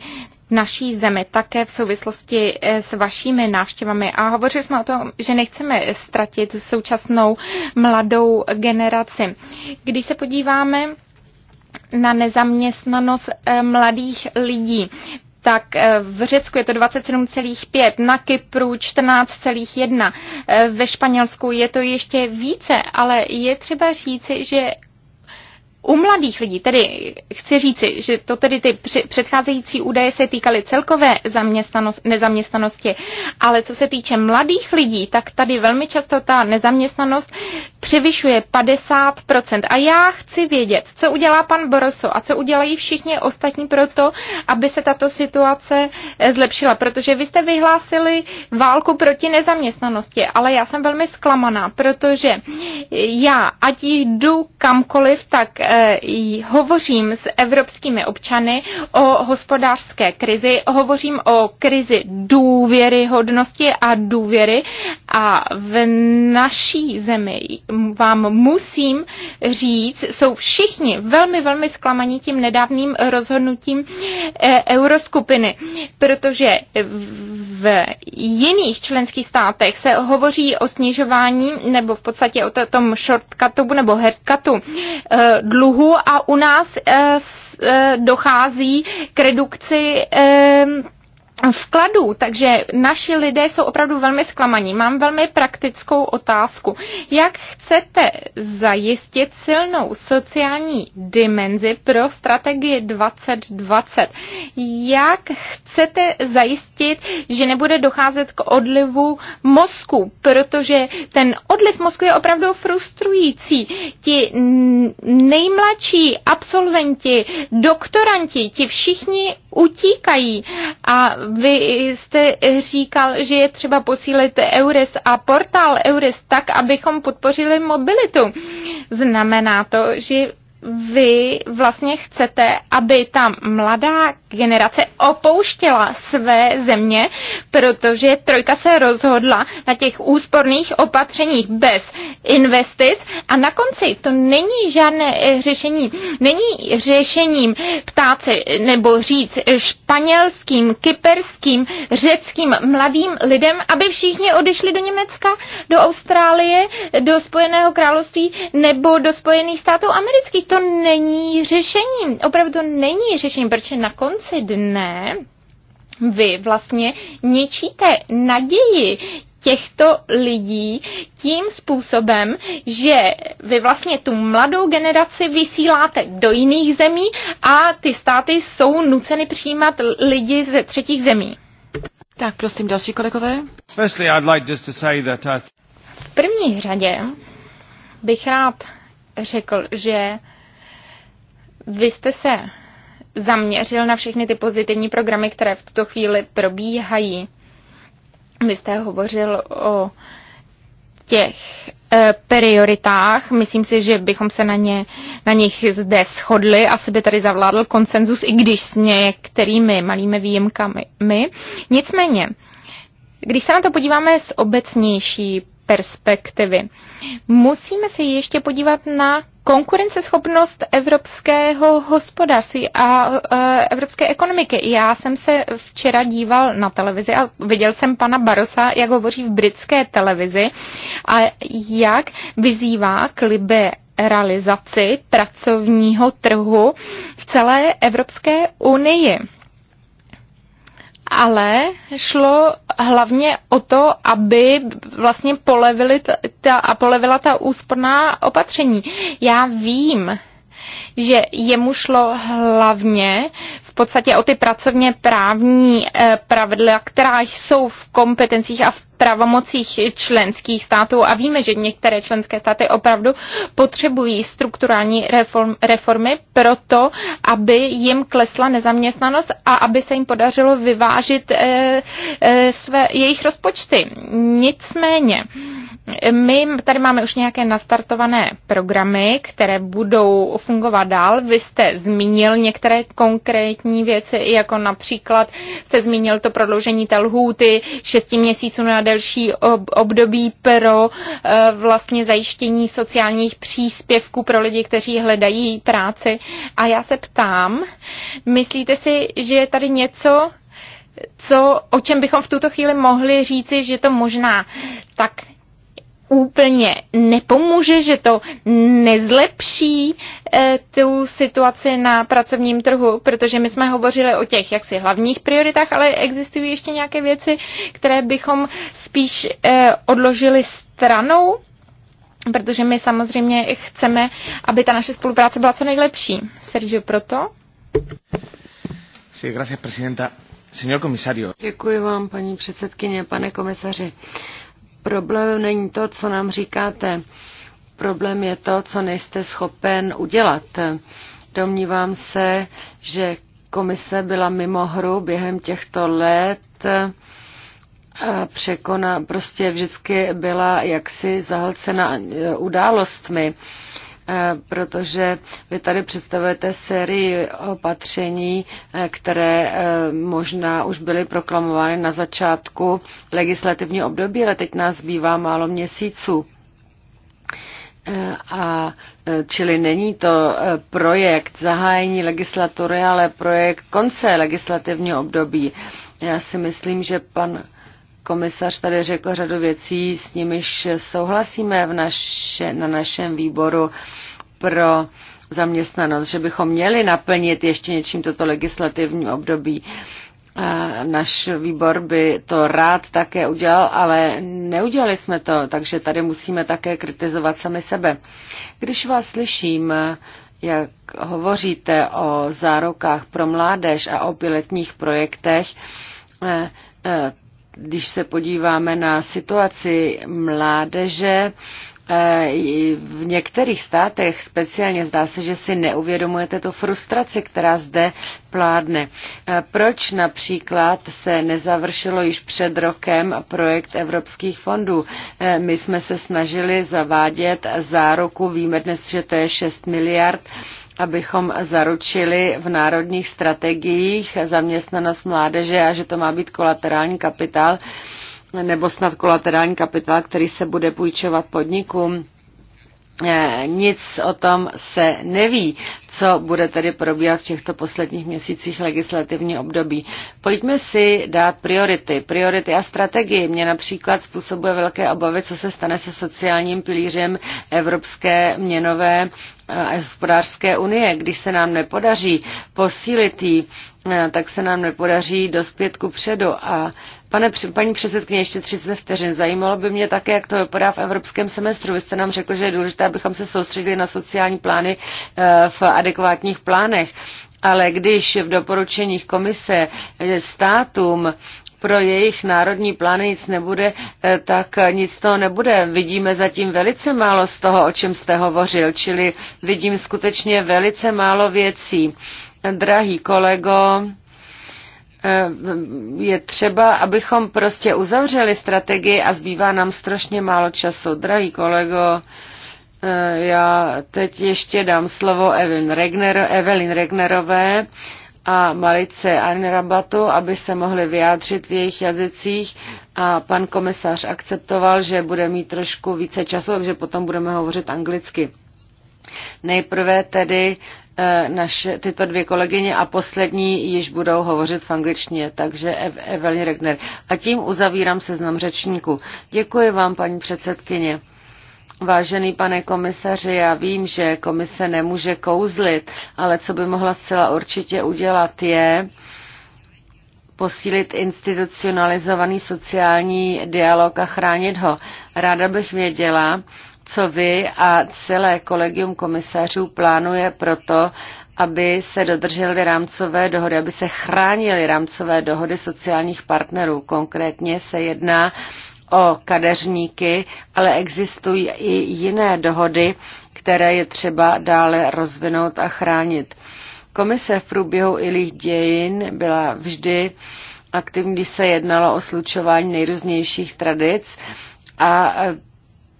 naší zemi, také v souvislosti eh, s vašími návštěvami. A hovořili jsme o tom, že nechceme ztratit současnou mladou generaci. Když se podíváme na nezaměstnanost eh, mladých lidí, tak eh, v Řecku je to 27,5, na Kypru 14,1, ve Španělsku je to ještě více, ale je třeba říci, že u mladých lidí, tedy chci říci, že to tedy ty předcházející údaje se týkaly celkové nezaměstnanosti, ale co se týče mladých lidí, tak tady velmi často ta nezaměstnanost převyšuje 50%. A já chci vědět, co udělá pan Boroso a co udělají všichni ostatní pro to, aby se tato situace eh, zlepšila. Protože vy jste vyhlásili válku proti nezaměstnanosti, ale já jsem velmi zklamaná, protože já, ať jdu kamkoliv, tak Eh, hovořím s evropskými občany o hospodářské krizi, hovořím o krizi důvěryhodnosti a důvěry a v naší zemi vám musím říct, jsou všichni velmi, velmi zklamaní tím nedávným rozhodnutím eh, euroskupiny, protože v jiných členských státech se hovoří o snižování nebo v podstatě o tom shortcutu nebo haircutu eh, dluhu a u nás eh, eh, dochází k redukci eh, vkladů, takže naši lidé jsou opravdu velmi zklamaní. Mám velmi praktickou otázku. Jak chcete zajistit silnou sociální dimenzi pro strategii 2020? Jak chcete zajistit, že nebude docházet k odlivu mozku, protože ten odliv mozku je opravdu frustrující. Ti nejmladší absolventi, doktoranti, ti všichni utíkají a vy jste říkal, že je třeba posílit EURES a portál EURES tak, abychom podpořili mobilitu. Znamená to, že vy vlastně chcete, aby ta mladá generace opouštěla své země, protože trojka se rozhodla na těch úsporných opatřeních bez investic a na konci to není žádné řešení. Není řešením ptát se nebo říct španělským, kyperským, řeckým mladým lidem, aby všichni odešli do Německa, do Austrálie, do Spojeného království nebo do Spojených států amerických to není řešením. Opravdu není řešením, protože na konci dne vy vlastně ničíte naději těchto lidí tím způsobem, že vy vlastně tu mladou generaci vysíláte do jiných zemí a ty státy jsou nuceny přijímat lidi ze třetích zemí. Tak prosím další kolegové. Uh, v první řadě bych rád řekl, že vy jste se zaměřil na všechny ty pozitivní programy, které v tuto chvíli probíhají. Vy jste hovořil o těch e, prioritách. Myslím si, že bychom se na, ně, na nich zde shodli. Asi by tady zavládl konsenzus, i když s některými malými výjimkami. Nicméně, když se na to podíváme z obecnější perspektivy, musíme se ještě podívat na konkurenceschopnost evropského hospodářství a e, evropské ekonomiky. Já jsem se včera díval na televizi a viděl jsem pana Barosa, jak hovoří v britské televizi a jak vyzývá k libe realizaci pracovního trhu v celé Evropské unii ale šlo hlavně o to, aby vlastně polevili ta, a polevila ta úsporná opatření. Já vím, že jemu šlo hlavně v podstatě o ty pracovně právní eh, pravidla, která jsou v kompetencích a v pravomocích členských států a víme, že některé členské státy opravdu potřebují strukturální reform, reformy proto, aby jim klesla nezaměstnanost a aby se jim podařilo vyvážit e, e, své, jejich rozpočty. Nicméně, e, my tady máme už nějaké nastartované programy, které budou fungovat dál. Vy jste zmínil některé konkrétní věci, jako například jste zmínil to prodloužení té lhůty 6 měsíců na delší období pro eh, vlastně zajištění sociálních příspěvků pro lidi, kteří hledají práci. A já se ptám, myslíte si, že je tady něco, co, o čem bychom v tuto chvíli mohli říci, že to možná tak úplně nepomůže, že to nezlepší e, tu situaci na pracovním trhu, protože my jsme hovořili o těch jaksi hlavních prioritách, ale existují ještě nějaké věci, které bychom spíš e, odložili stranou, protože my samozřejmě chceme, aby ta naše spolupráce byla co nejlepší. Sergio, proto? Sí, gracias, presidenta. Señor comisario. Děkuji vám, paní předsedkyně, pane komisaři. Problém není to, co nám říkáte. Problém je to, co nejste schopen udělat. Domnívám se, že komise byla mimo hru během těchto let překona, prostě vždycky byla jaksi zahlcena eh, událostmi Eh, protože vy tady představujete sérii opatření, eh, které eh, možná už byly proklamovány na začátku legislativního období, ale teď nás bývá málo měsíců. A čili není to projekt zahájení legislatury, ale projekt konce legislativního období. Já si myslím, že pan komisař tady řekl řadu věcí, s nimiž souhlasíme v naše, na našem výboru pro zaměstnanost, že bychom měli naplnit ještě něčím toto legislativní období. Náš výbor by to rád také udělal, ale neudělali jsme to, takže tady musíme také kritizovat sami sebe. Když vás slyším, jak hovoříte o zárokách pro mládež a o pilotních projektech, eh, eh, když se podíváme na situaci mládeže, eh, v některých státech speciálně zdá se, že si neuvědomujete tu frustraci, která zde pládne. Eh, proč například se nezavršilo již před rokem projekt evropských fondů? Eh, my jsme se snažili zavádět záruku, víme dnes, že to je 6 miliard, abychom zaručili v národních strategiích zaměstnanost mládeže a že to má být kolaterální kapitál nebo snad kolaterální kapitál, který se bude půjčovat podnikům. Eh, nic o tom se neví, co bude tedy probíhat v těchto posledních měsících legislativní období. Pojďme si dát priority. Priority a strategii mě například způsobuje velké obavy, co se stane se sociálním pilířem Evropské měnové Eh, hospodářské unie. Když se nám nepodaří posílit ji, eh, tak se nám nepodaří dospět ku předu. A pane, paní předsedkyně, ještě 30 vteřin. Zajímalo by mě také, jak to vypadá v evropském semestru. Vy jste nám řekl, že je důležité, abychom se soustředili na sociální plány eh, v adekvátních plánech. Ale když v doporučeních komise státům pro jejich národní plány nic nebude, eh, tak eh, nic toho nebude. Vidíme zatím velice málo z toho, o čem jste hovořil, čili vidím skutečně velice málo věcí. Drahý kolego, eh, je třeba, abychom prostě uzavřeli strategii a zbývá nám strašně málo času. Drahý kolego, já teď ještě dám slovo Evelyn, Regner, Evelyn Regnerové a Malice Arnerabatu, aby se mohli vyjádřit v jejich jazycích a pan komisař akceptoval, že bude mít trošku více času, takže potom budeme hovořit anglicky. Nejprve tedy eh, naše, tyto dvě kolegyně a poslední již budou hovořit v angličtině, takže Evelyn Regner. A tím uzavírám seznam řečníků. Děkuji vám, paní předsedkyně. Vážený pane komisaři, já vím, že komise nemůže kouzlit, ale co by mohla zcela určitě udělat je posílit institucionalizovaný sociální dialog a chránit ho. Ráda bych věděla, co vy a celé kolegium komisařů plánuje proto, aby se dodržely rámcové dohody, aby se chránily rámcové dohody sociálních partnerů. Konkrétně se jedná o kadeřníky, ale existují i jiné dohody, které je třeba dále rozvinout a chránit. Komise v průběhu ilých dějin byla vždy aktivní, když se jednalo o slučování nejrůznějších tradic a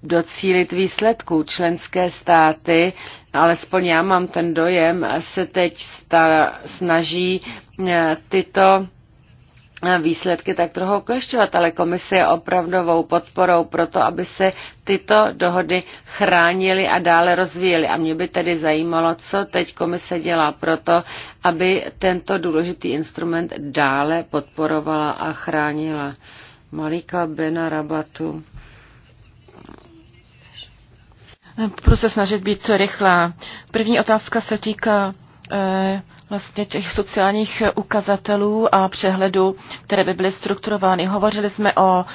docílit výsledků. Členské státy, alespoň já mám ten dojem, se teď snaží eh, tyto výsledky tak trochu klešťovat, ale komise je opravdovou podporou pro to, aby se tyto dohody chránily a dále rozvíjely. A mě by tedy zajímalo, co teď komise dělá pro to, aby tento důležitý instrument dále podporovala a chránila. Malika Bena Rabatu. Budu se snažit být co rychlá. První otázka se týká eh, vlastně těch sociálních ukazatelů a přehledu, které by byly strukturovány. Hovořili jsme o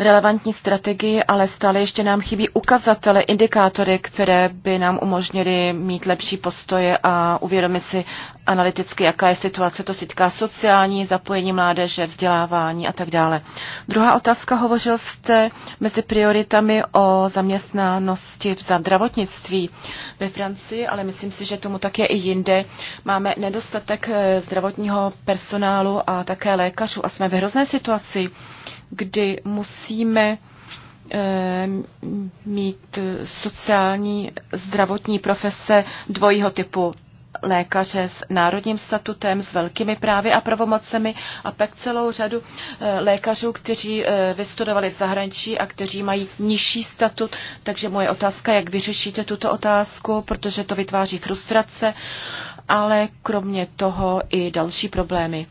relevantní strategii, ale stále ještě nám chybí ukazatele, indikátory, které by nám umožnily mít lepší postoje a uvědomit si analyticky, jaká je situace. To se týká sociální, zapojení mládeže, vzdělávání a tak dále. Druhá otázka, hovořil jste mezi prioritami o zaměstnanosti v zdravotnictví ve Francii, ale myslím si, že tomu tak je i jinde. Máme nedostatek zdravotního personálu a také lékařů a jsme ve hrozné situaci kdy musíme eh, mít sociální zdravotní profese dvojího typu lékaře s národním statutem, s velkými právy a pravomocemi a pak celou řadu eh, lékařů, kteří eh, vystudovali v zahraničí a kteří mají nižší statut. Takže moje otázka, jak vyřešíte tuto otázku, protože to vytváří frustrace, ale kromě toho i další problémy.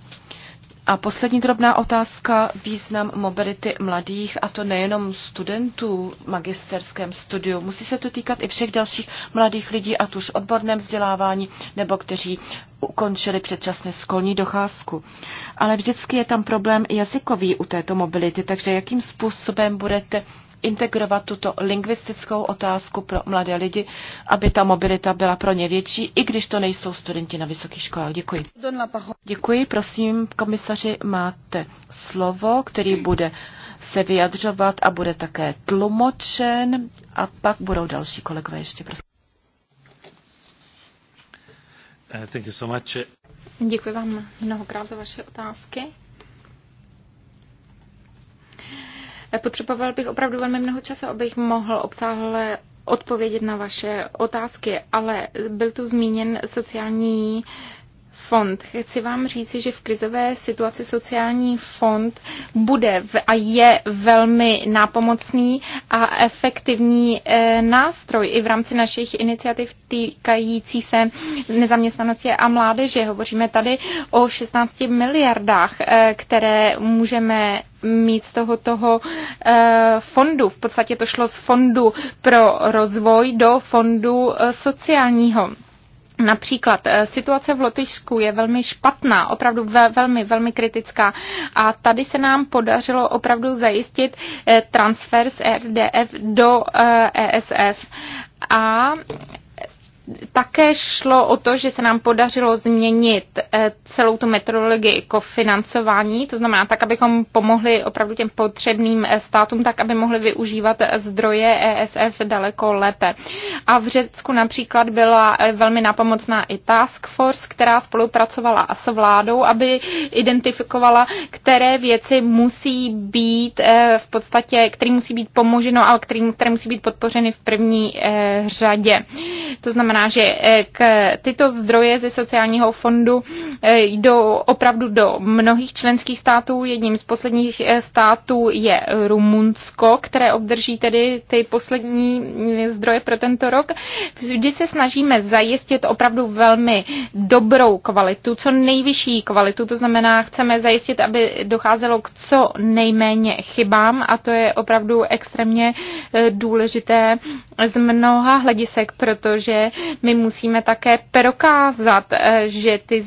A poslední drobná otázka, význam mobility mladých, a to nejenom studentů v magisterském studiu. Musí se to týkat i všech dalších mladých lidí, a tuž odborném vzdělávání, nebo kteří ukončili předčasně školní docházku. Ale vždycky je tam problém jazykový u této mobility, takže jakým způsobem budete integrovat tuto lingvistickou otázku pro mladé lidi, aby ta mobilita byla pro ně větší, i když to nejsou studenti na vysokých školách. Děkuji. Děkuji, prosím, komisaři, máte slovo, který bude se vyjadřovat a bude také tlumočen a pak budou další kolegové ještě, prosím. Eh, thank you so much. Děkuji vám mnohokrát za vaše otázky. Potřeboval bych opravdu velmi mnoho času, abych mohl obsáhle odpovědět na vaše otázky, ale byl tu zmíněn sociální fond. Chci vám říci, že v krizové situaci sociální fond bude a je velmi nápomocný a efektivní eh, nástroj i v rámci našich iniciativ týkající se nezaměstnanosti a mládeže. Hovoříme tady o 16 miliardách, eh, které můžeme mít z toho toho eh, fondu. V podstatě to šlo z fondu pro rozvoj do fondu eh, sociálního. Například eh, situace v Lotyšsku je velmi špatná, opravdu ve, velmi, velmi kritická. A tady se nám podařilo opravdu zajistit transfer z RDF do ESF. E A také šlo o to, že se nám podařilo změnit eh, celou tu metodologii kofinancování, to znamená tak, abychom pomohli opravdu těm potřebným eh, státům, tak, aby mohli využívat eh, zdroje ESF daleko lépe. A v Řecku například byla velmi napomocná i Task Force, která spolupracovala s vládou, aby identifikovala, které věci musí být v podstatě, který musí být pomoženo a který, které musí být podpořeny v první řadě. To znamená, znamená, že eh, k tyto zdroje ze sociálního fondu eh, jdou opravdu do mnohých členských států. Jedním z posledních eh, států je Rumunsko, které obdrží tedy ty poslední mm, zdroje pro tento rok. Vždy se snažíme zajistit opravdu velmi dobrou kvalitu, co nejvyšší kvalitu, to znamená, chceme zajistit, aby docházelo k co nejméně chybám a to je opravdu extrémně důležité z mnoha hledisek, protože my musíme také prokázat, eh, že ty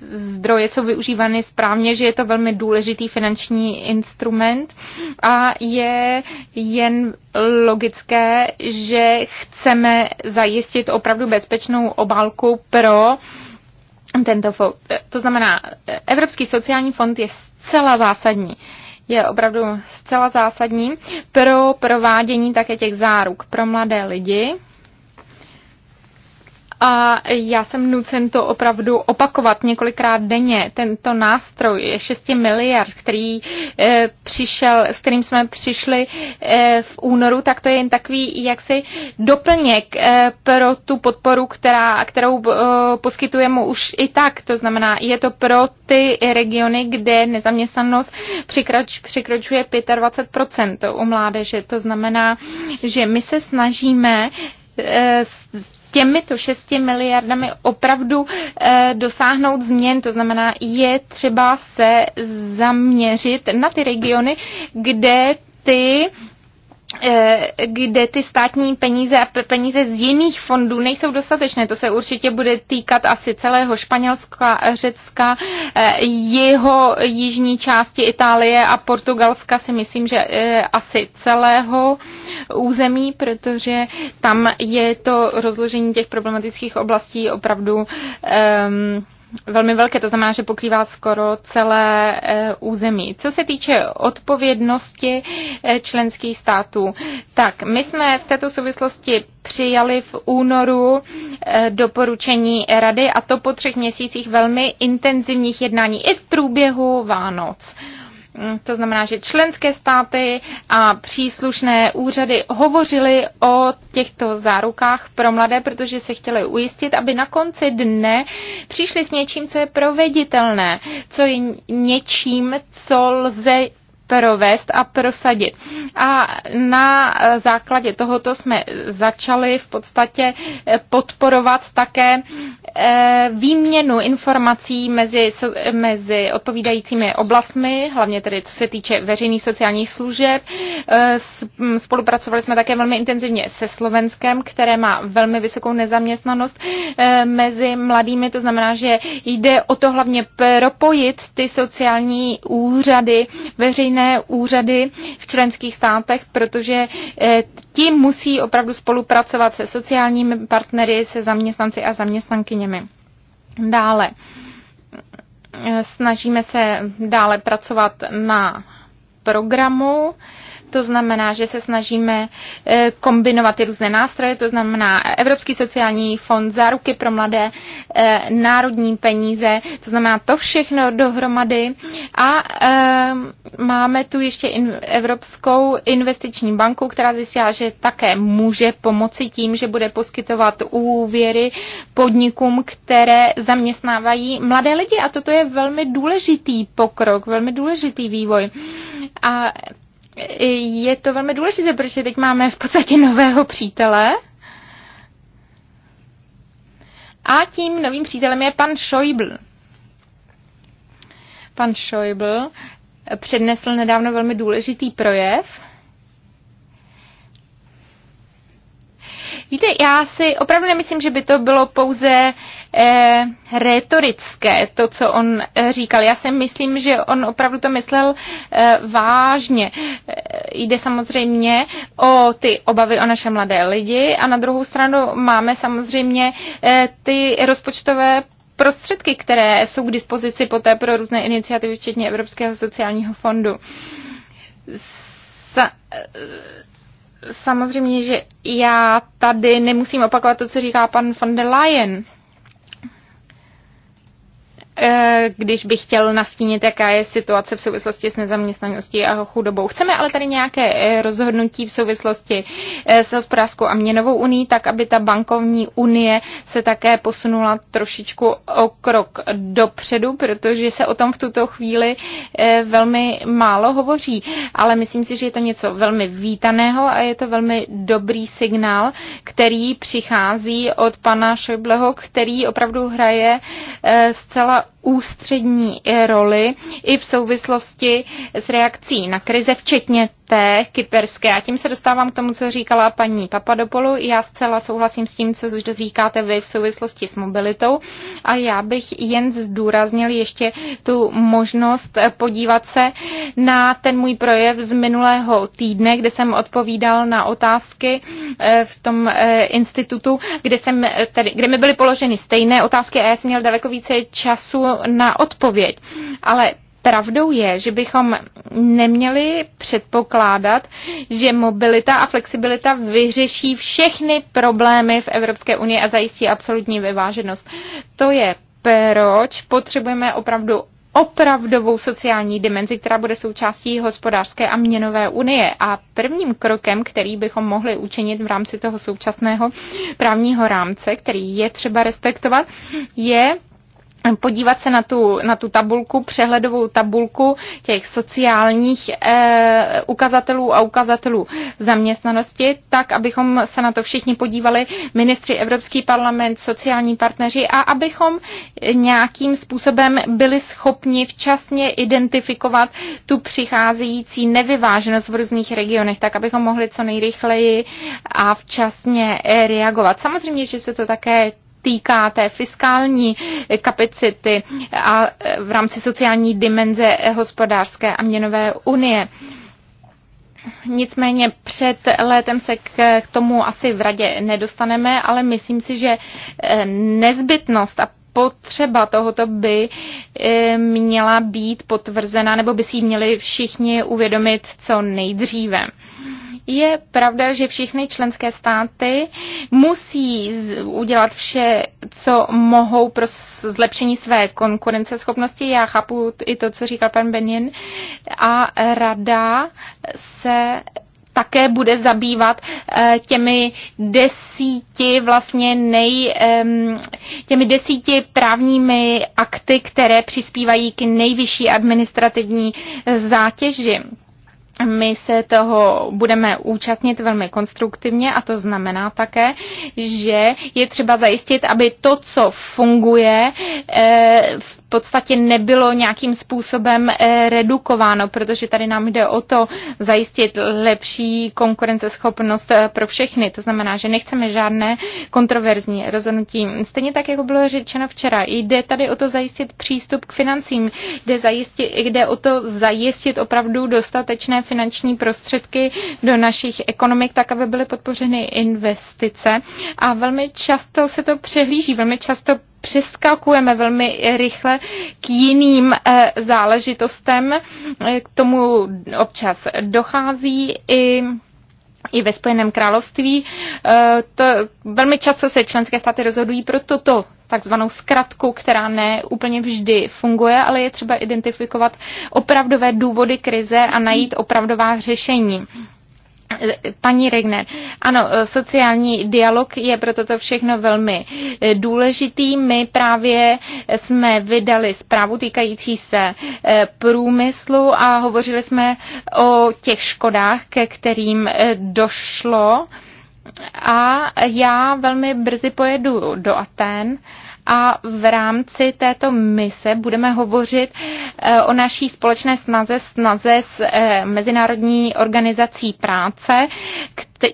zdroje jsou využívány správně, že je to velmi důležitý finanční instrument a je jen logické, že chceme zajistit opravdu bezpečnou obálku pro tento fond. To znamená, eh, Evropský sociální fond je zcela zásadní je opravdu zcela zásadní pro provádění také těch záruk pro mladé lidi, a já jsem nucen to opravdu opakovat několikrát denně. Tento nástroj je 6 miliard, který e, přišel, s kterým jsme přišli e, v únoru, tak to je jen takový jaksi doplněk e, pro tu podporu, která, kterou e, poskytujeme už i tak. To znamená, je to pro ty regiony, kde nezaměstnanost překroč, překročuje 25% u mládeže. To znamená, že my se snažíme těmito 6 miliardami opravdu eh, dosáhnout změn. To znamená, je třeba se zaměřit na ty regiony, kde ty Eh, kde ty státní peníze a peníze z jiných fondů nejsou dostatečné. To se určitě bude týkat asi celého Španělska, Řecka, eh, jeho jižní části Itálie a Portugalska si myslím, že eh, asi celého území, protože tam je to rozložení těch problematických oblastí opravdu um, velmi velké, to znamená, že pokrývá skoro celé eh, území. Co se týče odpovědnosti eh, členských států, tak my jsme v této souvislosti přijali v únoru eh, doporučení rady a to po třech měsících velmi intenzivních jednání i v průběhu Vánoc to znamená, že členské státy a příslušné úřady hovořily o těchto zárukách pro mladé, protože se chtěli ujistit, aby na konci dne přišli s něčím, co je proveditelné, co je něčím, co lze provést a prosadit. A na základě tohoto jsme začali v podstatě podporovat také eh, výměnu informací mezi, mezi odpovídajícími oblastmi, hlavně tedy co se týče veřejných sociálních služeb. Eh, spolupracovali jsme také velmi intenzivně se Slovenskem, které má velmi vysokou nezaměstnanost eh, mezi mladými. To znamená, že jde o to hlavně propojit ty sociální úřady, veřejné veřejné úřady v členských státech, protože eh, ti musí opravdu spolupracovat se sociálními partnery, se zaměstnanci a zaměstnankyněmi. Dále eh, snažíme se dále pracovat na programu, to znamená, že se snažíme eh, kombinovat ty různé nástroje, to znamená Evropský sociální fond, záruky pro mladé, eh, národní peníze, to znamená to všechno dohromady. A eh, máme tu ještě Evropskou investiční banku, která zjistila, že také může pomoci tím, že bude poskytovat úvěry podnikům, které zaměstnávají mladé lidi. A toto je velmi důležitý pokrok, velmi důležitý vývoj. A je to velmi důležité, protože teď máme v podstatě nového přítele. A tím novým přítelem je pan Schäuble. Pan Schäuble přednesl nedávno velmi důležitý projev Víte, já si opravdu nemyslím, že by to bylo pouze eh, retorické, to, co on eh, říkal. Já si myslím, že on opravdu to myslel eh, vážně. Eh, jde samozřejmě o ty obavy o naše mladé lidi a na druhou stranu máme samozřejmě eh, ty rozpočtové prostředky, které jsou k dispozici poté pro různé iniciativy, včetně Evropského sociálního fondu. Sa, eh, Samozřejmě, že já tady nemusím opakovat to, co říká pan von der Leyen. Eh, když bych chtěl nastínit, jaká je situace v souvislosti s nezaměstnaností a chudobou. Chceme ale tady nějaké eh, rozhodnutí v souvislosti eh, s hospodářskou a měnovou unii, tak aby ta bankovní unie se také posunula trošičku o krok dopředu, protože se o tom v tuto chvíli velmi málo hovoří. Ale myslím si, že je to něco velmi vítaného a je to velmi dobrý signál, který přichází od pana Schäubleho, který opravdu hraje zcela ústřední roli i v souvislosti s reakcí na krize, včetně té kyperské. A tím se dostávám k tomu, co říkala paní Papadopolu. Já zcela souhlasím s tím, co zde říkáte vy v souvislosti s mobilitou. A já bych jen zdůraznil ještě tu možnost podívat se na ten můj projev z minulého týdne, kde jsem odpovídal na otázky eh, v tom eh, institutu, kde, jsem, tedy, kde mi byly položeny stejné otázky a já jsem měl daleko více času na odpověď. Ale Pravdou je, že bychom neměli předpokládat, že mobilita a flexibilita vyřeší všechny problémy v Evropské unii a zajistí absolutní vyváženost. To je proč potřebujeme opravdu opravdovou sociální dimenzi, která bude součástí hospodářské a měnové unie. A prvním krokem, který bychom mohli učinit v rámci toho současného právního rámce, který je třeba respektovat, je podívat se na tu, na tu tabulku, přehledovou tabulku těch sociálních e, ukazatelů a ukazatelů zaměstnanosti, tak abychom se na to všichni podívali, ministři, Evropský parlament, sociální partneři a abychom nějakým způsobem byli schopni včasně identifikovat tu přicházející nevyváženost v různých regionech, tak abychom mohli co nejrychleji a včasně eh, reagovat. Samozřejmě, že se to také týká té fiskální kapacity a v rámci sociální dimenze hospodářské a měnové unie. Nicméně před létem se k tomu asi v radě nedostaneme, ale myslím si, že eh, nezbytnost a potřeba tohoto by eh, měla být potvrzena, nebo by si ji měli všichni uvědomit co nejdříve. Je pravda, že všechny členské státy musí udělat vše, co mohou pro zlepšení své konkurenceschopnosti. Já chápu i to, co říká pan Benin. A rada se také bude zabývat eh, těmi desíti vlastně nej, těmi desíti právními akty, které přispívají k nejvyšší administrativní eh, zátěži my se toho budeme účastnit velmi konstruktivně a to znamená také, že je třeba zajistit, aby to, co funguje, eh, podstatě nebylo nějakým způsobem eh, redukováno, protože tady nám jde o to zajistit lepší konkurenceschopnost eh, pro všechny. To znamená, že nechceme žádné kontroverzní rozhodnutí. Stejně tak, jako bylo řečeno včera, jde tady o to zajistit přístup k financím, jde, zajistit, jde o to zajistit opravdu dostatečné finanční prostředky do našich ekonomik, tak aby byly podpořeny investice. A velmi často se to přehlíží, velmi často přeskakujeme velmi rychle k jiným eh, záležitostem. Eh, k tomu občas dochází i i ve Spojeném království. Eh, to velmi často se členské státy rozhodují pro toto takzvanou zkratku, která ne úplně vždy funguje, ale je třeba identifikovat opravdové důvody krize a najít opravdová řešení. Paní Regner, ano, eh, sociální dialog je pro toto všechno velmi eh, důležitý. My právě jsme vydali zprávu týkající se eh, průmyslu a hovořili jsme o těch škodách, ke kterým došlo. A já velmi brzy pojedu do Aten a v rámci této mise budeme hovořit eh, o naší společné snaze, snaze s eh, Mezinárodní organizací práce,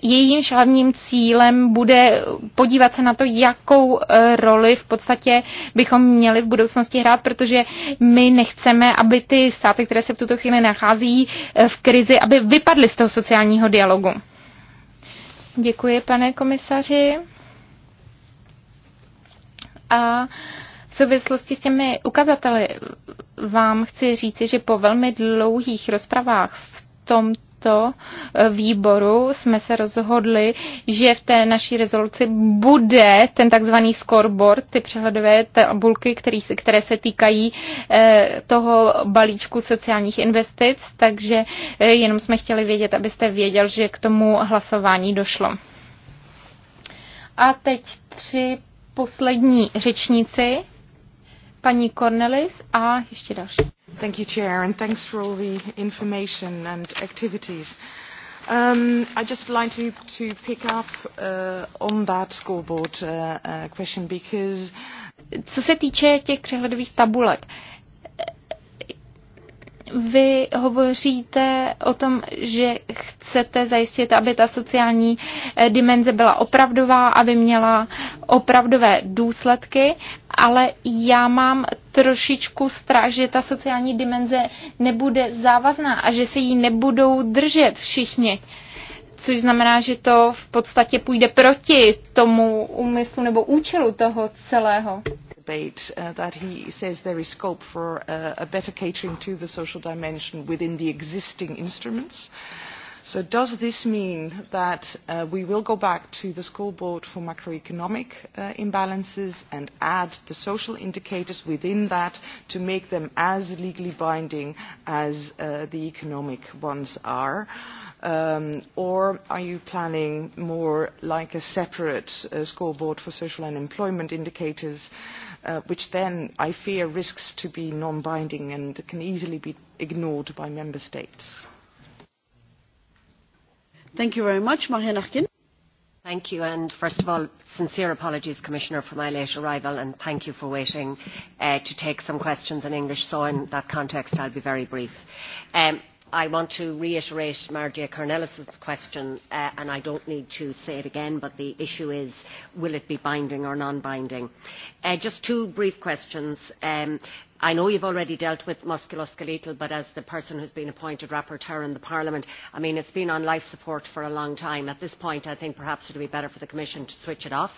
jejímž hlavním cílem bude podívat se na to, jakou eh, roli v podstatě bychom měli v budoucnosti hrát, protože my nechceme, aby ty státy, které se v tuto chvíli nachází v krizi, aby vypadly z toho sociálního dialogu. Děkuji, pane komisaři a v souvislosti s těmi ukazateli vám chci říci, že po velmi dlouhých rozpravách v tomto eh, výboru jsme se rozhodli, že v té naší rezoluci bude ten takzvaný scoreboard, ty přehledové tabulky, který, které se týkají eh, toho balíčku sociálních investic, takže eh, jenom jsme chtěli vědět, abyste věděl, že k tomu hlasování došlo. A teď tři poslední řečníci, paní Cornelis a ještě další. Thank you, Chair, and thanks for all the information and activities. Um, I'd just like to, to pick up uh, on that scoreboard uh, uh, question because... Co se týče těch přehledových tabulek, uh, vy hovoříte o tom, že chcete zajistit, aby ta sociální eh, dimenze byla opravdová, aby měla opravdové důsledky, ale já mám trošičku strach, že ta sociální dimenze nebude závazná a že se jí nebudou držet všichni což znamená, že to v podstatě půjde proti tomu úmyslu nebo účelu toho celého. Uh, that he says there is scope for uh, a better catering to the social dimension within the existing instruments. So does this mean that uh, we will go back to the school board for macroeconomic uh, imbalances and add the social indicators within that to make them as legally binding as uh, the economic ones are? Uh, Um, or are you planning more like a separate uh, scoreboard for social and employment indicators, uh, which then I fear risks to be non-binding and can easily be ignored by member states? Thank you very much. Marianne Arkin. Thank you, and first of all, sincere apologies, Commissioner, for my late arrival, and thank you for waiting uh, to take some questions in English. So, in that context, I'll be very brief. Um, i want to reiterate Margia Cornelison's question, uh, and I do not need to say it again, but the issue is, will it be binding or non-binding? Uh, just two brief questions. Um, i know you have already dealt with musculoskeletal but as the person who has been appointed rapporteur in parliament i mean it has been on life support for a long time. at this point i think perhaps it would be better for the commission to switch it off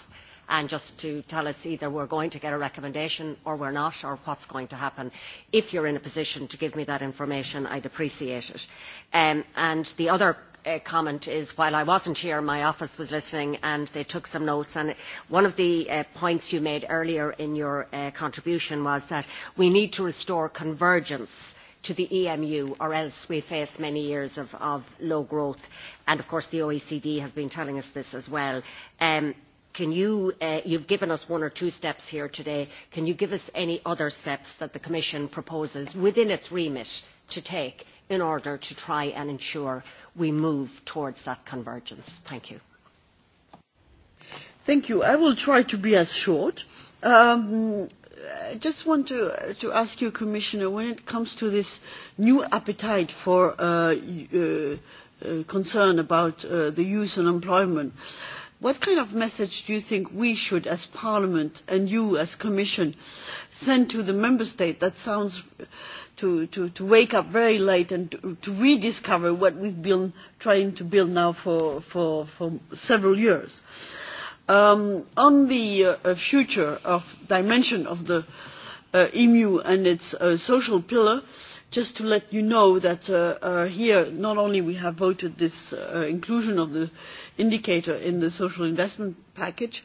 and just to tell us either we are going to get a recommendation or we are not or what is going to happen. If you are in a position to give me that information, i would appreciate it. Um, the other uh, comment is while I was not here, my office was listening and they took some notes. And one of the uh, points you made earlier in your uh, contribution was that we need to restore convergence to the EMU or else we face many years of, low growth. And of course the OECD has been telling us this as well. Um, can you uh, you've given us one or two steps here today can you give us any other steps that the commission proposes within its remit to take in order to try and ensure we move towards that convergence thank you thank you i will try to be as short um, I just want to, to ask you, Commissioner, when it comes to this new appetite for uh, uh, uh, concern about uh, the youth and employment, uh, What kind of message do you think we should, as Parliament and you as Commission, send to the Member State that sounds to, to, to wake up very late and to, to rediscover what we've been trying to build now for, for, for several years? Um, on the uh, future of dimension of the uh, EMU and its uh, social pillar, uh, just to let you know that uh, uh, here not only we have voted this uh, inclusion of the indicator in the social investment package,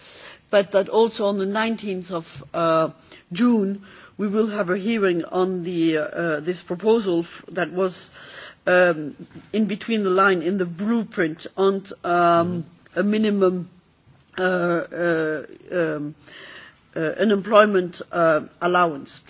but that also on the 19th of uh, June we will have a hearing on the, uh, uh this proposal that was um, in between the line in the blueprint on um, mm-hmm. a minimum uh, uh, um, uh, unemployment uh, allowance. Uh,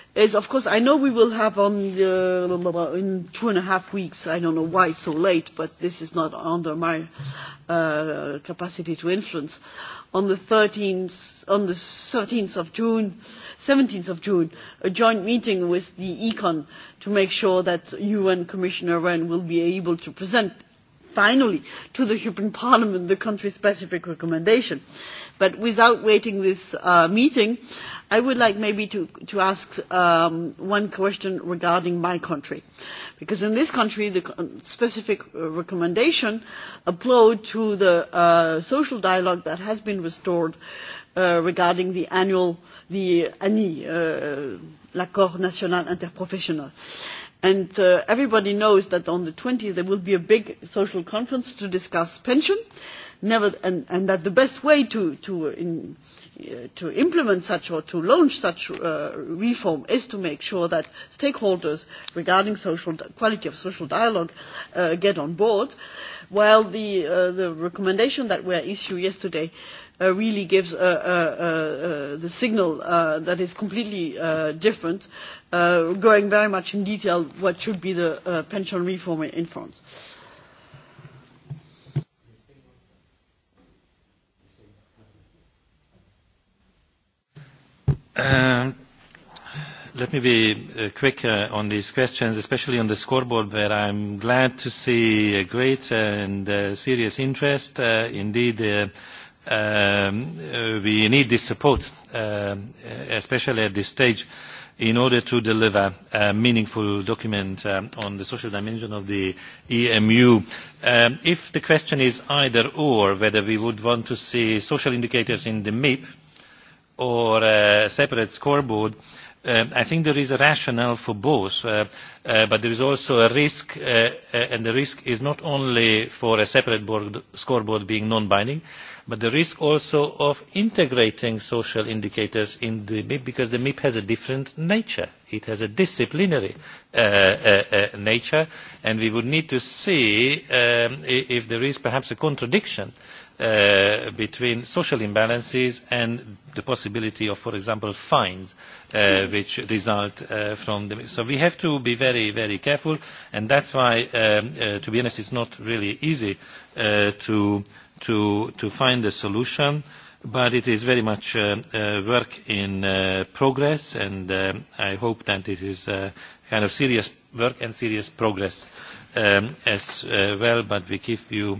is of course I know we will have on the, in two and a half weeks I don't know why so late but this is not under my uh, capacity to influence on the 13th on the 13th of June 17th of June a joint meeting with the econ to make sure that UN Commissioner Wren will be able to present finally to the European Parliament the country specific recommendation But without waiting this uh, meeting, I would like maybe to, to ask um, one question regarding my country. Because in this country, the specific uh, recommendation applied to the uh, social dialogue that has been restored uh, regarding the annual, the ANI, uh, l'accord national interprofessionnel. And uh, everybody knows that on the 20th there will be a big social conference to discuss pension. Never, and, and that the best way to, to, in, uh, to implement such or to launch such uh, reform is to make sure that stakeholders regarding social quality of social dialogue uh, get on board, while the, uh, the recommendation that we issued yesterday uh, really gives uh, uh, uh, uh, the signal uh, that is completely uh, different, uh, going very much in detail what should be the uh, pension reform in France. Uh, let me be uh, quick uh, on these questions, especially on the scoreboard, where I'm glad to see a great uh, and uh, serious interest. Uh, indeed, uh, um, uh, we need this support, uh, especially at this stage, in order to deliver a meaningful document um, on the social dimension of the emu. Um, if the question is either or, whether we would want to see social indicators in the MIP, or a uh, separate scoreboard, uh, I think there is a rationale for both, uh, uh, but there is also a risk, uh, uh, and the risk is not only for a separate board, scoreboard being non-binding, but the risk also of integrating social indicators in the MIP, because the MIP has a different nature. It has a disciplinary uh, uh, uh, nature, and we would need to see um, if there is perhaps a contradiction uh, Uh, between social imbalances and the possibility of, for example, fines uh, which result uh, from the... So we have to be very, very careful, and that's why, um, uh, to be honest, it's not really easy uh, to, to, to find a solution, but it is very much uh, uh, work in uh, progress, and uh, I hope that it is uh, kind of serious work and serious progress um, as uh, well, but we keep you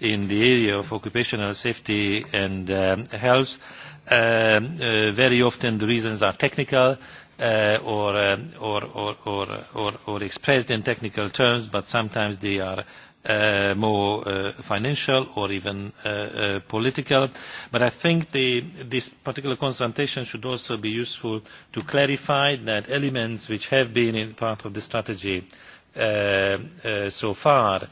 in the area of occupational safety and um, health, um, uh, very often the reasons are technical uh, or, um, or, or, or, or, or expressed in technical terms, but sometimes they are uh, more uh, financial or even uh, uh, political. But I think the, this particular consultation should also be useful to clarify that elements which have been in part of the strategy uh, uh, so far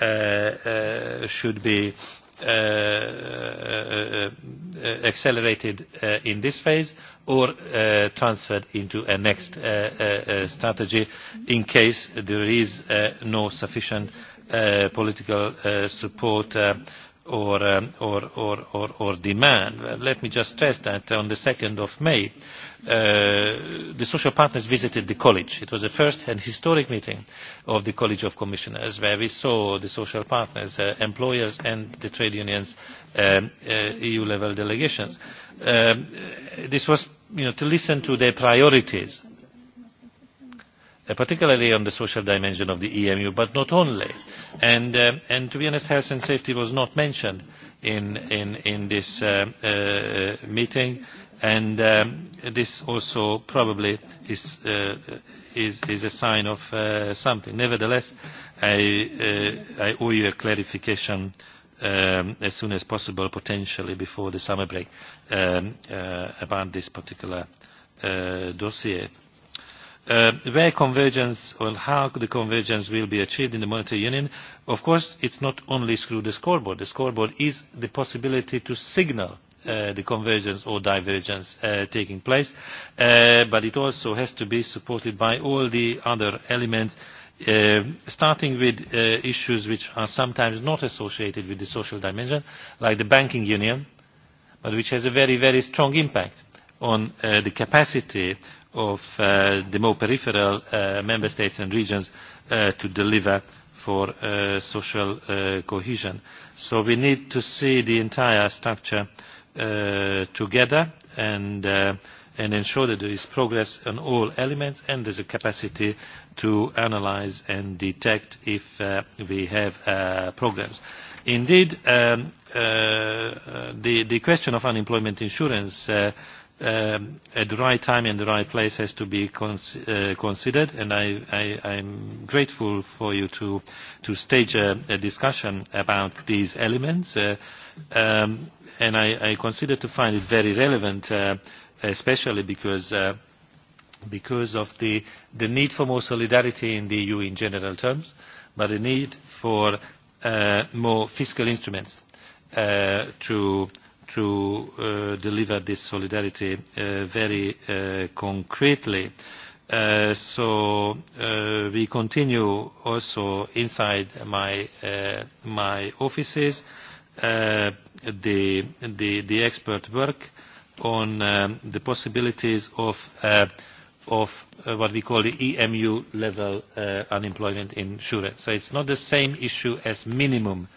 uh, uh, should be uh, uh, uh, accelerated uh, in this phase or uh, transferred into a next uh, uh, strategy in case there is uh, no sufficient uh, political uh, support uh, or, um, or, or, or, or demand. Let me just stress that on the 2nd of May, uh, the social partners visited the college. It was the first and historic meeting of the College of Commissioners where we saw the social partners, uh, employers and the trade unions, um, uh, EU-level delegations. Um, this was you know, to listen to their priorities Uh, particularly on the social dimension of the emu but not only and, uh, and to be honest health and safety was not mentioned in, in, in this uh, uh, meeting and um, this also probably is, uh, is, is a sign of uh, something. nevertheless I, i owe you a clarification um, as soon as possible potentially before the summer break um, about this particular dossier Uh, where convergence or how the convergence will be achieved in the monetary union of course it is not only through the scoreboard the scoreboard is the possibility to signal uh, the convergence or divergence uh, taking place uh, but it also has to be supported by all the other elements uh, starting with uh, issues which are sometimes not associated with the social dimension like the banking union but which has a very very strong impact on the capacity of uh, the more peripheral uh, member states and regions uh, to deliver for uh, social uh, cohesion. So we need to see the entire structure uh, together and, uh, and ensure that there is progress on all elements and there is a capacity to analyse and detect if uh, we have uh, problems. Indeed, um, uh, the, the question of unemployment insurance uh, um, at the right time and the right place has to be cons uh, considered and I, I, I'm grateful for you to, to stage a, a discussion about these elements uh, um, and I, I consider to find it very relevant uh, especially because uh, because of the, the need for more solidarity in the EU in general terms, but the need for uh, more fiscal instruments uh, to to uh, deliver this solidarity uh, very uh, concretely. Uh, so uh, we continue also inside my, uh, my offices uh, the, the, the expert work on um, the possibilities of, uh, of uh, what we call the EMU level uh, unemployment insurance. So it's not the same issue as minimum uh,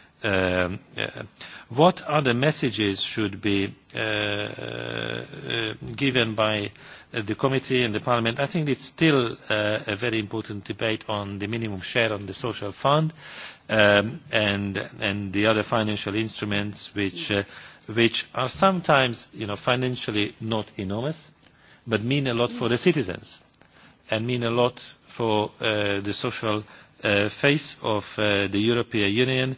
Uh, uh, what other messages should be uh, uh, given by uh, the committee and the parliament? I think it's still uh, a very important debate on the minimum share on the social fund um, and, and the other financial instruments which, uh, which are sometimes you know, financially not enormous but mean a lot for the citizens and mean a lot for uh, the social uh, face of uh, the European Union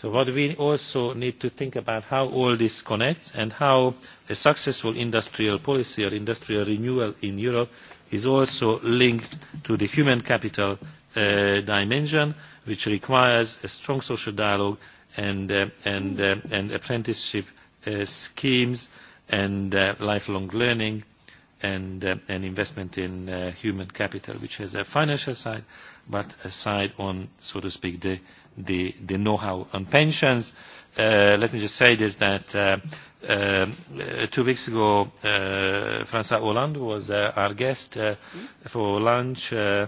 so what we also need to think about how all this connects and how a successful industrial policy or industrial renewal in europe is also linked to the human capital uh, dimension which requires a strong social dialogue and, uh, and, uh, and apprenticeship uh, schemes and uh, lifelong learning and, uh, and investment in uh, human capital, which has a financial side, but a side on, so to speak, the the, the know-how on pensions. Uh, let me just say this, that uh, uh, two weeks ago, uh, François Hollande was uh, our guest uh, for lunch uh,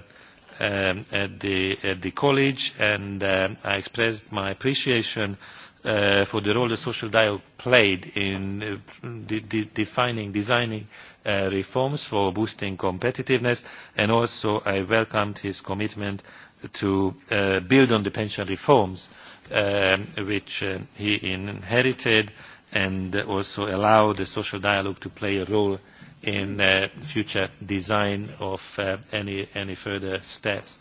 um, at, the, at the college, and uh, I expressed my appreciation uh, for the role the social dialogue played in uh, de de defining, designing uh, reforms for boosting competitiveness, and also I welcomed his commitment to uh, build on the pension reforms um, which uh, he inherited and also allow the social dialogue to play a role in uh, future design of uh, any, any further steps.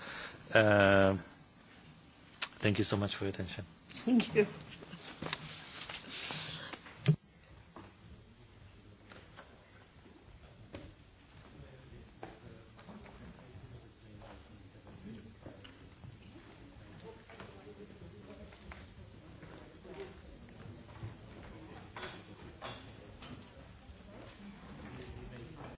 Uh, thank you so much for your attention. Thank you.